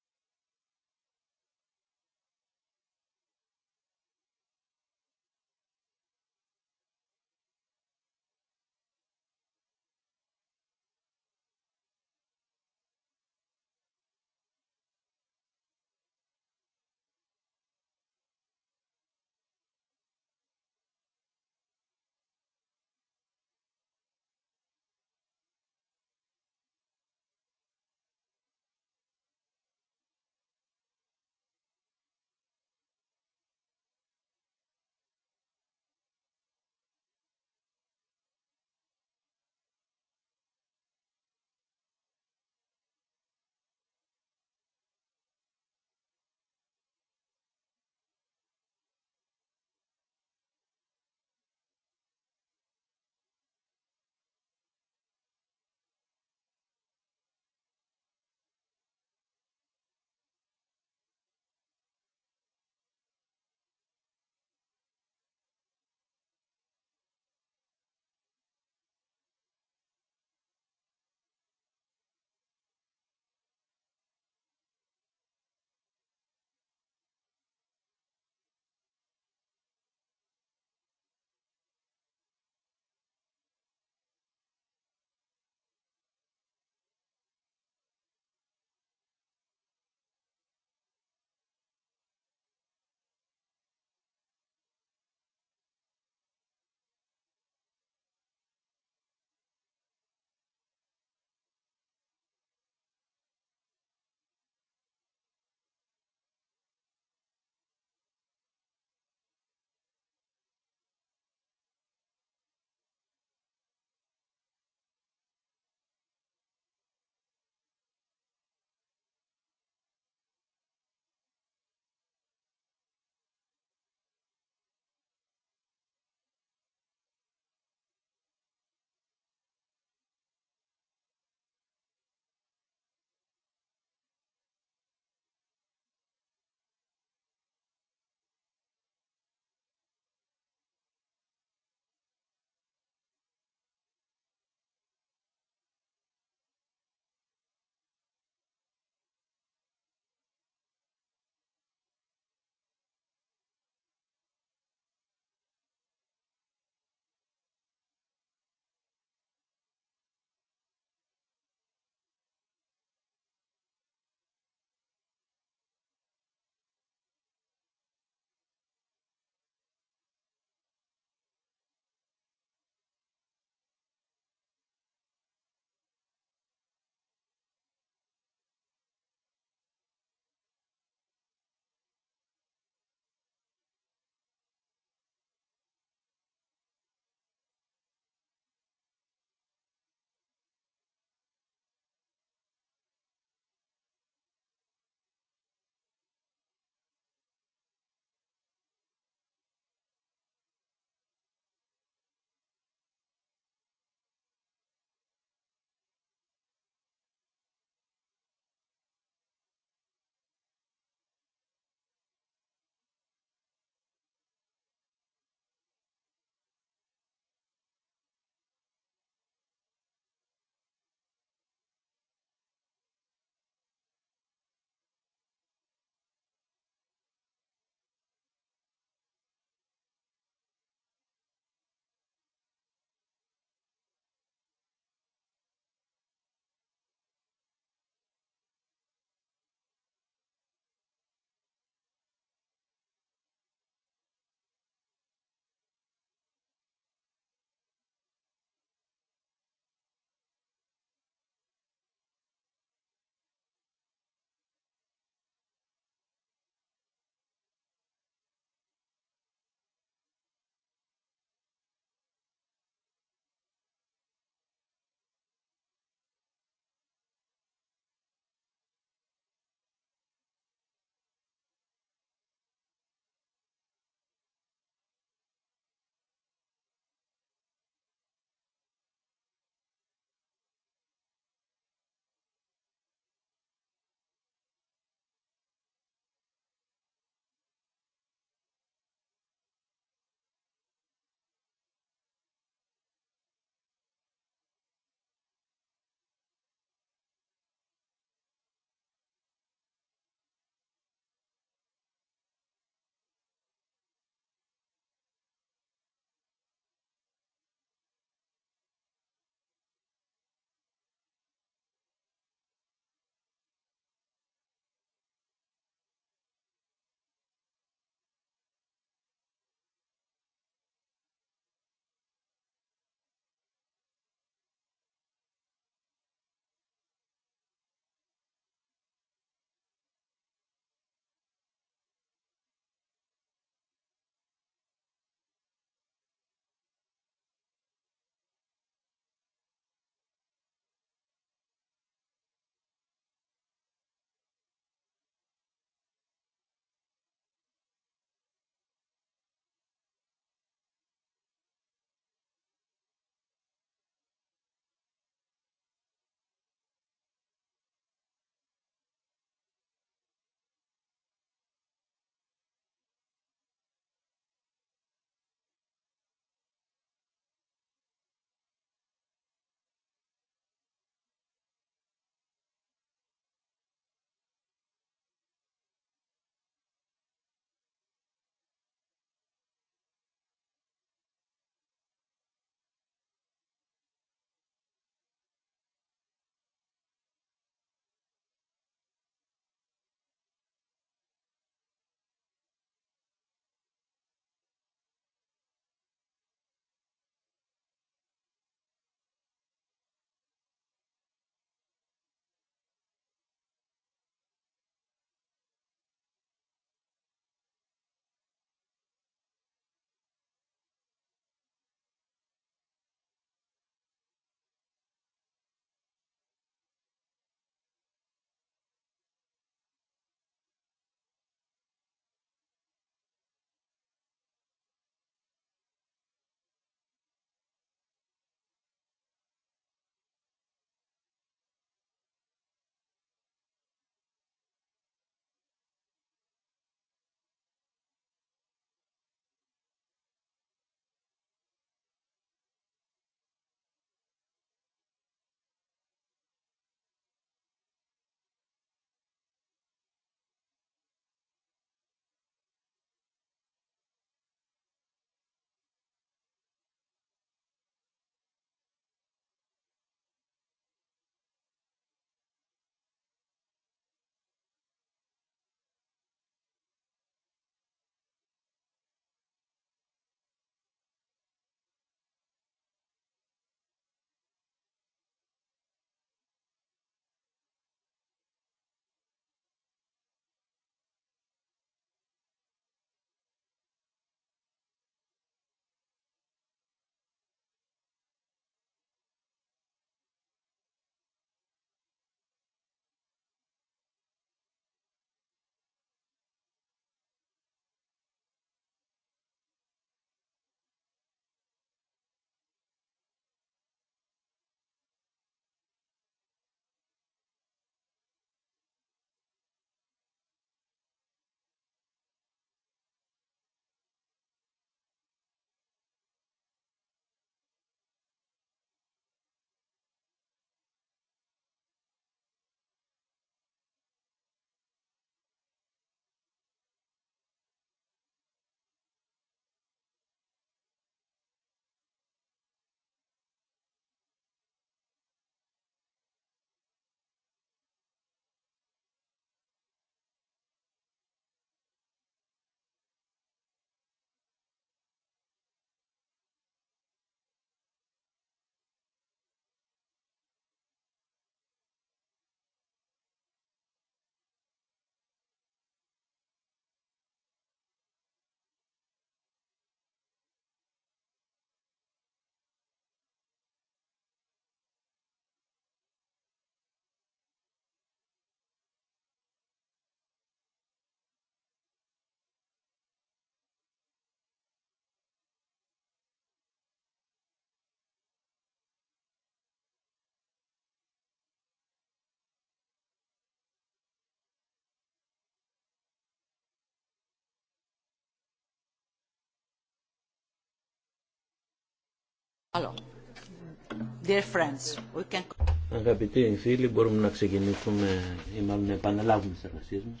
Αγαπητοί φίλοι, μπορούμε να ξεκινήσουμε ή μάλλον να επαναλάβουμε τις εργασίες μας.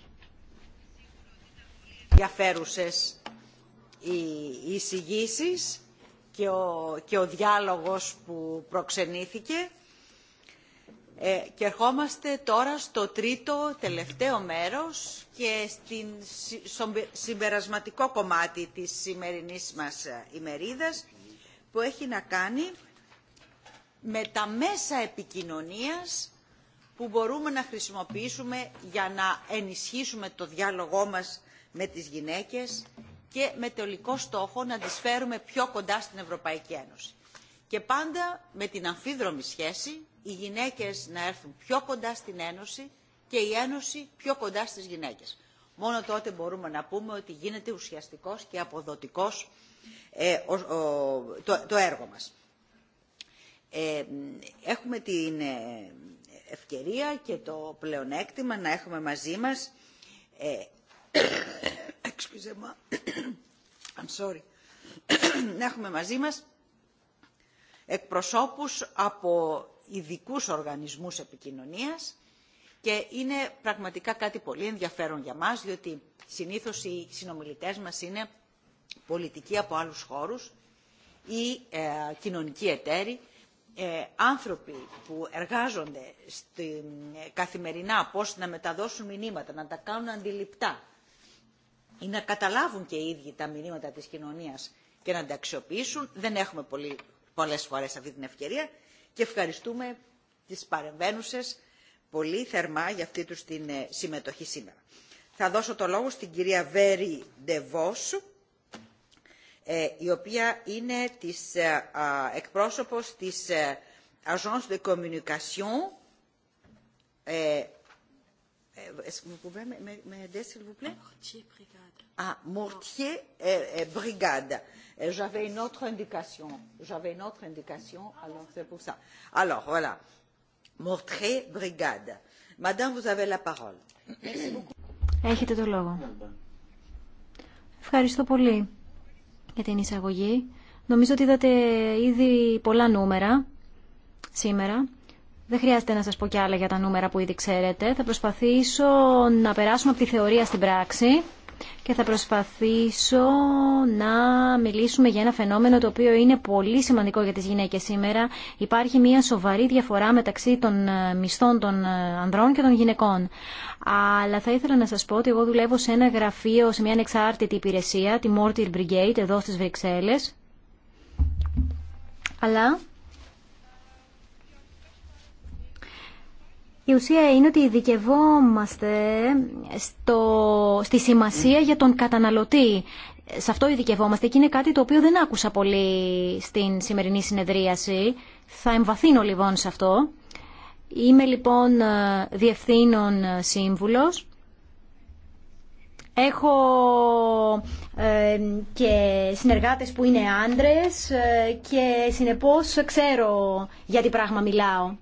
Διαφέρουσες οι εισηγήσει και ο, και ο διάλογος που προξενήθηκε ε, και ερχόμαστε τώρα στο τρίτο τελευταίο μέρος και στην συμπερασματικό κομμάτι της σημερινής μας ημερίδας που έχει να κάνει με τα μέσα επικοινωνίας που μπορούμε να χρησιμοποιήσουμε για να ενισχύσουμε το διάλογό μας με τις γυναίκες και με τελικό στόχο να τις φέρουμε πιο κοντά στην Ευρωπαϊκή Ένωση. Και πάντα με την αμφίδρομη σχέση οι γυναίκες να έρθουν πιο κοντά στην Ένωση και η Ένωση πιο κοντά στις γυναίκες. Μόνο τότε μπορούμε να πούμε ότι γίνεται ουσιαστικός και αποδοτικός ε, το έργο μας. Ε, έχουμε την ε, ευκαιρία και το πλεονέκτημα να έχουμε μαζί μας (coughs) (coughs) I'm sorry. (coughs) να έχουμε μαζί μας εκπροσώπους από ειδικού οργανισμούς επικοινωνίας και είναι πραγματικά κάτι πολύ ενδιαφέρον για μας διότι συνήθως οι συνομιλητές μας είναι πολιτικοί από άλλους χώρους ή κοινωνική ε, κοινωνικοί εταίροι, ε, άνθρωποι που εργάζονται στη, ε, καθημερινά πώς να μεταδώσουν μηνύματα, να τα κάνουν αντιληπτά ή να καταλάβουν και οι ίδιοι τα μηνύματα της κοινωνίας και να τα αξιοποιήσουν. Δεν έχουμε πολύ, πολλές φορές αυτή την ευκαιρία και ευχαριστούμε τις παρεμβαίνουσες πολύ θερμά για αυτή τους την συμμετοχή σήμερα. Θα δώσω το λόγο στην κυρία Βέρι Ντεβόσου, η οποία είναι της εκπρόσωπος της Agence de Communication. Vous pouvez m'aider, s'il vous plaît Ah, Mortier Brigade. J'avais une autre indication. J'avais une autre indication, alors c'est pour ça. Alors, voilà. Mortier Brigade. Madame, vous avez la parole. Έχετε το λόγο. Ευχαριστώ πολύ για την εισαγωγή. Νομίζω ότι είδατε ήδη πολλά νούμερα σήμερα. Δεν χρειάζεται να σας πω κι άλλα για τα νούμερα που ήδη ξέρετε. Θα προσπαθήσω να περάσουμε από τη θεωρία στην πράξη και θα προσπαθήσω να μιλήσουμε για ένα φαινόμενο το οποίο είναι πολύ σημαντικό για τις γυναίκες σήμερα. Υπάρχει μια σοβαρή διαφορά μεταξύ των ε, μισθών των ε, ανδρών και των γυναικών. Αλλά θα ήθελα να σας πω ότι εγώ δουλεύω σε ένα γραφείο, σε μια ανεξάρτητη υπηρεσία, τη Mortier Brigade, εδώ στις Βρυξέλλες. Αλλά Η ουσία είναι ότι ειδικευόμαστε στο, στη σημασία για τον καταναλωτή. Σε αυτό ειδικευόμαστε και είναι κάτι το οποίο δεν άκουσα πολύ στην σημερινή συνεδρίαση. Θα εμβαθύνω λοιπόν σε αυτό. Είμαι λοιπόν ε, διευθύνων ε, σύμβουλος. Έχω ε, και συνεργάτες που είναι άντρες και συνεπώς ξέρω για τι πράγμα μιλάω.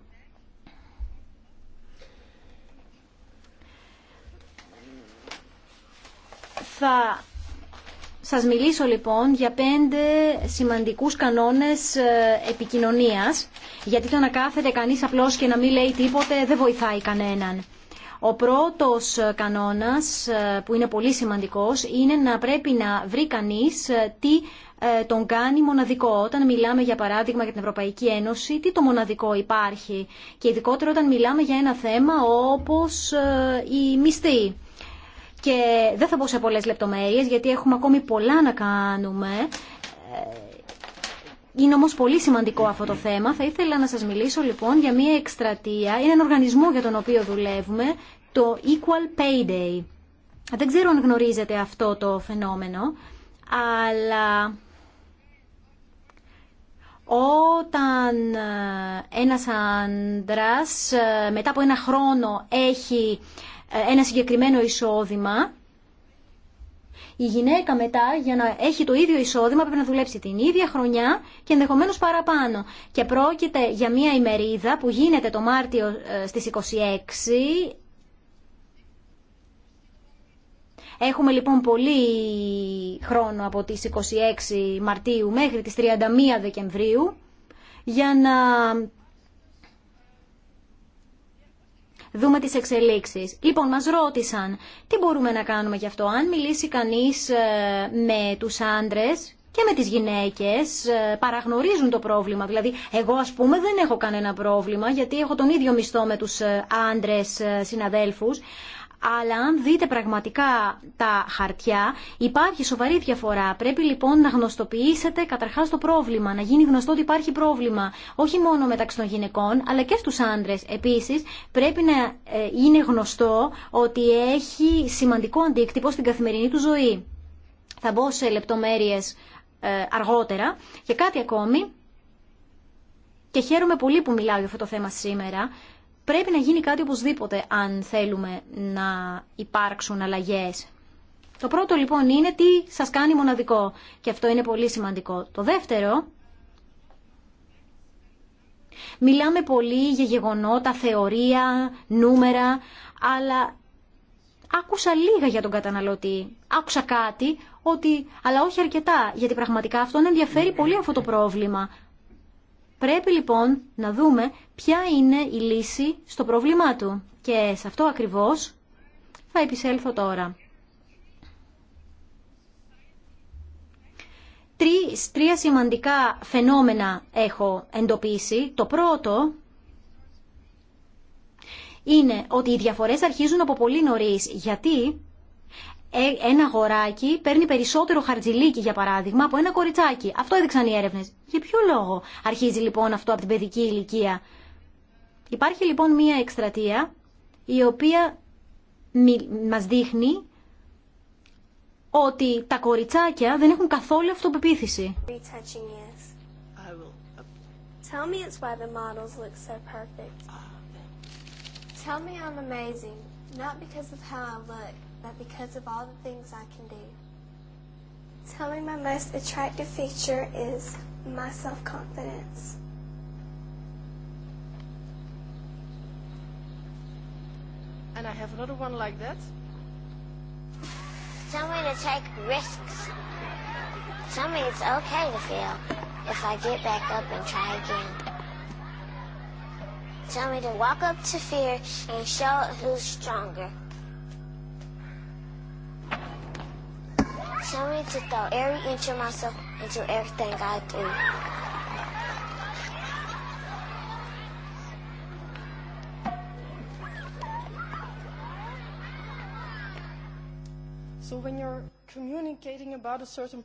Θα σας μιλήσω λοιπόν για πέντε σημαντικούς κανόνες ε, επικοινωνίας, γιατί το να κάθεται κανείς απλώς και να μην λέει τίποτε δεν βοηθάει κανέναν. Ο πρώτος ε, κανόνας ε, που είναι πολύ σημαντικός είναι να πρέπει να βρει κανείς τι τον κάνει μοναδικό. Όταν μιλάμε για παράδειγμα για την Ευρωπαϊκή Ένωση, τι το μοναδικό υπάρχει και ειδικότερα όταν μιλάμε για ένα θέμα όπως η μισθή. Και δεν θα πω σε πολλές λεπτομέρειες γιατί έχουμε ακόμη πολλά να κάνουμε. Ε, είναι όμως πολύ σημαντικό αυτό το θέμα. Θα ήθελα να σας μιλήσω λοιπόν για μια εκστρατεία. Είναι ένα οργανισμό για τον οποίο δουλεύουμε, το Equal Pay Day. Δεν ξέρω αν γνωρίζετε αυτό το φαινόμενο, αλλά όταν ε, ένας άντρας ε, μετά από ένα χρόνο έχει ε, ένα συγκεκριμένο εισόδημα, η γυναίκα μετά για να έχει το ίδιο εισόδημα πρέπει να δουλέψει την ίδια χρονιά και ενδεχομένω παραπάνω. Και πρόκειται για μια ημερίδα που γίνεται το Μάρτιο ε, στις 26. Έχουμε λοιπόν πολύ χρόνο από τις 26 Μαρτίου μέχρι τις 31 Δεκεμβρίου για να δούμε τις εξελίξεις. Λοιπόν, μας ρώτησαν τι μπορούμε να κάνουμε γι' αυτό. Αν μιλήσει κανείς ε, με τους άντρες και με τις γυναίκες ε, παραγνωρίζουν το πρόβλημα. Δηλαδή, εγώ ας πούμε δεν έχω κανένα πρόβλημα γιατί έχω τον ίδιο μισθό με τους ε, άντρες συναδέλφους αλλά αν δείτε πραγματικά τα χαρτιά υπάρχει σοβαρή διαφορά. Πρέπει λοιπόν να γνωστοποιήσετε καταρχά το πρόβλημα, να γίνει γνωστό ότι υπάρχει πρόβλημα όχι μόνο μεταξύ των γυναικών αλλά και στους άντρε. Επίσης πρέπει να ε, είναι γνωστό ότι έχει σημαντικό αντίκτυπο στην καθημερινή του ζωή. Θα μπω σε λεπτομέρειες ε, αργότερα και κάτι ακόμη και χαίρομαι πολύ που μιλάω για αυτό το θέμα σήμερα Πρέπει να γίνει κάτι οπωσδήποτε αν θέλουμε να υπάρξουν αλλαγές. Το πρώτο λοιπόν είναι τι σας κάνει μοναδικό και αυτό είναι πολύ σημαντικό. Το δεύτερο, μιλάμε πολύ για γεγονότα, θεωρία, νούμερα, αλλά άκουσα λίγα για τον καταναλωτή. Άκουσα κάτι, ότι, αλλά όχι αρκετά, γιατί πραγματικά αυτόν ενδιαφέρει πολύ αυτό το πρόβλημα. Πρέπει λοιπόν να δούμε ποια είναι η λύση στο πρόβλημά του. Και σε αυτό ακριβώς θα επισέλθω τώρα. τρία σημαντικά φαινόμενα έχω εντοπίσει. Το πρώτο είναι ότι οι διαφορές αρχίζουν από πολύ νωρίς. Γιατί ε, ένα αγοράκι παίρνει περισσότερο χαρτζιλίκι, για παράδειγμα, από ένα κοριτσάκι. Αυτό έδειξαν οι έρευνε. Για ποιο λόγο αρχίζει λοιπόν αυτό από την παιδική ηλικία. Υπάρχει λοιπόν μία εκστρατεία η οποία μας δείχνει ότι τα κοριτσάκια δεν έχουν καθόλου αυτοπεποίθηση. Tell me it's why the models look so perfect. Tell me I'm amazing, not because of how I that because of all the things I can do. Tell me my most attractive feature is my self-confidence. And I have another one like that. Tell me to take risks. Tell me it's okay to fail if I get back up and try again. Tell me to walk up to fear and show who's stronger. Tell me to throw every inch of myself into everything I do. So when you're communicating about a certain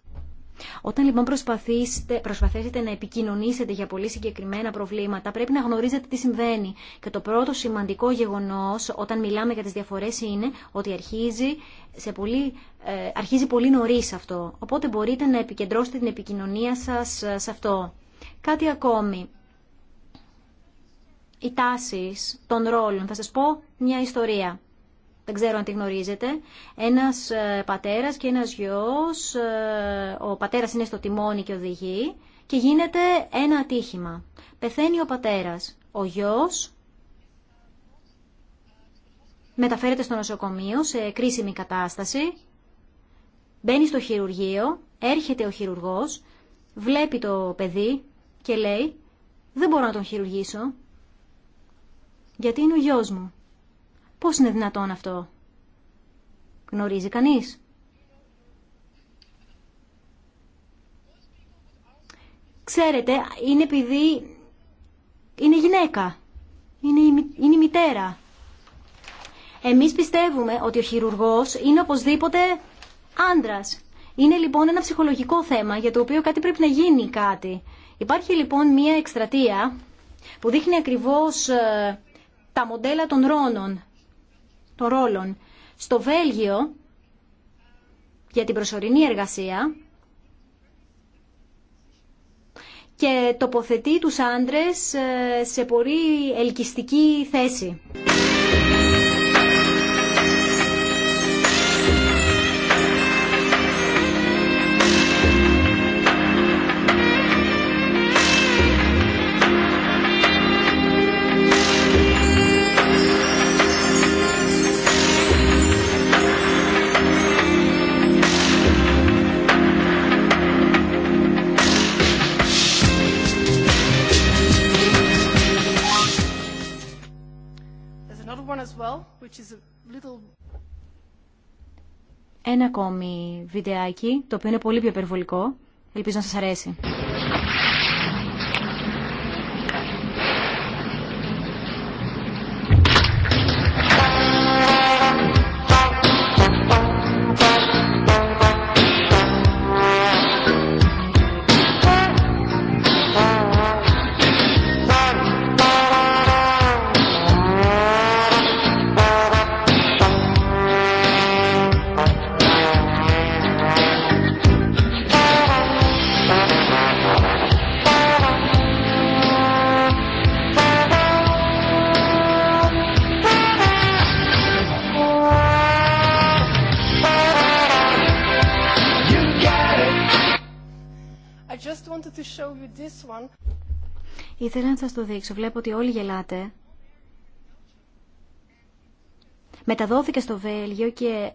όταν λοιπόν προσπαθήσετε, προσπαθήσετε να επικοινωνήσετε για πολύ συγκεκριμένα προβλήματα, πρέπει να γνωρίζετε τι συμβαίνει. Και το πρώτο σημαντικό γεγονός όταν μιλάμε για τις διαφορές είναι ότι αρχίζει, σε πολύ, ε, αρχίζει πολύ νωρίς αυτό. Οπότε μπορείτε να επικεντρώσετε την επικοινωνία σας ε, σε αυτό. Κάτι ακόμη. Οι τάσει των ρόλων. Θα σα πω μια ιστορία δεν ξέρω αν τη γνωρίζετε, ένας ε, πατέρας και ένας γιος, ε, ο πατέρας είναι στο τιμόνι και οδηγεί και γίνεται ένα ατύχημα. Πεθαίνει ο πατέρας, ο γιος μεταφέρεται στο νοσοκομείο σε κρίσιμη κατάσταση, μπαίνει στο χειρουργείο, έρχεται ο χειρουργός, βλέπει το παιδί και λέει «Δεν μπορώ να τον χειρουργήσω, γιατί είναι ο γιος μου». Πώς είναι δυνατόν αυτό. Γνωρίζει κανείς. Ξέρετε, είναι επειδή είναι γυναίκα. Είναι η, είναι μητέρα. Εμείς πιστεύουμε ότι ο χειρουργός είναι οπωσδήποτε άντρας. Είναι λοιπόν ένα ψυχολογικό θέμα για το οποίο κάτι πρέπει να γίνει κάτι. Υπάρχει λοιπόν μια εκστρατεία που δείχνει ακριβώς ε, τα μοντέλα των ρόνων των ρόλων. Στο Βέλγιο, για την προσωρινή εργασία, και τοποθετεί τους άντρες ε, σε πολύ ελκυστική θέση. Ένα ακόμη βιντεάκι, το οποίο είναι πολύ πιο υπερβολικό. Ελπίζω να σας αρέσει. Ήθελα να σας το δείξω. Βλέπω ότι όλοι γελάτε. Μεταδόθηκε στο Βέλγιο και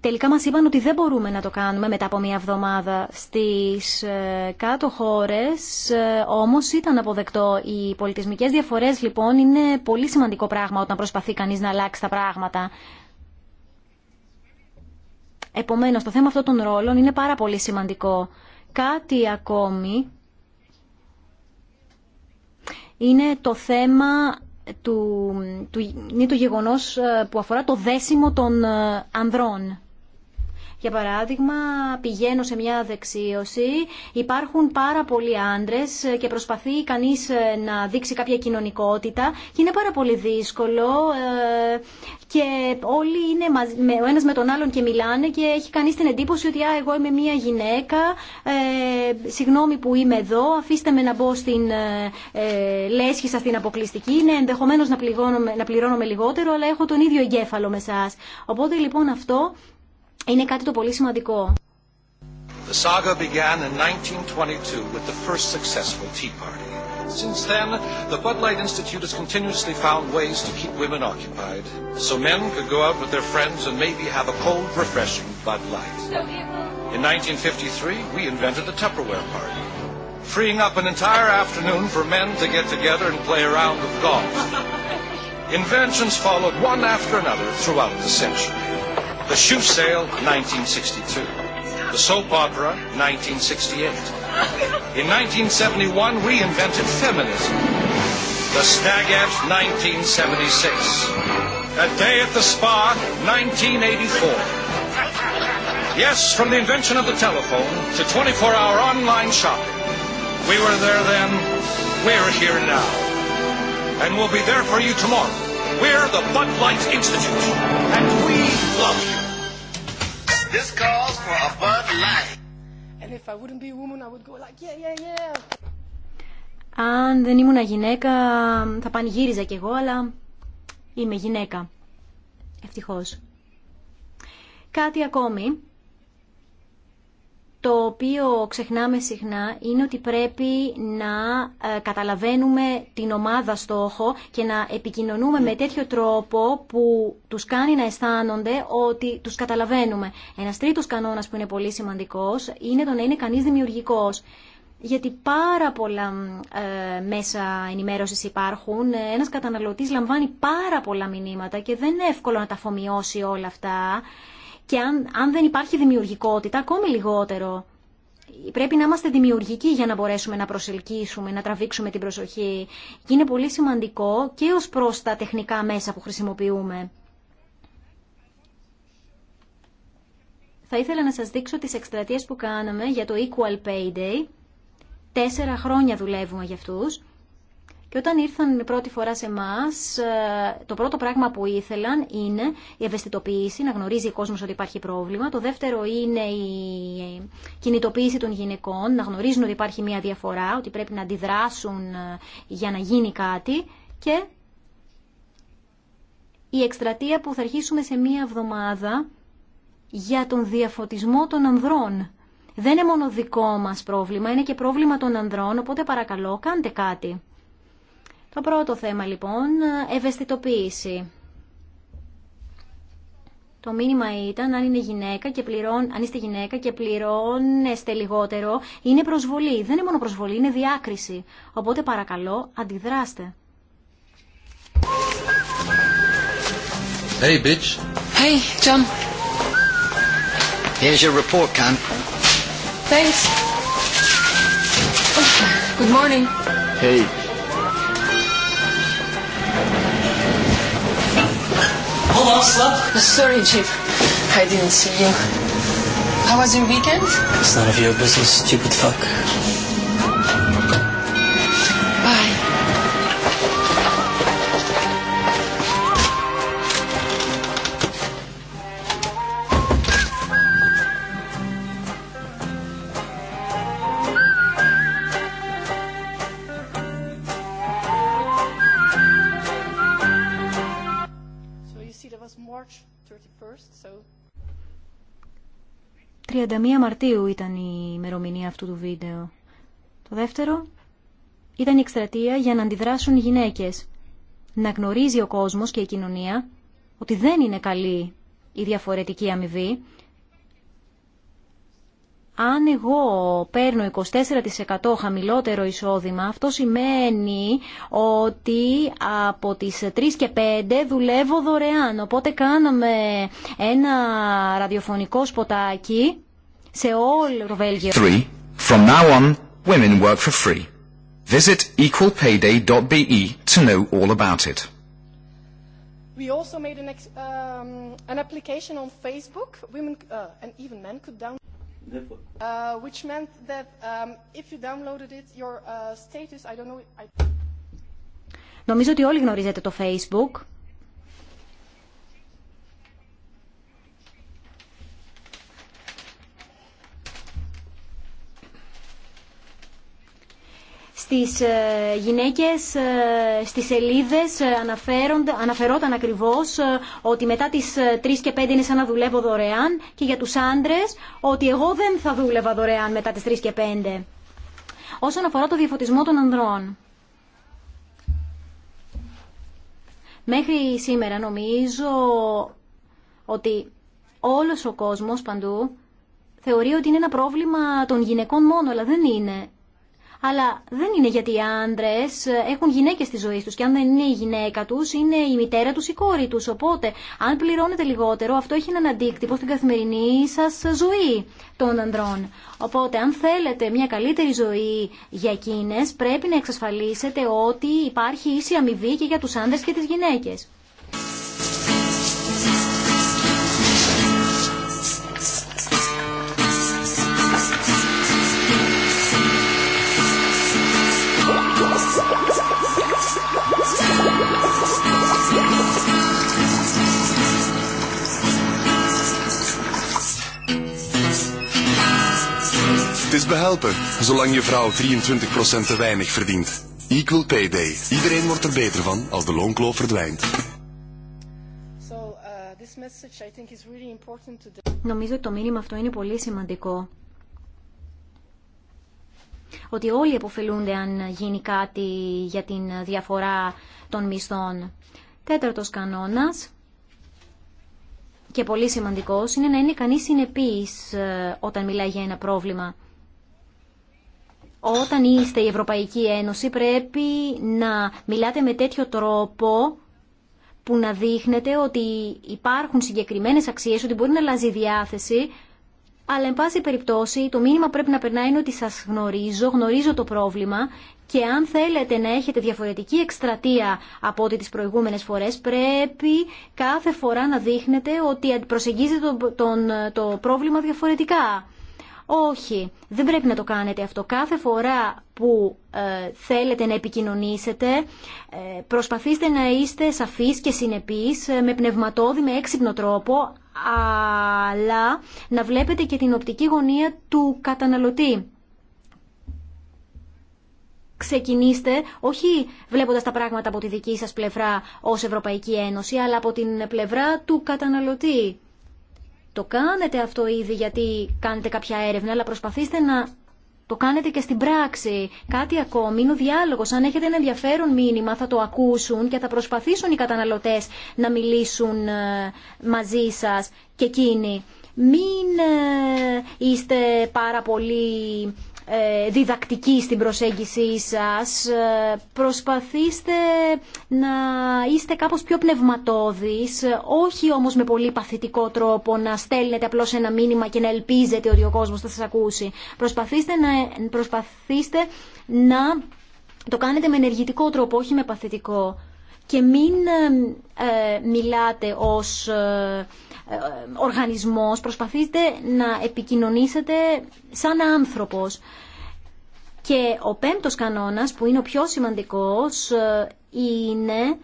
Τελικά μας είπαν ότι δεν μπορούμε να το κάνουμε μετά από μία εβδομάδα στις ε, κάτω χώρες, ε, όμως ήταν αποδεκτό. Οι πολιτισμικές διαφορές λοιπόν είναι πολύ σημαντικό πράγμα όταν προσπαθεί κανείς να αλλάξει τα πράγματα. Επομένως το θέμα αυτό των ρόλων είναι πάρα πολύ σημαντικό. Κάτι ακόμη είναι το θέμα του, του, είναι το γεγονός ε, που αφορά το δέσιμο των ε, ανδρών. Για παράδειγμα, πηγαίνω σε μια δεξίωση, υπάρχουν πάρα πολλοί άντρε και προσπαθεί κανεί ε, να δείξει κάποια κοινωνικότητα και είναι πάρα πολύ δύσκολο ε, και όλοι είναι ο ένα με τον άλλον και μιλάνε και έχει κανεί την εντύπωση ότι α, εγώ είμαι μια γυναίκα, ε, συγγνώμη που είμαι εδώ, αφήστε με να μπω στην ε, ε λέσχη σα την αποκλειστική. Είναι ενδεχομένω να, να πληρώνομαι λιγότερο, αλλά έχω τον ίδιο εγκέφαλο με εσά. Οπότε λοιπόν αυτό είναι κάτι το πολύ σημαντικό. The saga began in 1922 with the first successful Tea Party. Since then, the Bud Light Institute has continuously found ways to keep women occupied, so men could go out with their friends and maybe have a cold, refreshing Bud Light. In 1953, we invented the Tupperware Party, freeing up an entire afternoon for men to get together and play around with golf. Inventions followed one after another throughout the century. The Shoe Sale, 1962. The Soap Opera, 1968. In 1971, we invented feminism. The Snag 1976. A Day at the Spa, 1984. Yes, from the invention of the telephone to 24-hour online shopping. We were there then, we're here now. And we'll be there for you tomorrow We're the Bud Light Institute, and we love you. This calls for a Bud Light. And if I wouldn't be a woman, I would go like, yeah, yeah, yeah. Αν δεν ήμουν γυναίκα, θα πανηγύριζα κι εγώ, αλλά είμαι γυναίκα. Ευτυχώς. Κάτι ακόμη το οποίο ξεχνάμε συχνά είναι ότι πρέπει να ε, καταλαβαίνουμε την ομάδα στόχο και να επικοινωνούμε με τέτοιο τρόπο που τους κάνει να αισθάνονται ότι τους καταλαβαίνουμε. Ένας τρίτος κανόνας που είναι πολύ σημαντικός είναι το να είναι κανείς δημιουργικός γιατί πάρα πολλά ε, μέσα ενημέρωσης υπάρχουν. Ένας καταναλωτής λαμβάνει πάρα πολλά μηνύματα και δεν είναι εύκολο να τα αφομοιώσει όλα αυτά και αν, δεν υπάρχει δημιουργικότητα, ακόμη λιγότερο. Πρέπει να είμαστε δημιουργικοί για να μπορέσουμε να προσελκύσουμε, να τραβήξουμε την προσοχή. Και είναι πολύ σημαντικό και ως προς τα τεχνικά μέσα που χρησιμοποιούμε. Θα ήθελα να σας δείξω τις εκστρατείες που κάναμε για το Equal Pay Day. Τέσσερα χρόνια δουλεύουμε για αυτούς. Και όταν ήρθαν πρώτη φορά σε εμά, ε, το πρώτο πράγμα που ήθελαν είναι η ευαισθητοποίηση, να γνωρίζει ο κόσμο ότι υπάρχει πρόβλημα. Το δεύτερο είναι η κινητοποίηση των γυναικών, να γνωρίζουν ότι υπάρχει μια διαφορά, ότι πρέπει να αντιδράσουν ε, για να γίνει κάτι. Και η εκστρατεία που θα αρχίσουμε σε μία εβδομάδα για τον διαφωτισμό των ανδρών. Δεν είναι μόνο δικό μας πρόβλημα, είναι και πρόβλημα των ανδρών, οπότε παρακαλώ κάντε κάτι. Το πρώτο θέμα λοιπόν, ευαισθητοποίηση. Το μήνυμα ήταν αν, είναι γυναίκα και πληρών, αν είστε γυναίκα και πληρώνεστε λιγότερο, είναι προσβολή. Δεν είναι μόνο προσβολή, είναι διάκριση. Οπότε παρακαλώ, αντιδράστε. Hey, bitch. Hey, John. Here's your report, Can. Thanks. Good morning. Hey. Hold Sorry, Chief. I didn't see you. How was your weekend? It's none of your business, stupid fuck. 31 Μαρτίου ήταν η ημερομηνία αυτού του βίντεο. Το δεύτερο ήταν η εκστρατεία για να αντιδράσουν οι γυναίκες. Να γνωρίζει ο κόσμος και η κοινωνία ότι δεν είναι καλή η διαφορετική αμοιβή. Αν εγώ παίρνω 24% χαμηλότερο εισόδημα, αυτό σημαίνει ότι από τις 3 και 5 δουλεύω δωρεάν. Οπότε κάναμε ένα ραδιοφωνικό σποτάκι σε όλο το Βέλγιο. 3. From now on, women work for free. Visit equalpayday.be to know all about it. We also made an, um, an application on Facebook, women uh, and even men could download uh, which meant that um, if you downloaded it, your uh, status, I don't know... I... Νομίζω ότι όλοι γνωρίζετε το Facebook. στις ε, γυναίκες ε, στις σελίδες ε, αναφερόταν ακριβώς ότι μετά τις 3 και 5 είναι σαν να δουλεύω δωρεάν και για τους άντρες ότι εγώ δεν θα δούλευα δωρεάν μετά τις 3 και 5. Όσον αφορά το διαφωτισμό των ανδρών. Μέχρι σήμερα νομίζω ότι όλος ο κόσμος παντού θεωρεί ότι είναι ένα πρόβλημα των γυναικών μόνο, αλλά δεν είναι αλλά δεν είναι γιατί οι άντρε ε, έχουν γυναίκες στη ζωή τους και αν δεν είναι η γυναίκα τους είναι η μητέρα του η κόρη του. Οπότε αν πληρώνετε λιγότερο αυτό έχει έναν αντίκτυπο στην καθημερινή σας ζωή των ανδρών. Οπότε αν θέλετε μια καλύτερη ζωή για εκείνες πρέπει να εξασφαλίσετε ότι υπάρχει ίση αμοιβή και για του άντρε και τι γυναίκε. Νομίζω ότι το μήνυμα αυτό είναι πολύ σημαντικό. Ότι όλοι επωφελούνται αν γίνει κάτι για την διαφορά των μισθών. Τέταρτος κανόνας και πολύ σημαντικός είναι να είναι κανείς συνεπής ε, όταν μιλάει για ένα πρόβλημα όταν είστε η Ευρωπαϊκή Ένωση πρέπει να μιλάτε με τέτοιο τρόπο που να δείχνετε ότι υπάρχουν συγκεκριμένες αξίες, ότι μπορεί να αλλάζει η διάθεση, αλλά εν πάση περιπτώσει το μήνυμα πρέπει να περνάει είναι ότι σας γνωρίζω, γνωρίζω το πρόβλημα και αν θέλετε να έχετε διαφορετική εκστρατεία από ό,τι τις προηγούμενες φορές πρέπει κάθε φορά να δείχνετε ότι προσεγγίζετε το πρόβλημα διαφορετικά. Όχι, δεν πρέπει να το κάνετε αυτό. Κάθε φορά που ε, θέλετε να επικοινωνήσετε, ε, προσπαθήστε να είστε σαφείς και συνεπείς, ε, με πνευματόδη, με έξυπνο τρόπο, αλλά να βλέπετε και την οπτική γωνία του καταναλωτή. Ξεκινήστε όχι βλέποντας τα πράγματα από τη δική σας πλευρά ως Ευρωπαϊκή Ένωση, αλλά από την πλευρά του καταναλωτή. Το κάνετε αυτό ήδη γιατί κάνετε κάποια έρευνα, αλλά προσπαθήστε να το κάνετε και στην πράξη. Κάτι ακόμη είναι ο διάλογο. Αν έχετε ένα ενδιαφέρον μήνυμα, θα το ακούσουν και θα προσπαθήσουν οι καταναλωτέ να μιλήσουν ε, μαζί σα και εκείνοι. Μην ε, είστε πάρα πολύ ε, διδακτική στην προσέγγιση σας. Ε, προσπαθήστε να είστε κάπως πιο πνευματώδεις, όχι όμως με πολύ παθητικό τρόπο να στέλνετε απλώς ένα μήνυμα και να ελπίζετε ότι ο κόσμος θα σας ακούσει. Προσπαθήστε να, προσπαθήστε να το κάνετε με ενεργητικό τρόπο, όχι με παθητικό. Και μην ε, μιλάτε ως... Ε, οργανισμός, προσπαθείτε να επικοινωνήσετε σαν άνθρωπος. Και ο πέμπτος κανόνας που είναι ο πιο σημαντικός ε, είναι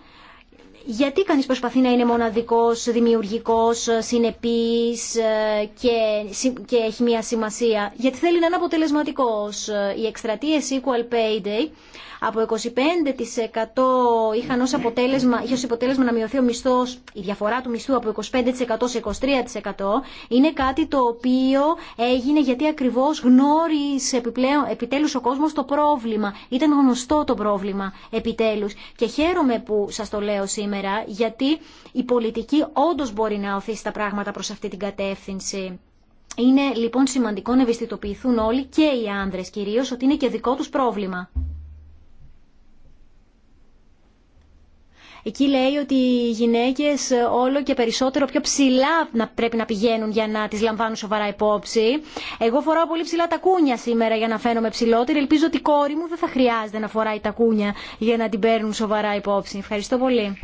γιατί κανείς προσπαθεί να είναι μοναδικός, δημιουργικός, ε, συνεπής και, και έχει μία σημασία. Γιατί θέλει να είναι αποτελεσματικός. Οι εκστρατείες Equal Pay Day από 25% είχαν ως αποτέλεσμα, είχε ως αποτέλεσμα να μειωθεί ο μισθός, η διαφορά του μισθού από 25% σε 23% είναι κάτι το οποίο έγινε γιατί ακριβώς γνώρισε επιπλέον, επιτέλους ο κόσμος το πρόβλημα. Ήταν γνωστό το πρόβλημα επιτέλους και χαίρομαι που σας το λέω σήμερα γιατί η πολιτική όντως μπορεί να οθήσει τα πράγματα προς αυτή την κατεύθυνση. Είναι λοιπόν σημαντικό να ευαισθητοποιηθούν όλοι και οι άνδρες κυρίως ότι είναι και δικό τους πρόβλημα. Εκεί λέει ότι οι γυναίκες όλο και περισσότερο πιο ψηλά να πρέπει να πηγαίνουν για να τις λαμβάνουν σοβαρά υπόψη. Εγώ φοράω πολύ ψηλά τα κούνια σήμερα για να φαίνομαι ψηλότερη. Ελπίζω ότι η κόρη μου δεν θα χρειάζεται να φοράει τα κούνια για να την παίρνουν σοβαρά υπόψη. Ευχαριστώ πολύ.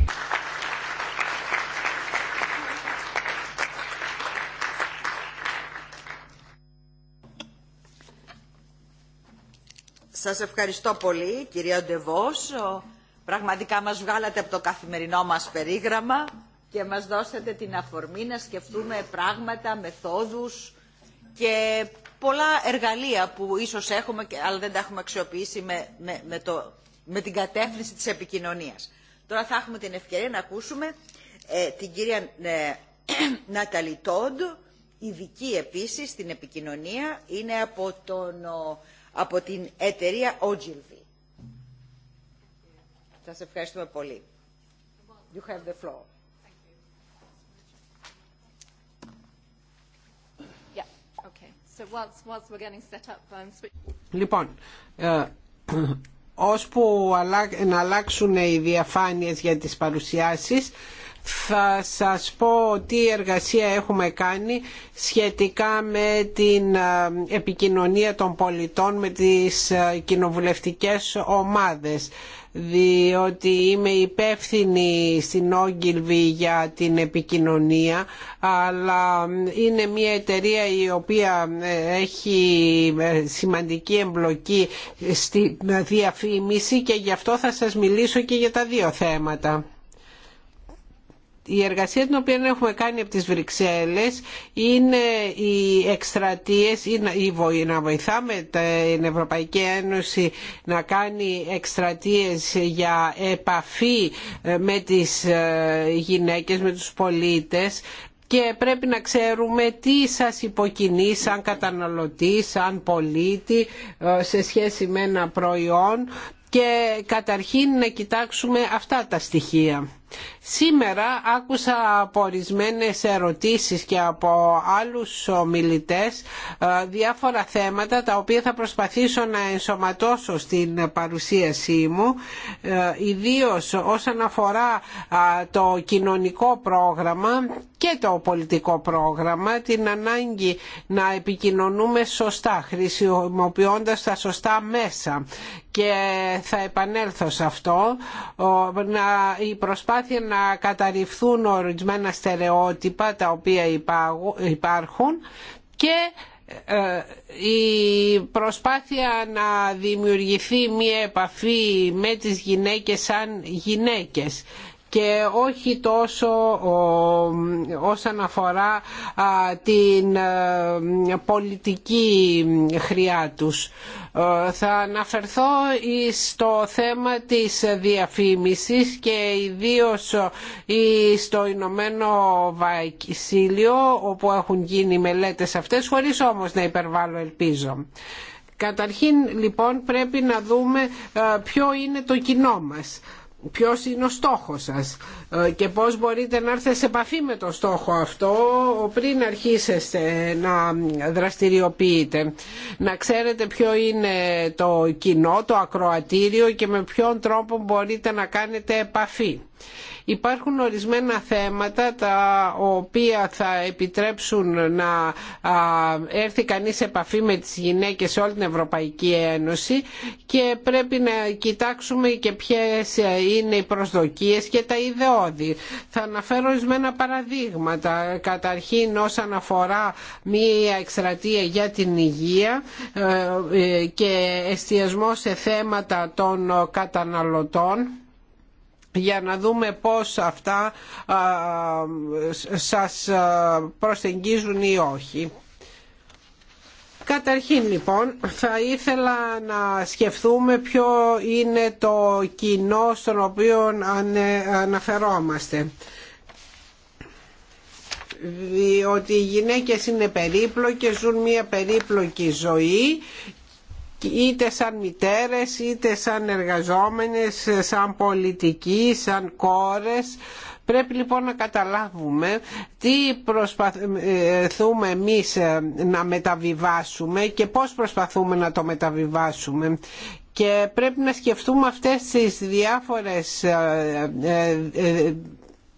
Σας ευχαριστώ πολύ κυρία Ντεβός. Πραγματικά μας βγάλατε από το καθημερινό μας περίγραμμα και μας δώσατε την αφορμή να σκεφτούμε πράγματα, μεθόδους και πολλά εργαλεία που ίσως έχουμε αλλά δεν τα έχουμε αξιοποιήσει με, με, την κατεύθυνση της επικοινωνίας. Τώρα θα έχουμε την ευκαιρία να ακούσουμε ε, την κυρία ε, (clears throat) Ναταλή Τόντ, ειδική επίσης στην επικοινωνία, είναι από, τον, από την εταιρεία Ogilvy. Σας ευχαριστούμε πολύ. You have the floor. Λοιπόν, ώσπου να αλλάξουν οι διαφάνειες για τις παρουσιάσεις θα σας πω τι εργασία έχουμε κάνει σχετικά με την ε, επικοινωνία των πολιτών με τις ε, κοινοβουλευτικές ομάδες διότι είμαι υπεύθυνη στην Όγκυλβη για την επικοινωνία αλλά είναι μια εταιρεία η οποία ε, έχει σημαντική εμπλοκή στη διαφήμιση και γι' αυτό θα σας μιλήσω και για τα δύο θέματα η εργασία την οποία έχουμε κάνει από τις Βρυξέλλες είναι οι εκστρατείες ή να βοηθάμε την Ευρωπαϊκή Ένωση να κάνει εκστρατείες για επαφή ε, με τις ε, γυναίκες, με τους πολίτες και πρέπει να ξέρουμε τι σας υποκινεί σαν καταναλωτή, σαν πολίτη ε, σε σχέση με ένα προϊόν και καταρχήν να κοιτάξουμε αυτά τα στοιχεία. Σήμερα άκουσα από ορισμένε ερωτήσεις και από άλλους ομιλητές ε, διάφορα θέματα τα οποία θα προσπαθήσω να ενσωματώσω στην παρουσίασή μου ε, ιδίως όσον αφορά το κοινωνικό πρόγραμμα και το πολιτικό πρόγραμμα την ανάγκη να επικοινωνούμε σωστά χρησιμοποιώντας τα σωστά μέσα και θα επανέλθω σε αυτό να η προσπάθεια προσπάθεια να καταρριφθούν ορισμένα στερεότυπα τα οποία υπάρχουν και ε, η προσπάθεια να δημιουργηθεί μία επαφή με τις γυναίκες σαν γυναίκες και όχι τόσο όσον αφορά την πολιτική χρειά τους. Θα αναφερθώ στο θέμα της διαφήμισης και ιδίως στο Ηνωμένο Βασίλειο όπου έχουν γίνει μελέτες αυτές χωρίς όμως να υπερβάλλω ελπίζω. Καταρχήν λοιπόν πρέπει να δούμε ποιο είναι το κοινό μας ποιος είναι ο στόχος σας ε, και πώς μπορείτε να έρθετε σε επαφή με το στόχο αυτό πριν αρχίσετε να δραστηριοποιείτε. Να ξέρετε ποιο είναι το κοινό, το ακροατήριο και με ποιον τρόπο μπορείτε να κάνετε επαφή. Υπάρχουν ορισμένα θέματα τα οποία θα επιτρέψουν να έρθει κανείς σε επαφή με τις γυναίκες σε όλη την Ευρωπαϊκή Ένωση και πρέπει να κοιτάξουμε και ποιες είναι οι προσδοκίες και τα ιδεώδη. Θα αναφέρω ορισμένα παραδείγματα. Καταρχήν όσον αφορά μία εκστρατεία για την υγεία ε, ε, και εστιασμό σε θέματα των καταναλωτών για να δούμε πώς αυτά σας προσεγγίζουν ή όχι. Καταρχήν λοιπόν θα ήθελα να σκεφτούμε ποιο είναι το κοινό στον οποίο αναφερόμαστε ότι οι γυναίκες είναι περίπλοκες, ζουν μια περίπλοκη ζωή είτε σαν μητέρες είτε σαν εργαζόμενες, σαν πολιτικοί, σαν κόρες. Πρέπει λοιπόν να καταλάβουμε τι προσπαθούμε εμείς να μεταβιβάσουμε και πώς προσπαθούμε να το μεταβιβάσουμε και πρέπει να σκεφτούμε αυτές τις διάφορες ε, ε, ε,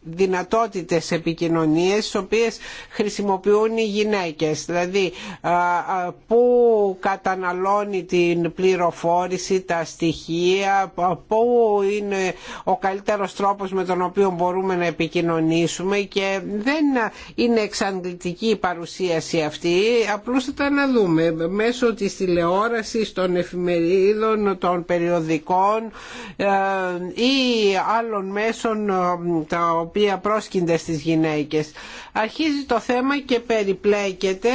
δυνατότητες επικοινωνίες τις οποίες χρησιμοποιούν οι γυναίκες δηλαδή που καταναλώνει την πληροφόρηση τα στοιχεία που είναι ο καλύτερος τρόπος με τον οποίο μπορούμε να επικοινωνήσουμε και δεν είναι εξαντλητική η παρουσίαση αυτή απλούστατα να δούμε μέσω της τηλεόρασης των εφημερίδων των περιοδικών ε, ή άλλων μέσων ε, τα οποία πρόσκυνται στις γυναίκες. Αρχίζει το θέμα και περιπλέκεται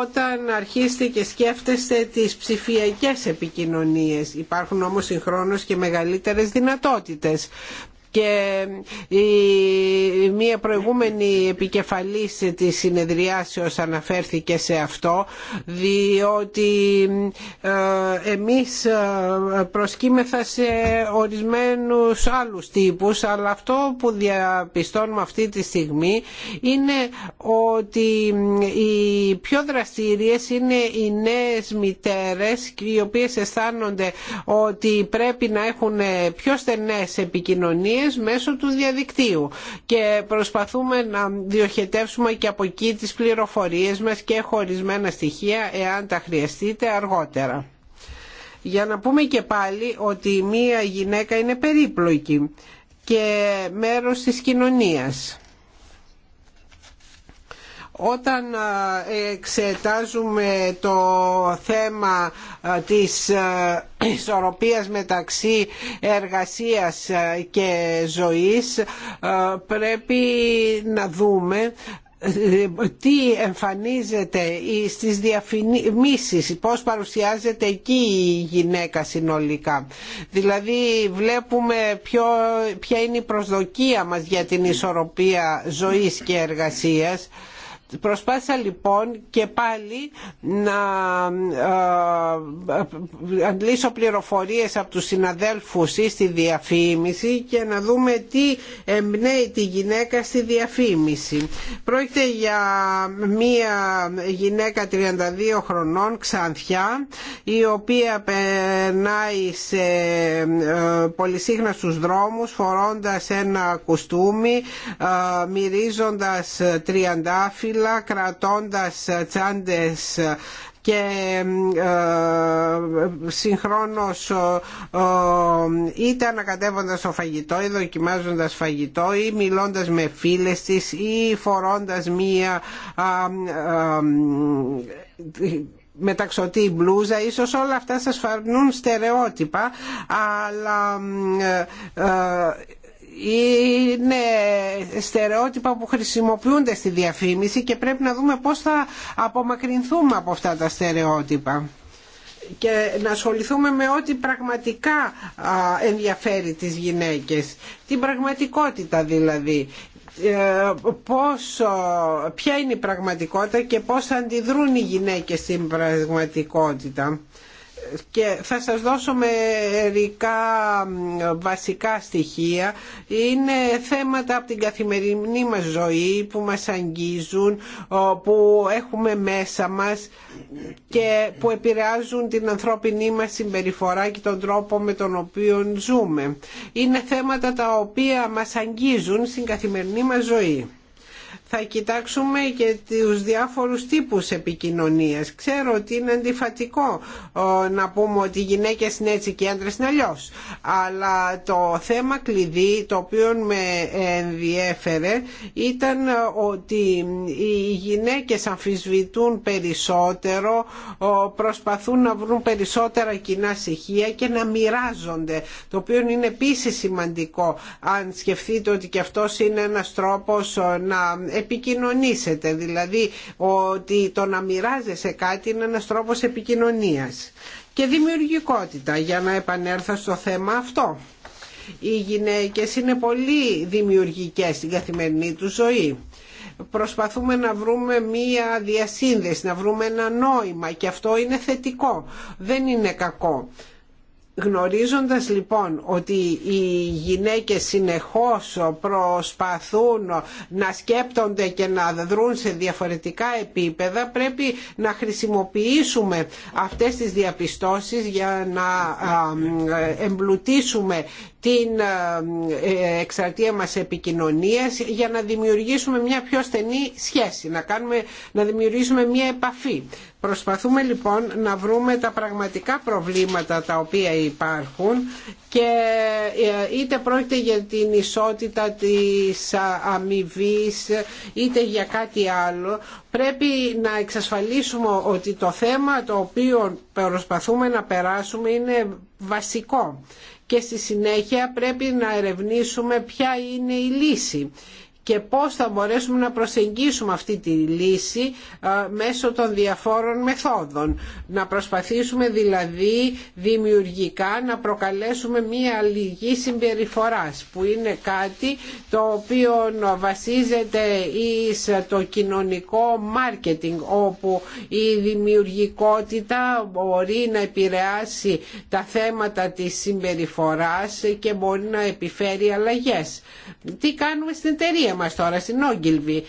όταν αρχίστε και σκέφτεστε τις ψηφιακές επικοινωνίες. Υπάρχουν όμως συγχρόνως και μεγαλύτερες δυνατότητες και η μία προηγούμενη επικεφαλής της συνεδριάσεως αναφέρθηκε σε αυτό διότι ε, εμείς ε, προσκύμεθα σε ορισμένους άλλους τύπους αλλά αυτό που διαπιστώνουμε αυτή τη στιγμή είναι ότι ε, οι πιο δραστηριές είναι οι νέες μητέρες οι οποίες αισθάνονται ότι πρέπει να έχουν πιο στενές επικοινωνίες μέσω του διαδικτύου και προσπαθούμε να διοχετεύσουμε και από εκεί τις πληροφορίες μας και χωρισμένα στοιχεία εάν τα χρειαστείτε αργότερα. Για να πούμε και πάλι ότι μία γυναίκα είναι περίπλοκη και μέρος της κοινωνίας όταν ε, εξετάζουμε το θέμα ε, της ε, ισορροπίας μεταξύ εργασίας και ζωής πρέπει να δούμε τι εμφανίζεται στις διαφημίσεις, πώς παρουσιάζεται εκεί η γυναίκα συνολικά. Δηλαδή βλέπουμε ποια είναι η προσδοκία μας για την ισορροπία ζωής και εργασίας Προσπάθησα λοιπόν και πάλι να ε, ε, λύσω πληροφορίες από τους συναδέλφους ή στη διαφήμιση και να δούμε τι εμπνέει τη γυναίκα στη διαφήμιση. Πρόκειται για μία γυναίκα 32 χρονών, ξανθιά, η οποία περνάει σε ε, πολυσύχνα στους δρόμους φορώντας ένα κουστούμι, μυρίζοντας τριαντάφυλλα ξύλα κρατώντας ε, τσάντες ε, και ε, συγχρόνως είτε ανακατεύοντας το φαγητό ή δοκιμάζοντας φαγητό ή μιλώντας με φίλες της ή φορώντας μία μεταξωτή μπλούζα ίσως όλα αυτά σας φαρνούν στερεότυπα αλλά είναι στερεότυπα που χρησιμοποιούνται στη διαφήμιση και πρέπει να δούμε πώς θα απομακρυνθούμε από αυτά τα στερεότυπα και να ασχοληθούμε με ό,τι πραγματικά ενδιαφέρει τις γυναίκες, την πραγματικότητα δηλαδή ε, πώς, ποια είναι η πραγματικότητα και πώς αντιδρούν οι γυναίκες στην πραγματικότητα και θα σας δώσω μερικά βασικά στοιχεία. Είναι θέματα από την καθημερινή μας ζωή που μας αγγίζουν, που έχουμε μέσα μας και που επηρεάζουν την ανθρώπινή μας συμπεριφορά και τον τρόπο με τον οποίο ζούμε. Είναι θέματα τα οποία μας αγγίζουν στην καθημερινή μας ζωή θα κοιτάξουμε και τους διάφορους τύπους επικοινωνίας. Ξέρω ότι είναι αντιφατικό ε, να πούμε ότι οι γυναίκες είναι έτσι και οι άντρες είναι αλλιώς. Αλλά το θέμα κλειδί το οποίο με ενδιέφερε ήταν ε, ότι οι γυναίκες αμφισβητούν περισσότερο, ε, προσπαθούν να βρουν περισσότερα κοινά στοιχεία και να μοιράζονται, το οποίο είναι επίσης σημαντικό αν σκεφτείτε ότι και αυτός είναι ένας τρόπος να επικοινωνήσετε. Δηλαδή ότι το να μοιράζεσαι κάτι είναι ένας τρόπος επικοινωνίας. Και δημιουργικότητα για να επανέλθω στο θέμα αυτό. Οι γυναίκες είναι πολύ δημιουργικές στην καθημερινή του ζωή προσπαθούμε να βρούμε μία διασύνδεση, να βρούμε ένα νόημα και αυτό είναι θετικό, δεν είναι κακό. Γνωρίζοντας λοιπόν ότι οι γυναίκες συνεχώς προσπαθούν να σκέπτονται και να δρουν σε διαφορετικά επίπεδα πρέπει να χρησιμοποιήσουμε αυτές τις διαπιστώσεις για να εμπλουτίσουμε την ε, ε, εξαρτία μας επικοινωνίας για να δημιουργήσουμε μια πιο στενή σχέση, να, κάνουμε, να δημιουργήσουμε μια επαφή. Προσπαθούμε λοιπόν να βρούμε τα πραγματικά προβλήματα τα οποία υπάρχουν και ε, είτε πρόκειται για την ισότητα της αμοιβή είτε για κάτι άλλο πρέπει να εξασφαλίσουμε ότι το θέμα το οποίο προσπαθούμε να περάσουμε είναι βασικό και στη συνέχεια πρέπει να ερευνήσουμε ποια είναι η λύση και πώς θα μπορέσουμε να προσεγγίσουμε αυτή τη λύση μέσω των διαφόρων μεθόδων. Να προσπαθήσουμε δηλαδή δημιουργικά να προκαλέσουμε μία αλληλική συμπεριφοράς που είναι κάτι το οποίο βασίζεται εις το κοινωνικό μάρκετινγκ όπου η δημιουργικότητα μπορεί να επηρεάσει τα θέματα της συμπεριφοράς και μπορεί να επιφέρει αλλαγές. Τι κάνουμε στην εταιρεία μας τώρα στην Όγκυλβη.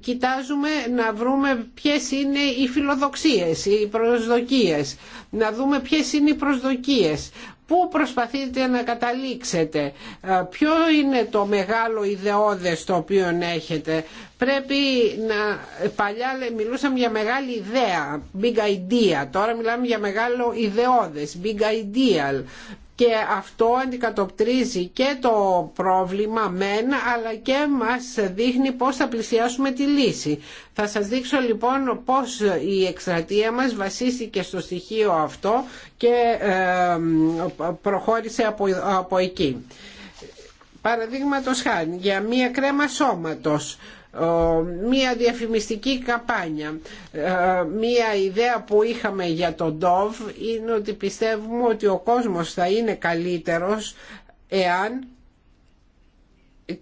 Κοιτάζουμε να βρούμε ποιες είναι οι φιλοδοξίες, οι προσδοκίες, να δούμε ποιες είναι οι προσδοκίες. Πού προσπαθείτε να καταλήξετε, ποιο είναι το μεγάλο ιδεώδες το οποίο έχετε. Πρέπει να, παλιά μιλούσαμε για μεγάλη ιδέα, big idea, τώρα μιλάμε για μεγάλο ιδεώδες, big ideal και αυτό αντικατοπτρίζει και το πρόβλημα μεν αλλά και μας δείχνει πώς θα πλησιάσουμε τη λύση. Θα σας δείξω λοιπόν πώς η εκστρατεία μας βασίστηκε στο στοιχείο αυτό και προχώρησε από, από εκεί. Παραδείγματος χάρη για μία κρέμα σώματος ε, μία διαφημιστική καμπάνια. Ε, μία ιδέα που είχαμε για τον Ντόβ είναι ότι πιστεύουμε ότι ο κόσμος θα είναι καλύτερος εάν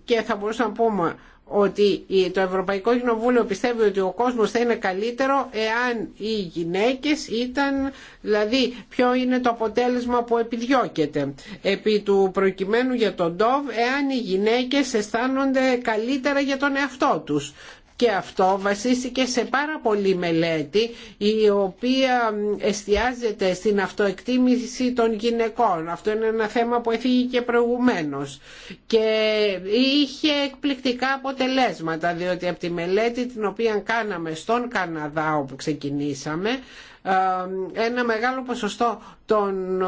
και θα μπορούσαμε να πούμε ότι το Ευρωπαϊκό Κοινοβούλιο πιστεύει ότι ο κόσμος θα είναι καλύτερο εάν οι γυναίκες ήταν, δηλαδή ποιο είναι το αποτέλεσμα που επιδιώκεται. Επί του προκειμένου για τον ΤΟΒ, εάν οι γυναίκες αισθάνονται καλύτερα για τον εαυτό τους και αυτό βασίστηκε σε πάρα πολλή μελέτη η οποία εστιάζεται στην αυτοεκτίμηση των γυναικών. Αυτό είναι ένα θέμα που έφυγε και προηγουμένως και είχε εκπληκτικά αποτελέσματα διότι από τη μελέτη την οποία κάναμε στον Καναδά όπου ξεκινήσαμε ε, ένα μεγάλο ποσοστό των ε,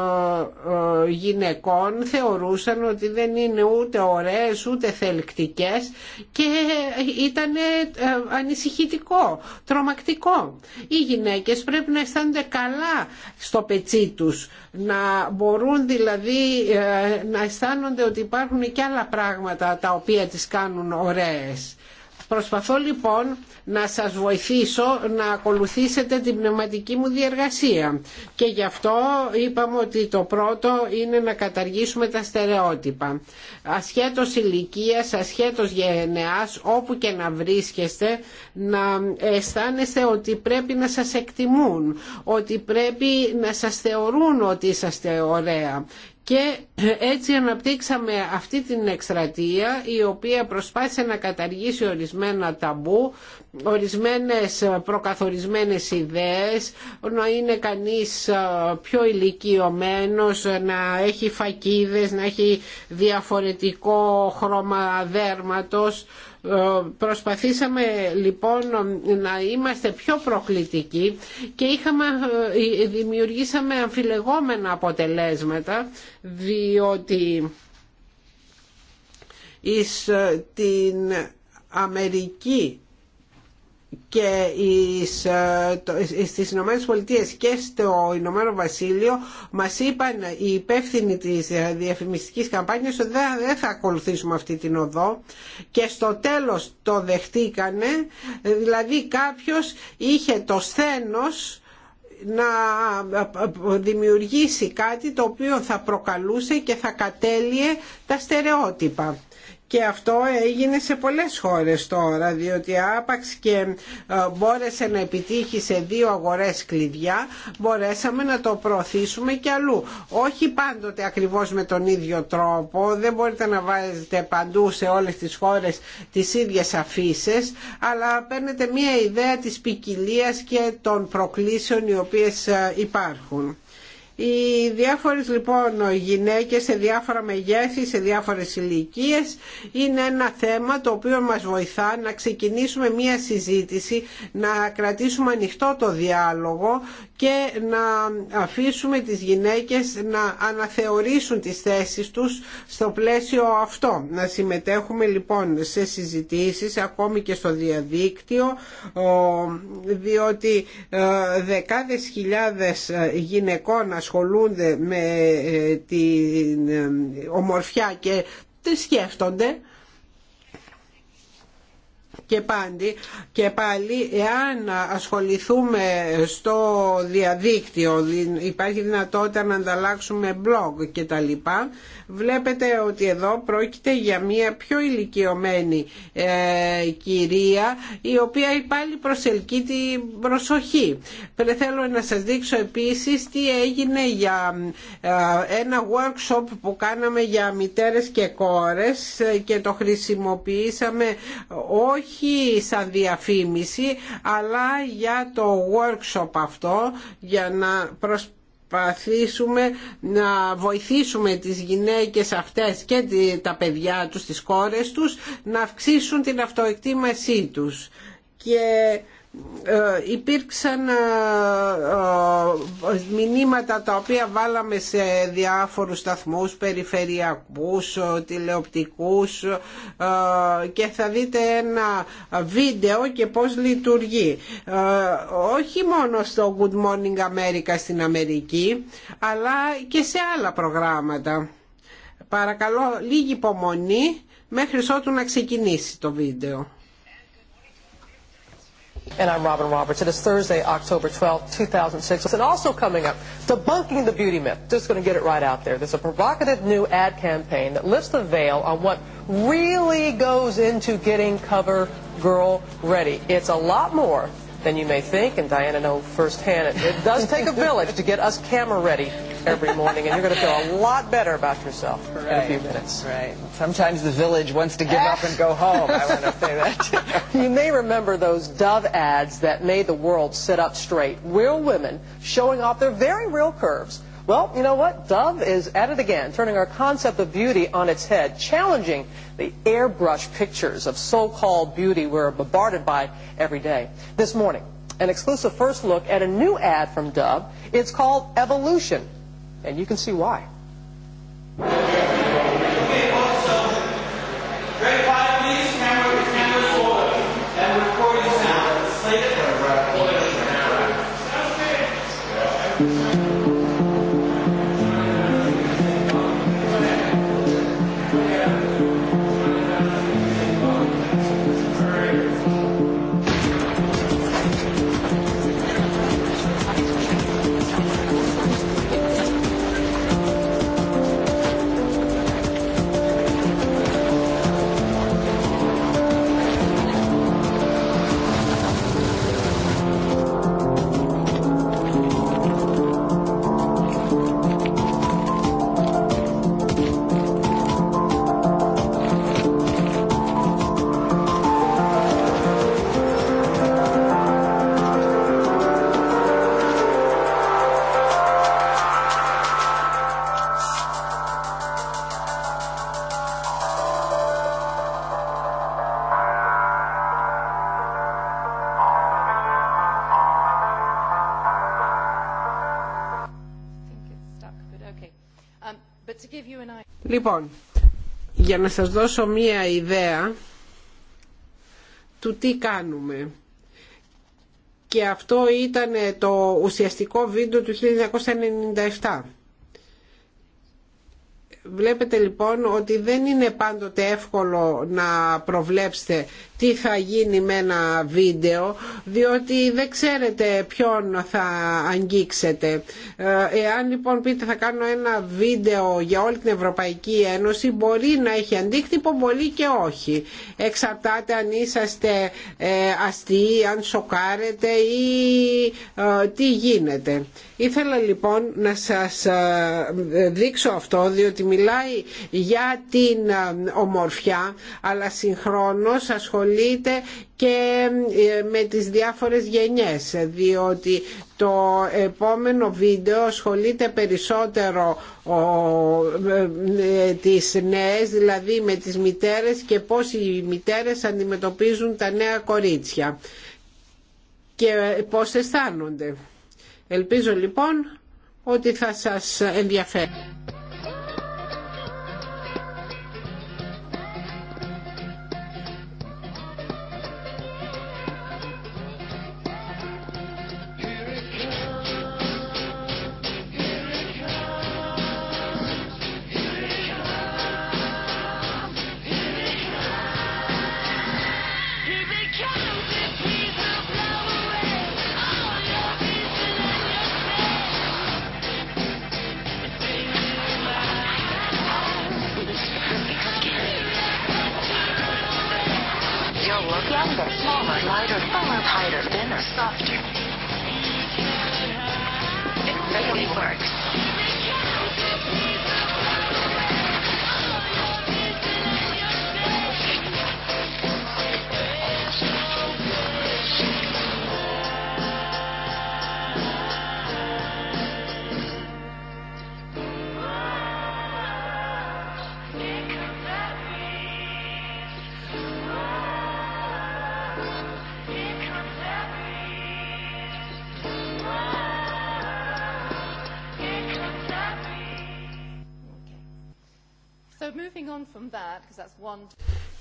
ε, γυναικών θεωρούσαν ότι δεν είναι ούτε ωραίες ούτε θελκτικές και ήταν ανησυχητικό, τρομακτικό. Οι γυναίκες πρέπει να αισθάνονται καλά στο πετσί τους, να μπορούν δηλαδή να αισθάνονται ότι υπάρχουν και άλλα πράγματα τα οποία τις κάνουν ωραίες. Προσπαθώ λοιπόν να σας βοηθήσω να ακολουθήσετε την πνευματική μου διεργασία και γι' αυτό είπαμε ότι το πρώτο είναι να καταργήσουμε τα στερεότυπα. Ασχέτως ηλικίας, ασχέτως γενεάς, όπου και να βρίσκεστε, να αισθάνεστε ότι πρέπει να σας εκτιμούν, ότι πρέπει να σας θεωρούν ότι είσαστε ωραία και ε, έτσι αναπτύξαμε αυτή την εκστρατεία η οποία προσπάθησε να καταργήσει ορισμένα ταμπού, ορισμένες προκαθορισμένες ιδέες, να είναι κανείς ε, πιο ηλικιωμένος, να έχει φακίδες, να έχει διαφορετικό χρώμα δέρματος ε, προσπαθήσαμε λοιπόν να είμαστε πιο προκλητικοί και είχαμε, ε, ε, δημιουργήσαμε αμφιλεγόμενα αποτελέσματα διότι εις την Αμερική και ε, στις Ηνωμένες Πολιτείες και στο Ηνωμένο Βασίλειο μας είπαν οι υπεύθυνοι της ε, διαφημιστικής καμπάνιας ότι δεν θα ακολουθήσουμε αυτή την οδό και στο τέλος το δεχτήκανε ε, δηλαδή κάποιος είχε το σθένος να δημιουργήσει κάτι το οποίο θα προκαλούσε και θα κατέλειε τα στερεότυπα και αυτό έγινε σε πολλές χώρες τώρα διότι άπαξ και ε, μπόρεσε να επιτύχει σε δύο αγορές κλειδιά μπορέσαμε να το προωθήσουμε και αλλού όχι πάντοτε ακριβώς με τον ίδιο τρόπο δεν μπορείτε να βάζετε παντού σε όλες τις χώρες τις ίδιες αφήσει, αλλά παίρνετε μία ιδέα της ποικιλία και των προκλήσεων οι οποίες ε, υπάρχουν. Οι διάφορες λοιπόν γυναίκες σε διάφορα μεγέθη, σε διάφορες ηλικίε είναι ένα θέμα το οποίο μας βοηθά να ξεκινήσουμε μία συζήτηση, να κρατήσουμε ανοιχτό το διάλογο και να αφήσουμε τις γυναίκες να αναθεωρήσουν τις θέσεις τους στο πλαίσιο αυτό. Να συμμετέχουμε λοιπόν σε συζητήσεις ακόμη και στο διαδίκτυο διότι ε, δεκάδες χιλιάδες γυναικών ασχολούνται με ε, την ε, ομορφιά και τι σκέφτονται και πάντη και πάλι εάν ασχοληθούμε στο διαδίκτυο υπάρχει δυνατότητα να ανταλλάξουμε blog και τα λοιπά βλέπετε ότι εδώ πρόκειται για μια πιο ηλικιωμένη ε, κυρία η οποία πάλι προσελκύει την προσοχή θέλω να σας δείξω επίσης τι έγινε για ε, ένα workshop που κάναμε για μητέρες και κόρες ε, και το χρησιμοποιήσαμε όχι όχι σαν διαφήμιση αλλά για το workshop αυτό για να προσπαθήσουμε να βοηθήσουμε τις γυναίκες αυτές και τα παιδιά τους, τις κόρες τους να αυξήσουν την αυτοεκτήμασή τους και ε, υπήρξαν ε, ε, μηνύματα τα οποία βάλαμε σε διάφορους σταθμούς περιφερειακούς, τηλεοπτικούς και θα δείτε ένα βίντεο και πώς λειτουργεί όχι μόνο στο Good Morning America στην Αμερική αλλά και σε άλλα προγράμματα παρακαλώ λίγη υπομονή μέχρι ότου να ξεκινήσει το βίντεο And I'm Robin Roberts. It is Thursday, October 12, 2006. And also coming up, debunking the beauty myth. Just going to get it right out there. There's a provocative new ad campaign that lifts the veil on what really goes into getting cover girl ready. It's a lot more than you may think, and Diana know firsthand it, it does take a village to get us camera ready every morning, and you're going to feel a lot better about yourself in a few minutes. Right. Sometimes the village wants to give up and go home. I want to say that. You may remember those Dove ads that made the world sit up straight. Real women showing off their very real curves Well, you know what? Dove is at it again, turning our concept of beauty on its head, challenging the airbrush pictures of so-called beauty we're bombarded by every day. This morning, an exclusive first look at a new ad from Dove. It's called Evolution, and you can see why. Λοιπόν, για να σας δώσω μία ιδέα του τι κάνουμε. Και αυτό ήταν το ουσιαστικό βίντεο του 1997. Βλέπετε λοιπόν ότι δεν είναι πάντοτε εύκολο να προβλέψετε τι θα γίνει με ένα βίντεο διότι δεν ξέρετε ποιον θα αγγίξετε. Ε, εάν λοιπόν πείτε θα κάνω ένα βίντεο για όλη την Ευρωπαϊκή Ένωση μπορεί να έχει αντίκτυπο, μπορεί και όχι. Εξαρτάται αν είσαστε ε, αστείοι, αν σοκάρετε ή ε, τι γίνεται. Ήθελα λοιπόν να σας δείξω αυτό διότι μιλάει για την ομορφιά αλλά συγχρόνως ασχολείται και ε, με τις διάφορες γενιές διότι το επόμενο βίντεο ασχολείται περισσότερο με τις νέες δηλαδή με τις μητέρες και πώς οι μητέρες αντιμετωπίζουν τα νέα κορίτσια και πώς αισθάνονται. Ελπίζω λοιπόν ότι θα σας ενδιαφέρει.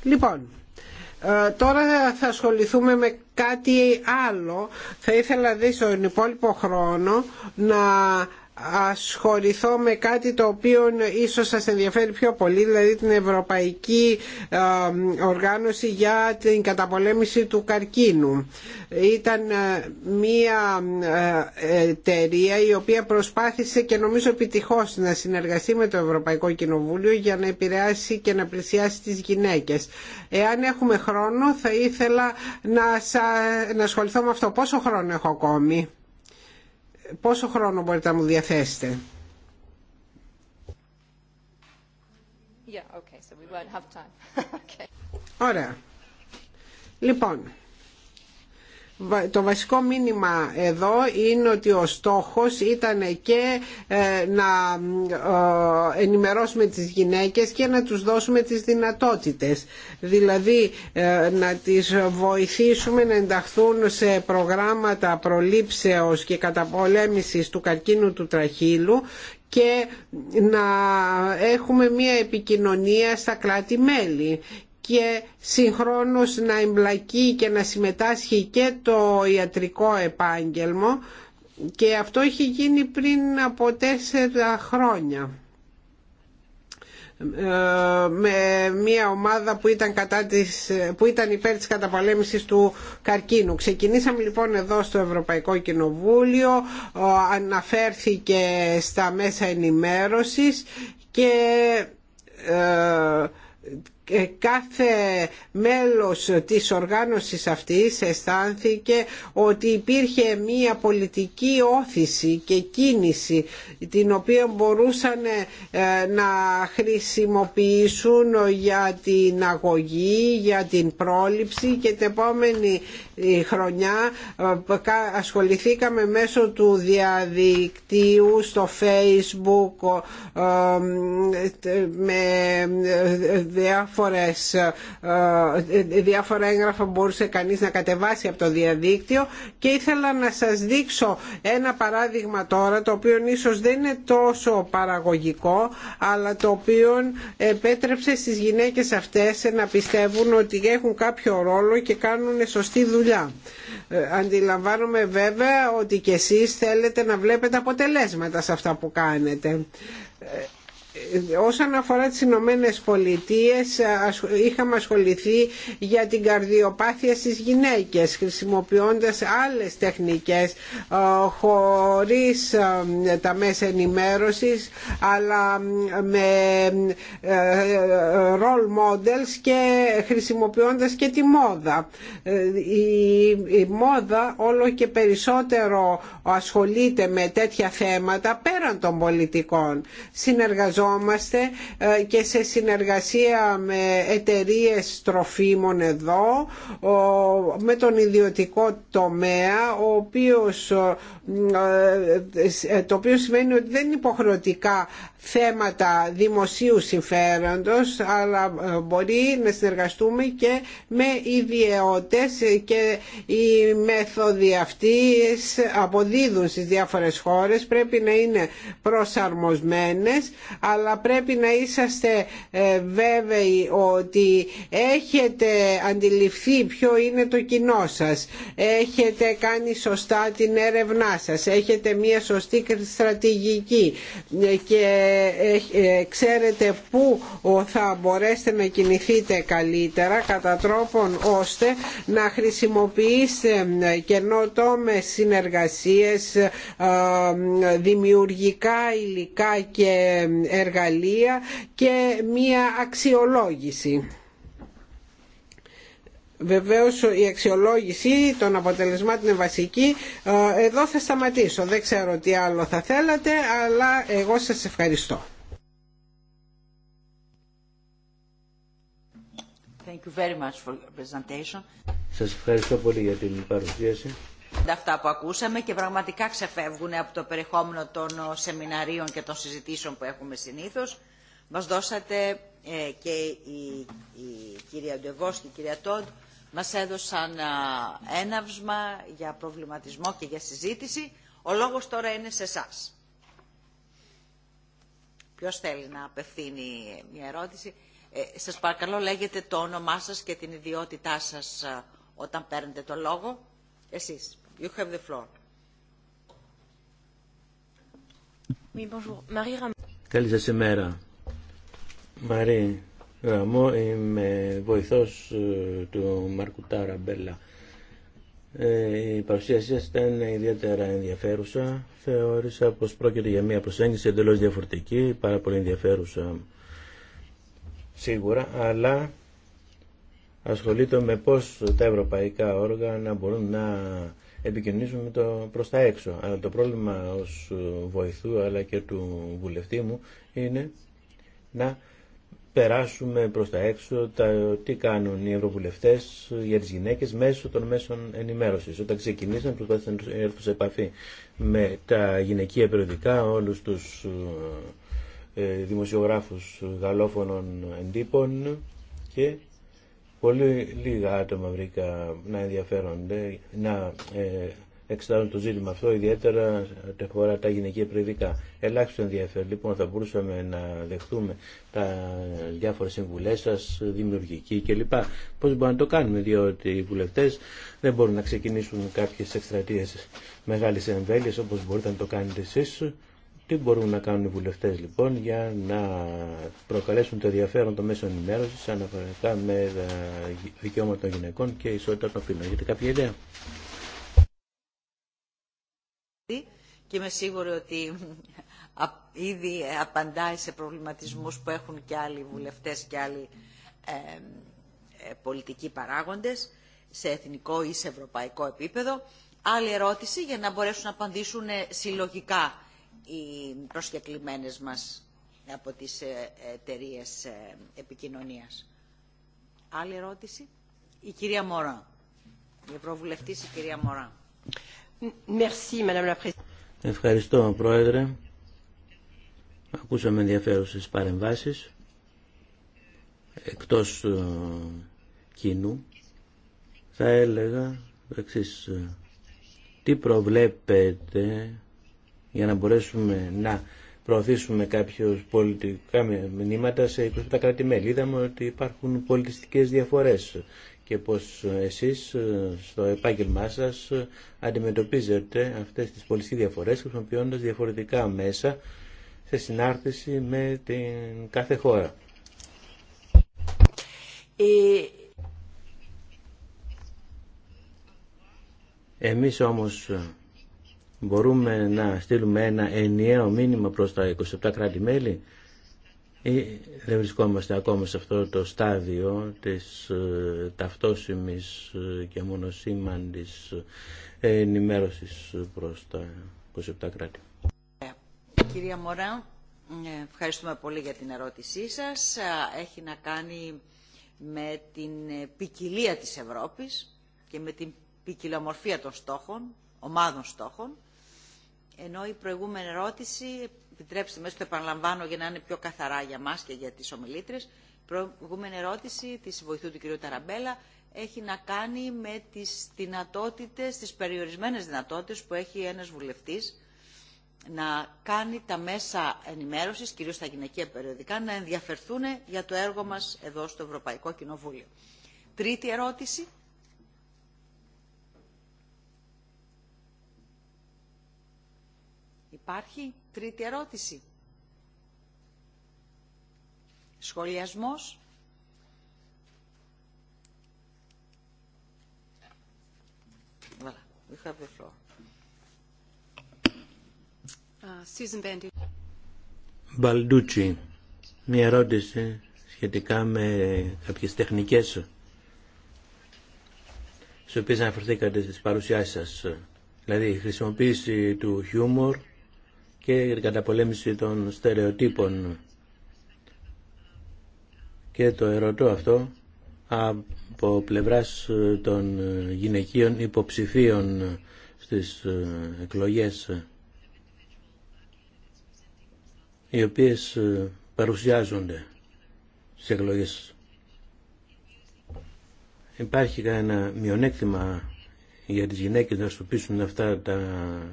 Λοιπόν, ε, τώρα θα ασχοληθούμε με κάτι άλλο. Θα ήθελα δει στον υπόλοιπο χρόνο να ασχοληθώ με κάτι το οποίο ίσως σας ενδιαφέρει πιο πολύ, δηλαδή την Ευρωπαϊκή ε, Οργάνωση για την καταπολέμηση του καρκίνου. Ήταν ε, μία ε, εταιρεία η οποία προσπάθησε και νομίζω επιτυχώς να συνεργαστεί με το Ευρωπαϊκό Κοινοβούλιο για να επηρεάσει και να πλησιάσει τις γυναίκες. Εάν έχουμε χρόνο θα ήθελα να, να ασχοληθώ με αυτό. Πόσο χρόνο έχω ακόμη πόσο χρόνο μπορείτε να μου διαθέσετε. Yeah, okay, so we won't have time. (laughs) okay. Ωραία. Λοιπόν, το βασικό μήνυμα εδώ είναι ότι ο στόχος ήταν και ε, να ε, ενημερώσουμε τις γυναίκες και να τους δώσουμε τις δυνατότητες. Δηλαδή ε, να τις βοηθήσουμε να ενταχθούν σε προγράμματα προλήψεως και καταπολέμησης του καρκίνου του τραχύλου και να έχουμε μια επικοινωνία στα κράτη-μέλη και συγχρόνως να εμπλακεί και να συμμετάσχει και το ιατρικό επάγγελμα και αυτό έχει γίνει πριν από τέσσερα χρόνια ε, με μια ομάδα που ήταν, κατά της, που ήταν υπέρ της καταπολέμησης του καρκίνου. Ξεκινήσαμε λοιπόν εδώ στο Ευρωπαϊκό Κοινοβούλιο, ε, αναφέρθηκε στα μέσα ενημέρωσης και ε, ε, κάθε μέλος της οργάνωσης αυτής αισθάνθηκε ότι υπήρχε μία πολιτική όθηση και κίνηση την οποία μπορούσαν ε, να χρησιμοποιήσουν για την αγωγή, για την πρόληψη και την επόμενη η χρονιά ε, ασχοληθήκαμε μέσω του διαδικτύου στο facebook ε, με ε, διάφορες, διάφορα έγγραφα μπορούσε κανείς να κατεβάσει από το διαδίκτυο και ήθελα να σας δείξω ένα παράδειγμα τώρα το οποίο ίσως δεν είναι τόσο παραγωγικό αλλά το οποίο επέτρεψε στις γυναίκες αυτές να πιστεύουν ότι έχουν κάποιο ρόλο και κάνουν σωστή δουλειά δουλειά. Ε, αντιλαμβάνομαι βέβαια ότι κι εσείς θέλετε να βλέπετε αποτελέσματα σε αυτά που κάνετε. Ε, Όσον αφορά τις Ηνωμένε Πολιτείε, είχαμε ασχοληθεί για την καρδιοπάθεια στις γυναίκες χρησιμοποιώντας άλλες τεχνικές ε, χωρίς ε, τα μέσα ενημέρωσης αλλά με ε, role models και χρησιμοποιώντας και τη μόδα. Η μόδα όλο και περισσότερο ασχολείται με τέτοια θέματα πέραν των πολιτικών. Ε, και σε συνεργασία με εταιρείες τροφίμων εδώ, με τον ιδιωτικό τομέα, ο οποίος, ε, ε, το οποίο σημαίνει ότι δεν είναι υποχρεωτικά θέματα δημοσίου συμφέροντος αλλά ε, μπορεί να συνεργαστούμε και με ιδιαιώτες και οι μέθοδοι αυτής αποδίδουν στις διάφορες χώρες πρέπει να είναι προσαρμοσμένες αλλά πρέπει να είσαστε ε, βέβαιοι ότι έχετε αντιληφθεί ποιο είναι το κοινό σας έχετε κάνει σωστά την έρευνά σας έχετε μια σωστή στρατηγική ε, και ε, ξέρετε πού θα μπορέσετε να κινηθείτε καλύτερα κατά τρόπον ώστε να χρησιμοποιήσετε καινοτόμες συνεργασίες, ε, δημιουργικά υλικά και εργαλεία και μία αξιολόγηση. Βεβαίως η αξιολόγηση των αποτελεσμάτων είναι βασική. Ε, εδώ θα σταματήσω. Δεν ξέρω τι άλλο θα θέλατε, αλλά εγώ σας ευχαριστώ. Thank you very much for your presentation. Σας ευχαριστώ πολύ για την παρουσίαση. Αυτά που ακούσαμε και πραγματικά ξεφεύγουν από το περιεχόμενο των ε, σεμιναρίων και των συζητήσεων που έχουμε συνήθως. Μας δώσατε ε, και η, η κυρία Ντεβός και η κυρία Τόντ μας έδωσαν έναυσμα για προβληματισμό και για συζήτηση. Ο λόγος τώρα είναι σε εσά. Ποιος θέλει να απευθύνει μια ερώτηση. Ε, σας παρακαλώ λέγετε το όνομά σας και την ιδιότητά σας όταν παίρνετε το λόγο. Εσείς. You have the floor. Oui, bonjour. Marie Καλή σας ημέρα. Μαρή γραμμό. Είμαι βοηθός ε, του Μάρκου Τάραμπέλα. Ε, η παρουσίασή σας ήταν ιδιαίτερα ενδιαφέρουσα. Θεώρησα πως πρόκειται για μια προσέγγιση εντελώς διαφορετική, πάρα πολύ ενδιαφέρουσα σίγουρα, αλλά ασχολείται με πώς τα ευρωπαϊκά όργανα μπορούν να επικοινωνήσουμε το προς τα έξω. Αλλά το πρόβλημα ως βοηθού αλλά και του βουλευτή μου είναι να περάσουμε προς τα έξω τα, τι κάνουν οι ευρωβουλευτές για τις γυναίκες μέσω των μέσων ενημέρωσης. Όταν ξεκινήσαμε προσπάθησαν να έρθουν σε επαφή με τα γυναικεία περιοδικά, όλους τους ε, ε, δημοσιογράφους γαλλόφωνων εντύπων και πολύ λίγα άτομα βρήκα να ενδιαφέρονται, να ε, εξετάζουν το ζήτημα αυτό, ιδιαίτερα ό,τι τα γυναικεία πρεδικά. Ελάχιστο ενδιαφέρον. Λοιπόν, θα μπορούσαμε να δεχτούμε τα διάφορε συμβουλέ σα, δημιουργική κλπ. Πώ μπορούμε να το κάνουμε, διότι οι βουλευτέ δεν μπορούν να ξεκινήσουν κάποιε εκστρατείε μεγάλη εμβέλεια όπω μπορείτε να το κάνετε εσεί. Τι μπορούν να κάνουν οι βουλευτέ λοιπόν για να προκαλέσουν το ενδιαφέρον των μέσων ενημέρωση αναφορικά με δικαιώματα των γυναικών και ισότητα των φύλων. Έχετε κάποια ιδέα και είμαι σίγουρη ότι (laughs) ήδη ε, απαντάει σε προβληματισμούς που έχουν και άλλοι βουλευτές και άλλοι ε, πολιτικοί παράγοντες σε εθνικό ή σε ευρωπαϊκό επίπεδο. Άλλη ερώτηση για να μπορέσουν να απαντήσουν ε, συλλογικά οι προσκεκλημένες μας από τις εταιρείε επικοινωνίας. Άλλη ερώτηση. Η κυρία Μωρά. Η Ευρωβουλευτής η κυρία Μωρά. Ευχαριστώ, Πρόεδρε. Ακούσαμε ενδιαφέρουσες παρεμβάσεις εκτός ε, κοινού. Θα έλεγα εξής, ε, τι προβλέπετε για να μπορέσουμε να προωθήσουμε κάποιο πολιτικά μηνύματα σε 27 κράτη-μέλη. Είδαμε ότι υπάρχουν πολιτιστικές διαφορές και πως εσείς ε, στο επάγγελμά σας ε, αντιμετωπίζετε αυτές τις πολιτικές διαφορές χρησιμοποιώντα διαφορετικά μέσα σε συνάρτηση με την κάθε χώρα. Ε... Εμείς όμως ε, μπορούμε να στείλουμε ένα ενιαίο μήνυμα προς τα 27 κράτη-μέλη ε, δεν βρισκόμαστε ακόμα σε αυτό το στάδιο της ε, ταυτόσιμης ε, και μονοσήμαντης ενημέρωσης προς τα 27 κράτη. Κυρία Μωρά, ευχαριστούμε πολύ για την ερώτησή σας. Έχει να κάνει με την ποικιλία της Ευρώπης και με την ποικιλομορφία των στόχων, ομάδων στόχων, ενώ η προηγούμενη ερώτηση επιτρέψτε μέσα το επαναλαμβάνω για να είναι πιο καθαρά για μα και για τις ομιλήτρε. Η προηγούμενη ερώτηση τη βοηθού του κ. Ταραμπέλα έχει να κάνει με τις δυνατότητες, τις περιορισμένες δυνατότητες που έχει ένας βουλευτής να κάνει τα μέσα ενημέρωσης, κυρίως τα γυναικεία περιοδικά, να ενδιαφερθούν για το έργο μα εδώ στο Ευρωπαϊκό Κοινοβούλιο. Τρίτη ερώτηση. Υπάρχει. Τρίτη ερώτηση. Σχολιασμός. Μπαλντούτσι, μια ερώτηση σχετικά με κάποιες τεχνικές στις οποίες αναφερθήκατε στις παρουσιάσεις σας. Δηλαδή η χρησιμοποίηση του χιούμορ και την καταπολέμηση των στερεοτύπων. Και το ερωτώ αυτό από πλευράς των γυναικείων υποψηφίων στις εκλογές οι οποίες παρουσιάζονται στις εκλογές. Υπάρχει κανένα μειονέκτημα για τις γυναίκες να σου πείσουν αυτά τα,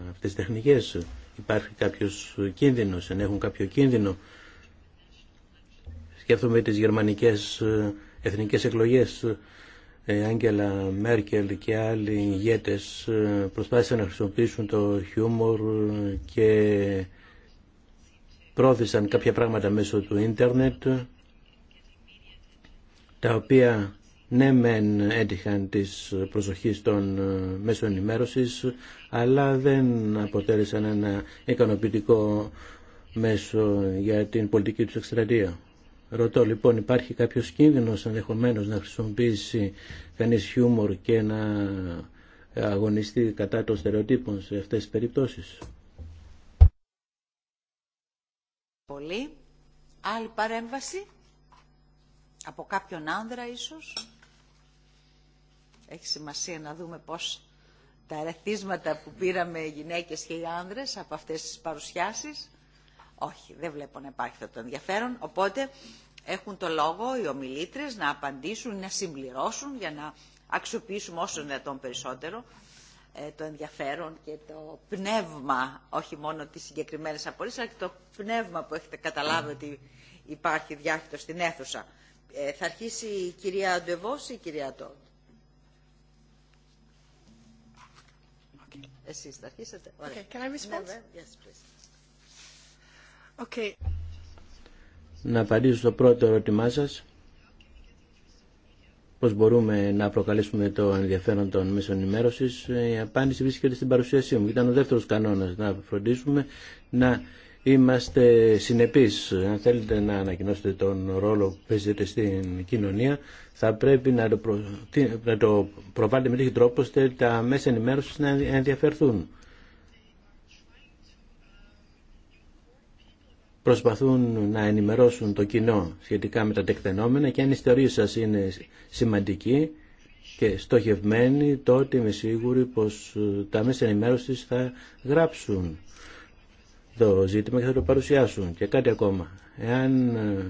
αυτές τις τεχνικές υπάρχει κάποιος κίνδυνος, αν έχουν κάποιο κίνδυνο. Σκέφτομαι τις γερμανικές ε, εθνικές εκλογές. Ε, Άγγελα Μέρκελ και άλλοι ηγέτες ε, προσπάθησαν να χρησιμοποιήσουν το χιούμορ και πρόθεσαν κάποια πράγματα μέσω του ίντερνετ τα οποία ναι μεν έτυχαν της προσοχής των ε, μέσων ενημέρωσης αλλά δεν αποτέλεσαν ένα ικανοποιητικό μέσο για την πολιτική του εκστρατεία. Ρωτώ λοιπόν υπάρχει κάποιος κίνδυνος ενδεχομένω να χρησιμοποιήσει κανείς χιούμορ και να αγωνιστεί κατά των στερεοτύπων σε αυτές τις περιπτώσεις. Πολύ. Άλλη παρέμβαση από κάποιον άνδρα ίσως. Έχει σημασία να δούμε πώς τα ερεθίσματα που πήραμε οι γυναίκες και οι άνδρες από αυτές τις παρουσιάσεις. Όχι, δεν βλέπω να υπάρχει αυτό το ενδιαφέρον. Οπότε έχουν το λόγο οι ομιλήτρες να απαντήσουν, να συμπληρώσουν για να αξιοποιήσουμε όσο δυνατόν περισσότερο ε, το ενδιαφέρον και το πνεύμα, όχι μόνο τις συγκεκριμένες απορίες, αλλά και το πνεύμα που έχετε καταλάβει ότι υπάρχει διάχυτο στην αίθουσα. Ε, θα αρχίσει η κυρία Ντεβός ή η κυρία Να απαντήσω στο πρώτο ερώτημά σας. Πώς μπορούμε να προκαλέσουμε το ενδιαφέρον των μέσων ενημέρωση. Η απάντηση βρίσκεται στην παρουσίασή μου. Ήταν ο δεύτερος κανόνας να φροντίσουμε να είμαστε συνεπείς. Αν θέλετε να ανακοινώσετε τον ρόλο που παίζετε στην κοινωνία, θα πρέπει να το, προ... να το προβάλλετε με τέτοιο τρόπο ώστε τα μέσα ενημέρωσης να ενδιαφερθούν. Προσπαθούν να ενημερώσουν το κοινό σχετικά με τα τεκτενόμενα και αν η ιστορία σας είναι σημαντική και στοχευμένη, τότε είμαι σίγουρη πως τα μέσα ενημέρωσης θα γράψουν το ζήτημα και θα το παρουσιάσουν. Και κάτι ακόμα. Εάν ε,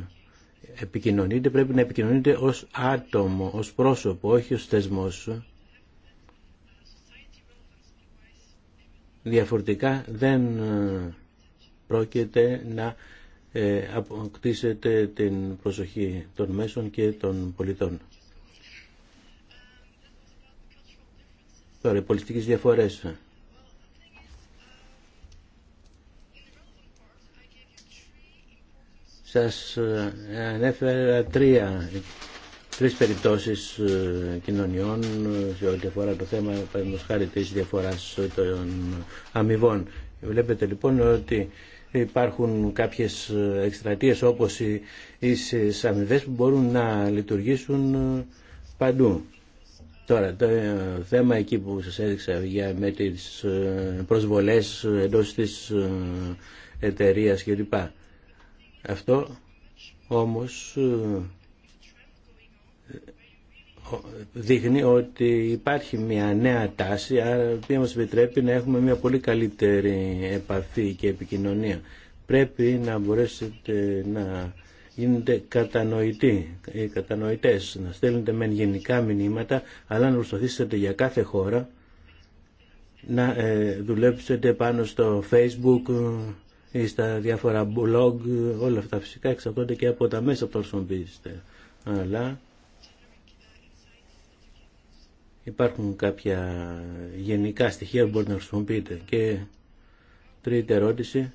επικοινωνείτε, πρέπει να επικοινωνείτε ως άτομο, ως πρόσωπο, όχι ως θεσμός. Διαφορετικά δεν ε, πρόκειται να ε, αποκτήσετε την προσοχή των μέσων και των πολιτών. Τώρα, οι πολιτικές διαφορές. Σας ε, ανέφερα τρία, τρεις περιπτώσεις ε, κοινωνιών ε, σε ό,τι αφορά το θέμα χάρη της διαφοράς των αμοιβών. Βλέπετε λοιπόν ότι υπάρχουν κάποιες εκστρατείες όπως οι οι αμοιβές που μπορούν να λειτουργήσουν παντού. Τώρα, το θέμα εκεί που σας έδειξα για, με τις προσβολές εντός της εταιρείας κλπ. Αυτό όμως ε, δείχνει ότι υπάρχει μια νέα τάση η οποία μας επιτρέπει να έχουμε μια πολύ καλύτερη επαφή και επικοινωνία. Πρέπει να μπορέσετε να γίνετε κατανοητοί, οι κατανοητές, να στέλνετε μεν γενικά μηνύματα, αλλά να προσπαθήσετε για κάθε χώρα να ε, δουλέψετε πάνω στο facebook, ή στα διάφορα blog, όλα αυτά φυσικά εξαρτώνται και από τα μέσα που χρησιμοποιήσετε. Αλλά υπάρχουν κάποια γενικά στοιχεία που μπορείτε να χρησιμοποιείτε. Και τρίτη ερώτηση,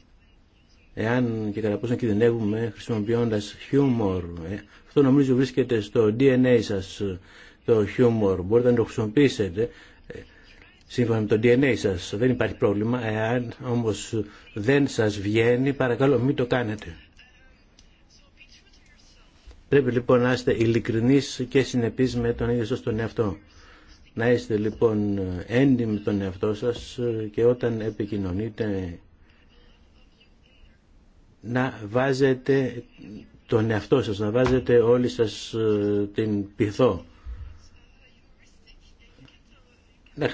εάν και κατά πόσο κινδυνεύουμε χρησιμοποιώντας χιούμορ. Ε, αυτό νομίζω βρίσκεται στο DNA σας το χιούμορ. Μπορείτε να το χρησιμοποιήσετε σύμφωνα με το DNA σας. Δεν υπάρχει πρόβλημα. Εάν όμως δεν σας βγαίνει, παρακαλώ μην το κάνετε. Πρέπει λοιπόν να είστε ειλικρινείς και συνεπείς με τον ίδιο σας τον εαυτό. Να είστε λοιπόν έντιμοι με τον εαυτό σας και όταν επικοινωνείτε να βάζετε τον εαυτό σας, να βάζετε όλη σας ε, την πυθό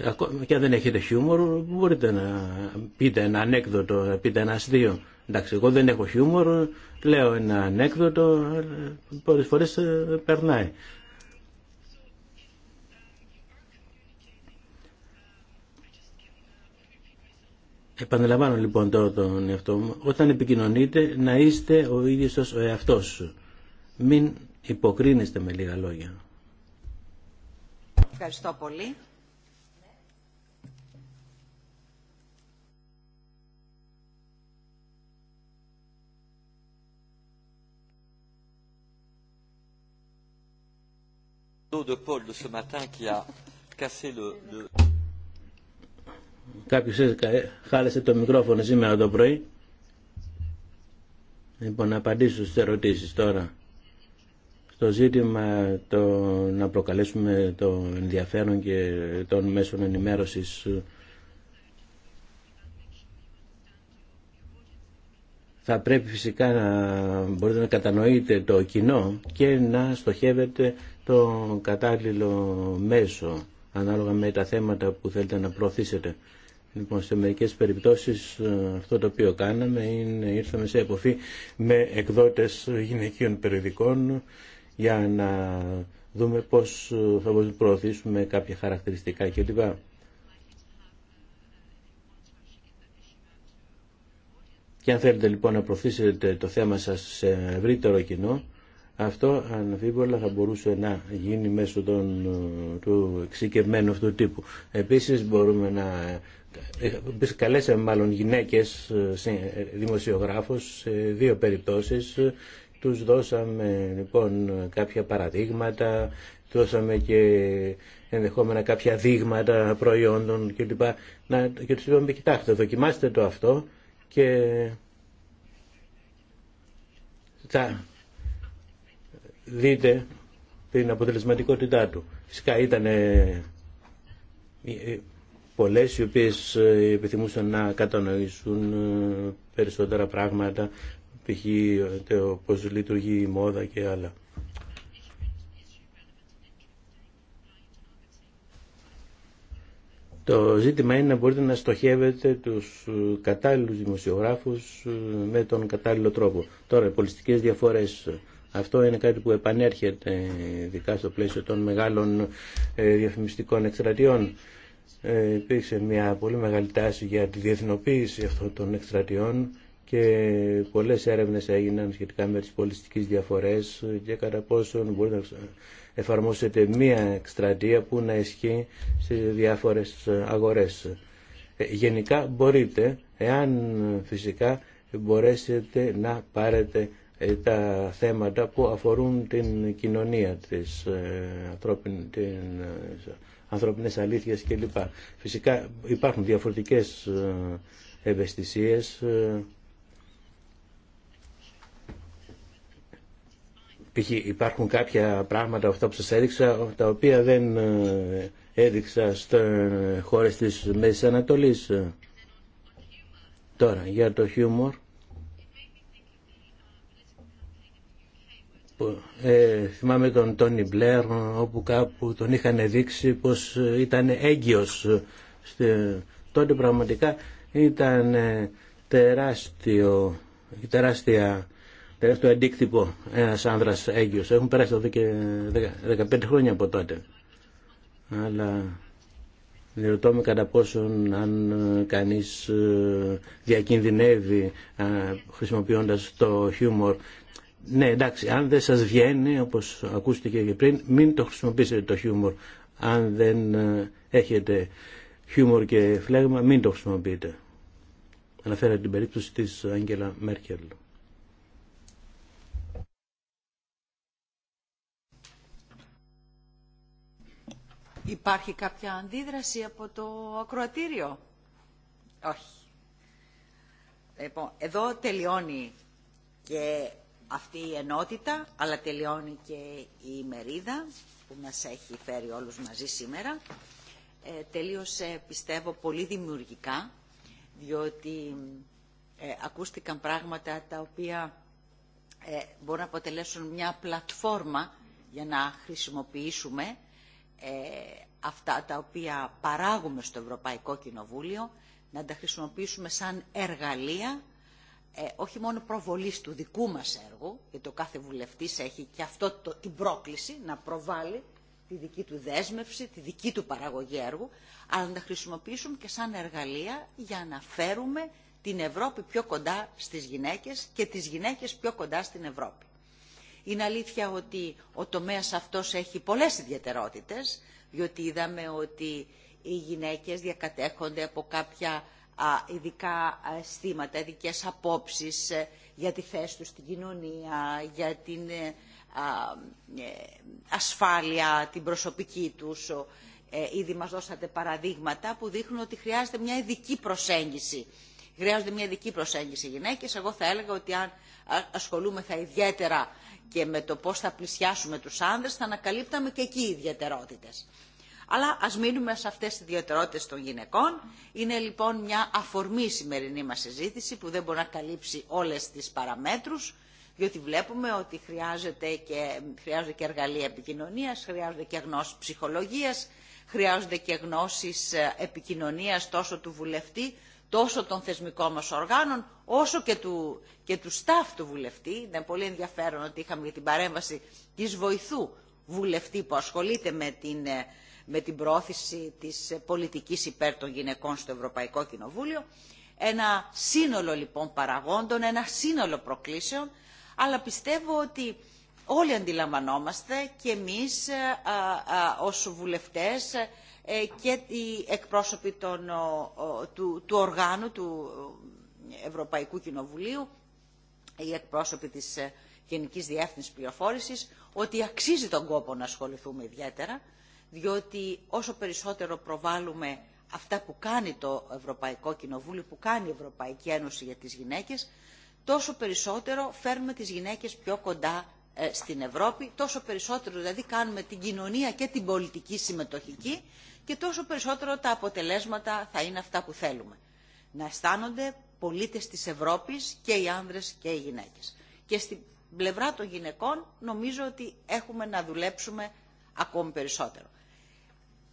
ακόμα και αν δεν έχετε χιούμορ, μπορείτε να πείτε ένα ανέκδοτο, να πείτε ένα αστείο. Εντάξει, εγώ δεν έχω χιούμορ, λέω ένα ανέκδοτο, πολλές φορές ε, περνάει. Επαναλαμβάνω λοιπόν τώρα τον εαυτό μου, όταν επικοινωνείτε να είστε ο ίδιος ο εαυτός Μην υποκρίνεστε με λίγα λόγια. Ευχαριστώ πολύ. de Paul de ce matin qui a cassé le... Κάποιος ε, χάλεσε το μικρόφωνο σήμερα το πρωί. Λοιπόν, να απαντήσω στις ερωτήσεις τώρα. Στο ζήτημα το, να προκαλέσουμε το ενδιαφέρον και των μέσων ενημέρωσης θα πρέπει φυσικά να μπορείτε να κατανοείτε το κοινό και να στοχεύετε το κατάλληλο μέσο ανάλογα με τα θέματα που θέλετε να προωθήσετε. Λοιπόν, σε μερικές περιπτώσεις ε, αυτό το οποίο κάναμε είναι ήρθαμε σε εποφή με εκδότες γυναικείων περιοδικών για να δούμε πώς ε, θα μπορούμε να προωθήσουμε κάποια χαρακτηριστικά κλπ. Και αν θέλετε λοιπόν να προωθήσετε το θέμα σας σε ευρύτερο κοινό, αυτό αναφίβολα θα μπορούσε να γίνει μέσω των, του εξοικευμένου αυτού τύπου. Επίσης μπορούμε να... Καλέσαμε μάλλον γυναίκες δημοσιογράφους σε δύο περιπτώσεις. Τους δώσαμε λοιπόν κάποια παραδείγματα, δώσαμε και ενδεχόμενα κάποια δείγματα προϊόντων κλπ. Και, και τους είπαμε κοιτάξτε δοκιμάστε το αυτό και θα δείτε την αποτελεσματικότητά του. Φυσικά ήταν ε, ε, πολλές οι οποίες ε, επιθυμούσαν να κατανοήσουν περισσότερα πράγματα π.χ. πώς λειτουργεί η μόδα και άλλα. Το ζήτημα είναι να μπορείτε να στοχεύετε τους ε, κατάλληλους δημοσιογράφους ε, με τον κατάλληλο τρόπο. Τώρα, οι διαφορές. Ε, αυτό είναι κάτι που επανέρχεται ειδικά στο πλαίσιο των μεγάλων διαφημιστικών εκστρατιών. Υπήρξε μια πολύ μεγάλη τάση για τη διεθνοποίηση αυτών των εκστρατιών και πολλές έρευνες έγιναν σχετικά με τις πολιστικές διαφορές και κατά πόσο μπορεί να εφαρμόσετε μία εκστρατεία που να ισχύει σε διάφορες αγορές. Ε, γενικά μπορείτε, εάν φυσικά μπορέσετε να πάρετε ε, τα θέματα που αφορούν την κοινωνία της ε, ανθρώπινες αλήθειες κλπ. Φυσικά υπάρχουν διαφορετικές ευαισθησίες π.χ. υπάρχουν κάποια πράγματα αυτά που σας έδειξα τα οποία δεν ε, έδειξα στι χώρες της Μέσης Τώρα, για το χιούμορ. Ε, θυμάμαι τον Τόνι Μπλερ όπου κάπου τον είχαν δείξει πως ήταν έγκυος τότε πραγματικά ήταν ε, τεράστιο τεράστια το αντίκτυπο ένα άνδρας έγκυο. Έχουν περάσει εδώ και 15 χρόνια από τότε. Αλλά διερωτώ με κατά πόσον αν ε, κανεί ε, διακινδυνεύει ε, χρησιμοποιώντα το χιούμορ. Ναι, εντάξει, αν δεν σα βγαίνει, όπω ακούστηκε και πριν, μην το χρησιμοποιήσετε το χιούμορ. Αν δεν έχετε χιούμορ και φλέγμα, μην το χρησιμοποιείτε. Αναφέρατε την περίπτωση της Άγγελα Μέρκελ. Υπάρχει κάποια αντίδραση από το ακροατήριο. Όχι. Λοιπόν, εδώ τελειώνει και αυτή η ενότητα, αλλά τελειώνει και η μερίδα που μας έχει φέρει όλους μαζί σήμερα. Ε, τελείωσε, πιστεύω, πολύ δημιουργικά, διότι ε, ακούστηκαν πράγματα τα οποία ε, μπορούν να αποτελέσουν μια πλατφόρμα για να χρησιμοποιήσουμε ε, αυτά τα οποία παράγουμε στο Ευρωπαϊκό Κοινοβούλιο, να τα χρησιμοποιήσουμε σαν εργαλεία, ε, όχι μόνο προβολής του δικού μας έργου, γιατί ο κάθε βουλευτής έχει και αυτό το, την πρόκληση να προβάλλει τη δική του δέσμευση, τη δική του παραγωγή έργου, αλλά να τα χρησιμοποιήσουμε και σαν εργαλεία για να φέρουμε την Ευρώπη πιο κοντά στις γυναίκες και τις γυναίκες πιο κοντά στην Ευρώπη. Είναι αλήθεια ότι ο τομέας αυτός έχει πολλές ιδιαιτερότητες, διότι είδαμε ότι οι γυναίκες διακατέχονται από κάποια ειδικά αισθήματα, ειδικέ απόψεις ε, για τη θέση τους στην κοινωνία, για την ε, ε, ασφάλεια, την προσωπική τους. Ήδη μας δώσατε παραδείγματα που δείχνουν ότι χρειάζεται μια ειδική προσέγγιση. Χρειάζονται μια ειδική προσέγγιση γυναίκες. Εγώ θα έλεγα ότι αν ασχολούμεθα ιδιαίτερα και με το πώς θα πλησιάσουμε τους άνδρες θα ανακαλύπταμε και εκεί οι ιδιαιτερότητες. Αλλά ας μείνουμε σε αυτές τις ιδιαιτερότητες των γυναικών. Είναι λοιπόν μια αφορμή η σημερινή μας συζήτηση που δεν μπορεί να καλύψει όλες τις παραμέτρους διότι βλέπουμε ότι χρειάζεται και, χρειάζονται και εργαλεία επικοινωνίας, χρειάζονται και γνώσεις ψυχολογίας, χρειάζονται και γνώσεις ε, επικοινωνίας τόσο του βουλευτή τόσο των θεσμικών μας οργάνων, όσο και του, και του staff του βουλευτή. Ήταν πολύ ενδιαφέρον ότι είχαμε την παρέμβαση της βοηθού βουλευτή που ασχολείται με την, ε, με την πρόθεση της ε, πολιτικής υπέρ των γυναικών στο Ευρωπαϊκό Κοινοβούλιο. Ένα σύνολο λοιπόν παραγόντων, ένα σύνολο προκλήσεων, αλλά πιστεύω ότι όλοι αντιλαμβανόμαστε και εμείς α, ε, α, ως βουλευτές ε, και οι εκπρόσωποι του, του οργάνου του Ευρωπαϊκού Κοινοβουλίου, οι εκπρόσωποι της ε, Γενικής Διεύθυνσης Πληροφόρησης, ότι αξίζει τον κόπο να ασχοληθούμε ιδιαίτερα, διότι όσο περισσότερο προβάλλουμε αυτά που κάνει το Ευρωπαϊκό Κοινοβούλιο, που κάνει η Ευρωπαϊκή Ένωση για τις γυναίκες, τόσο περισσότερο φέρνουμε τις γυναίκες πιο κοντά ε, στην Ευρώπη, τόσο περισσότερο δηλαδή κάνουμε την κοινωνία και την πολιτική συμμετοχική και τόσο περισσότερο τα αποτελέσματα θα είναι αυτά που θέλουμε. Να αισθάνονται πολίτες της Ευρώπης και οι άνδρες και οι γυναίκες. Και στην πλευρά των γυναικών νομίζω ότι έχουμε να δουλέψουμε ακόμη περισσότερο.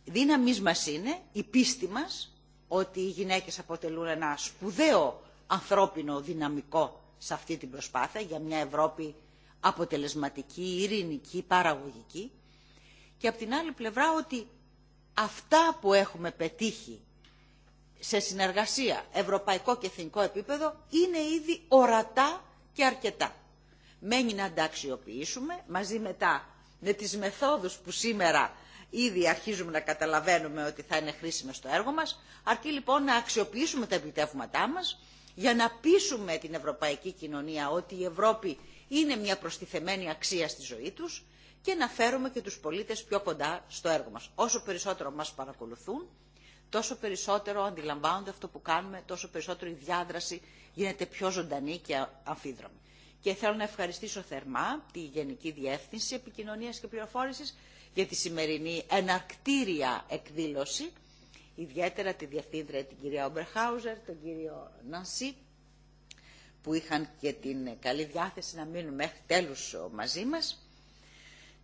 δύναμή μας είναι η πίστη μας ότι οι γυναίκες αποτελούν ένα σπουδαίο ανθρώπινο δυναμικό σε αυτή την προσπάθεια για μια Ευρώπη αποτελεσματική, ειρηνική, παραγωγική και από την άλλη πλευρά ότι αυτά που έχουμε πετύχει σε συνεργασία ευρωπαϊκό και εθνικό επίπεδο είναι ήδη ορατά και αρκετά. Μένει να τα αξιοποιήσουμε μαζί μετά με τις μεθόδους που σήμερα ήδη αρχίζουμε να καταλαβαίνουμε ότι θα είναι χρήσιμες στο έργο μας, αρκεί λοιπόν να αξιοποιήσουμε τα επιτεύγματά μας για να πείσουμε την ευρωπαϊκή κοινωνία ότι η Ευρώπη είναι μια προστιθεμένη αξία στη ζωή τους και να φέρουμε και τους πολίτες πιο κοντά στο έργο μας. Όσο περισσότερο μας παρακολουθούν, τόσο περισσότερο αντιλαμβάνονται αυτό που κάνουμε, τόσο περισσότερο η διάδραση γίνεται πιο ζωντανή και αμφίδρομη. Και θέλω να ευχαριστήσω θερμά τη Γενική Διεύθυνση Επικοινωνίας και Πληροφόρησης για τη σημερινή εναρκτήρια εκδήλωση, ιδιαίτερα τη Διευθύντρια την κυρία Ομπερχάουζερ, τον κύριο Νανσί, που είχαν και την καλή διάθεση να μείνουν μέχρι τέλους μαζί μας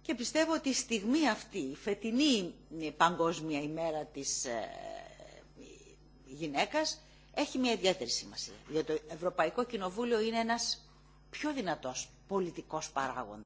και πιστεύω ότι η στιγμή αυτή, η φετινή παγκόσμια ημέρα της ε, γυναίκας, έχει μια ιδιαίτερη σημασία. Γιατί το Ευρωπαϊκό Κοινοβούλιο είναι ένας πιο δυνατός πολιτικός παράγοντας.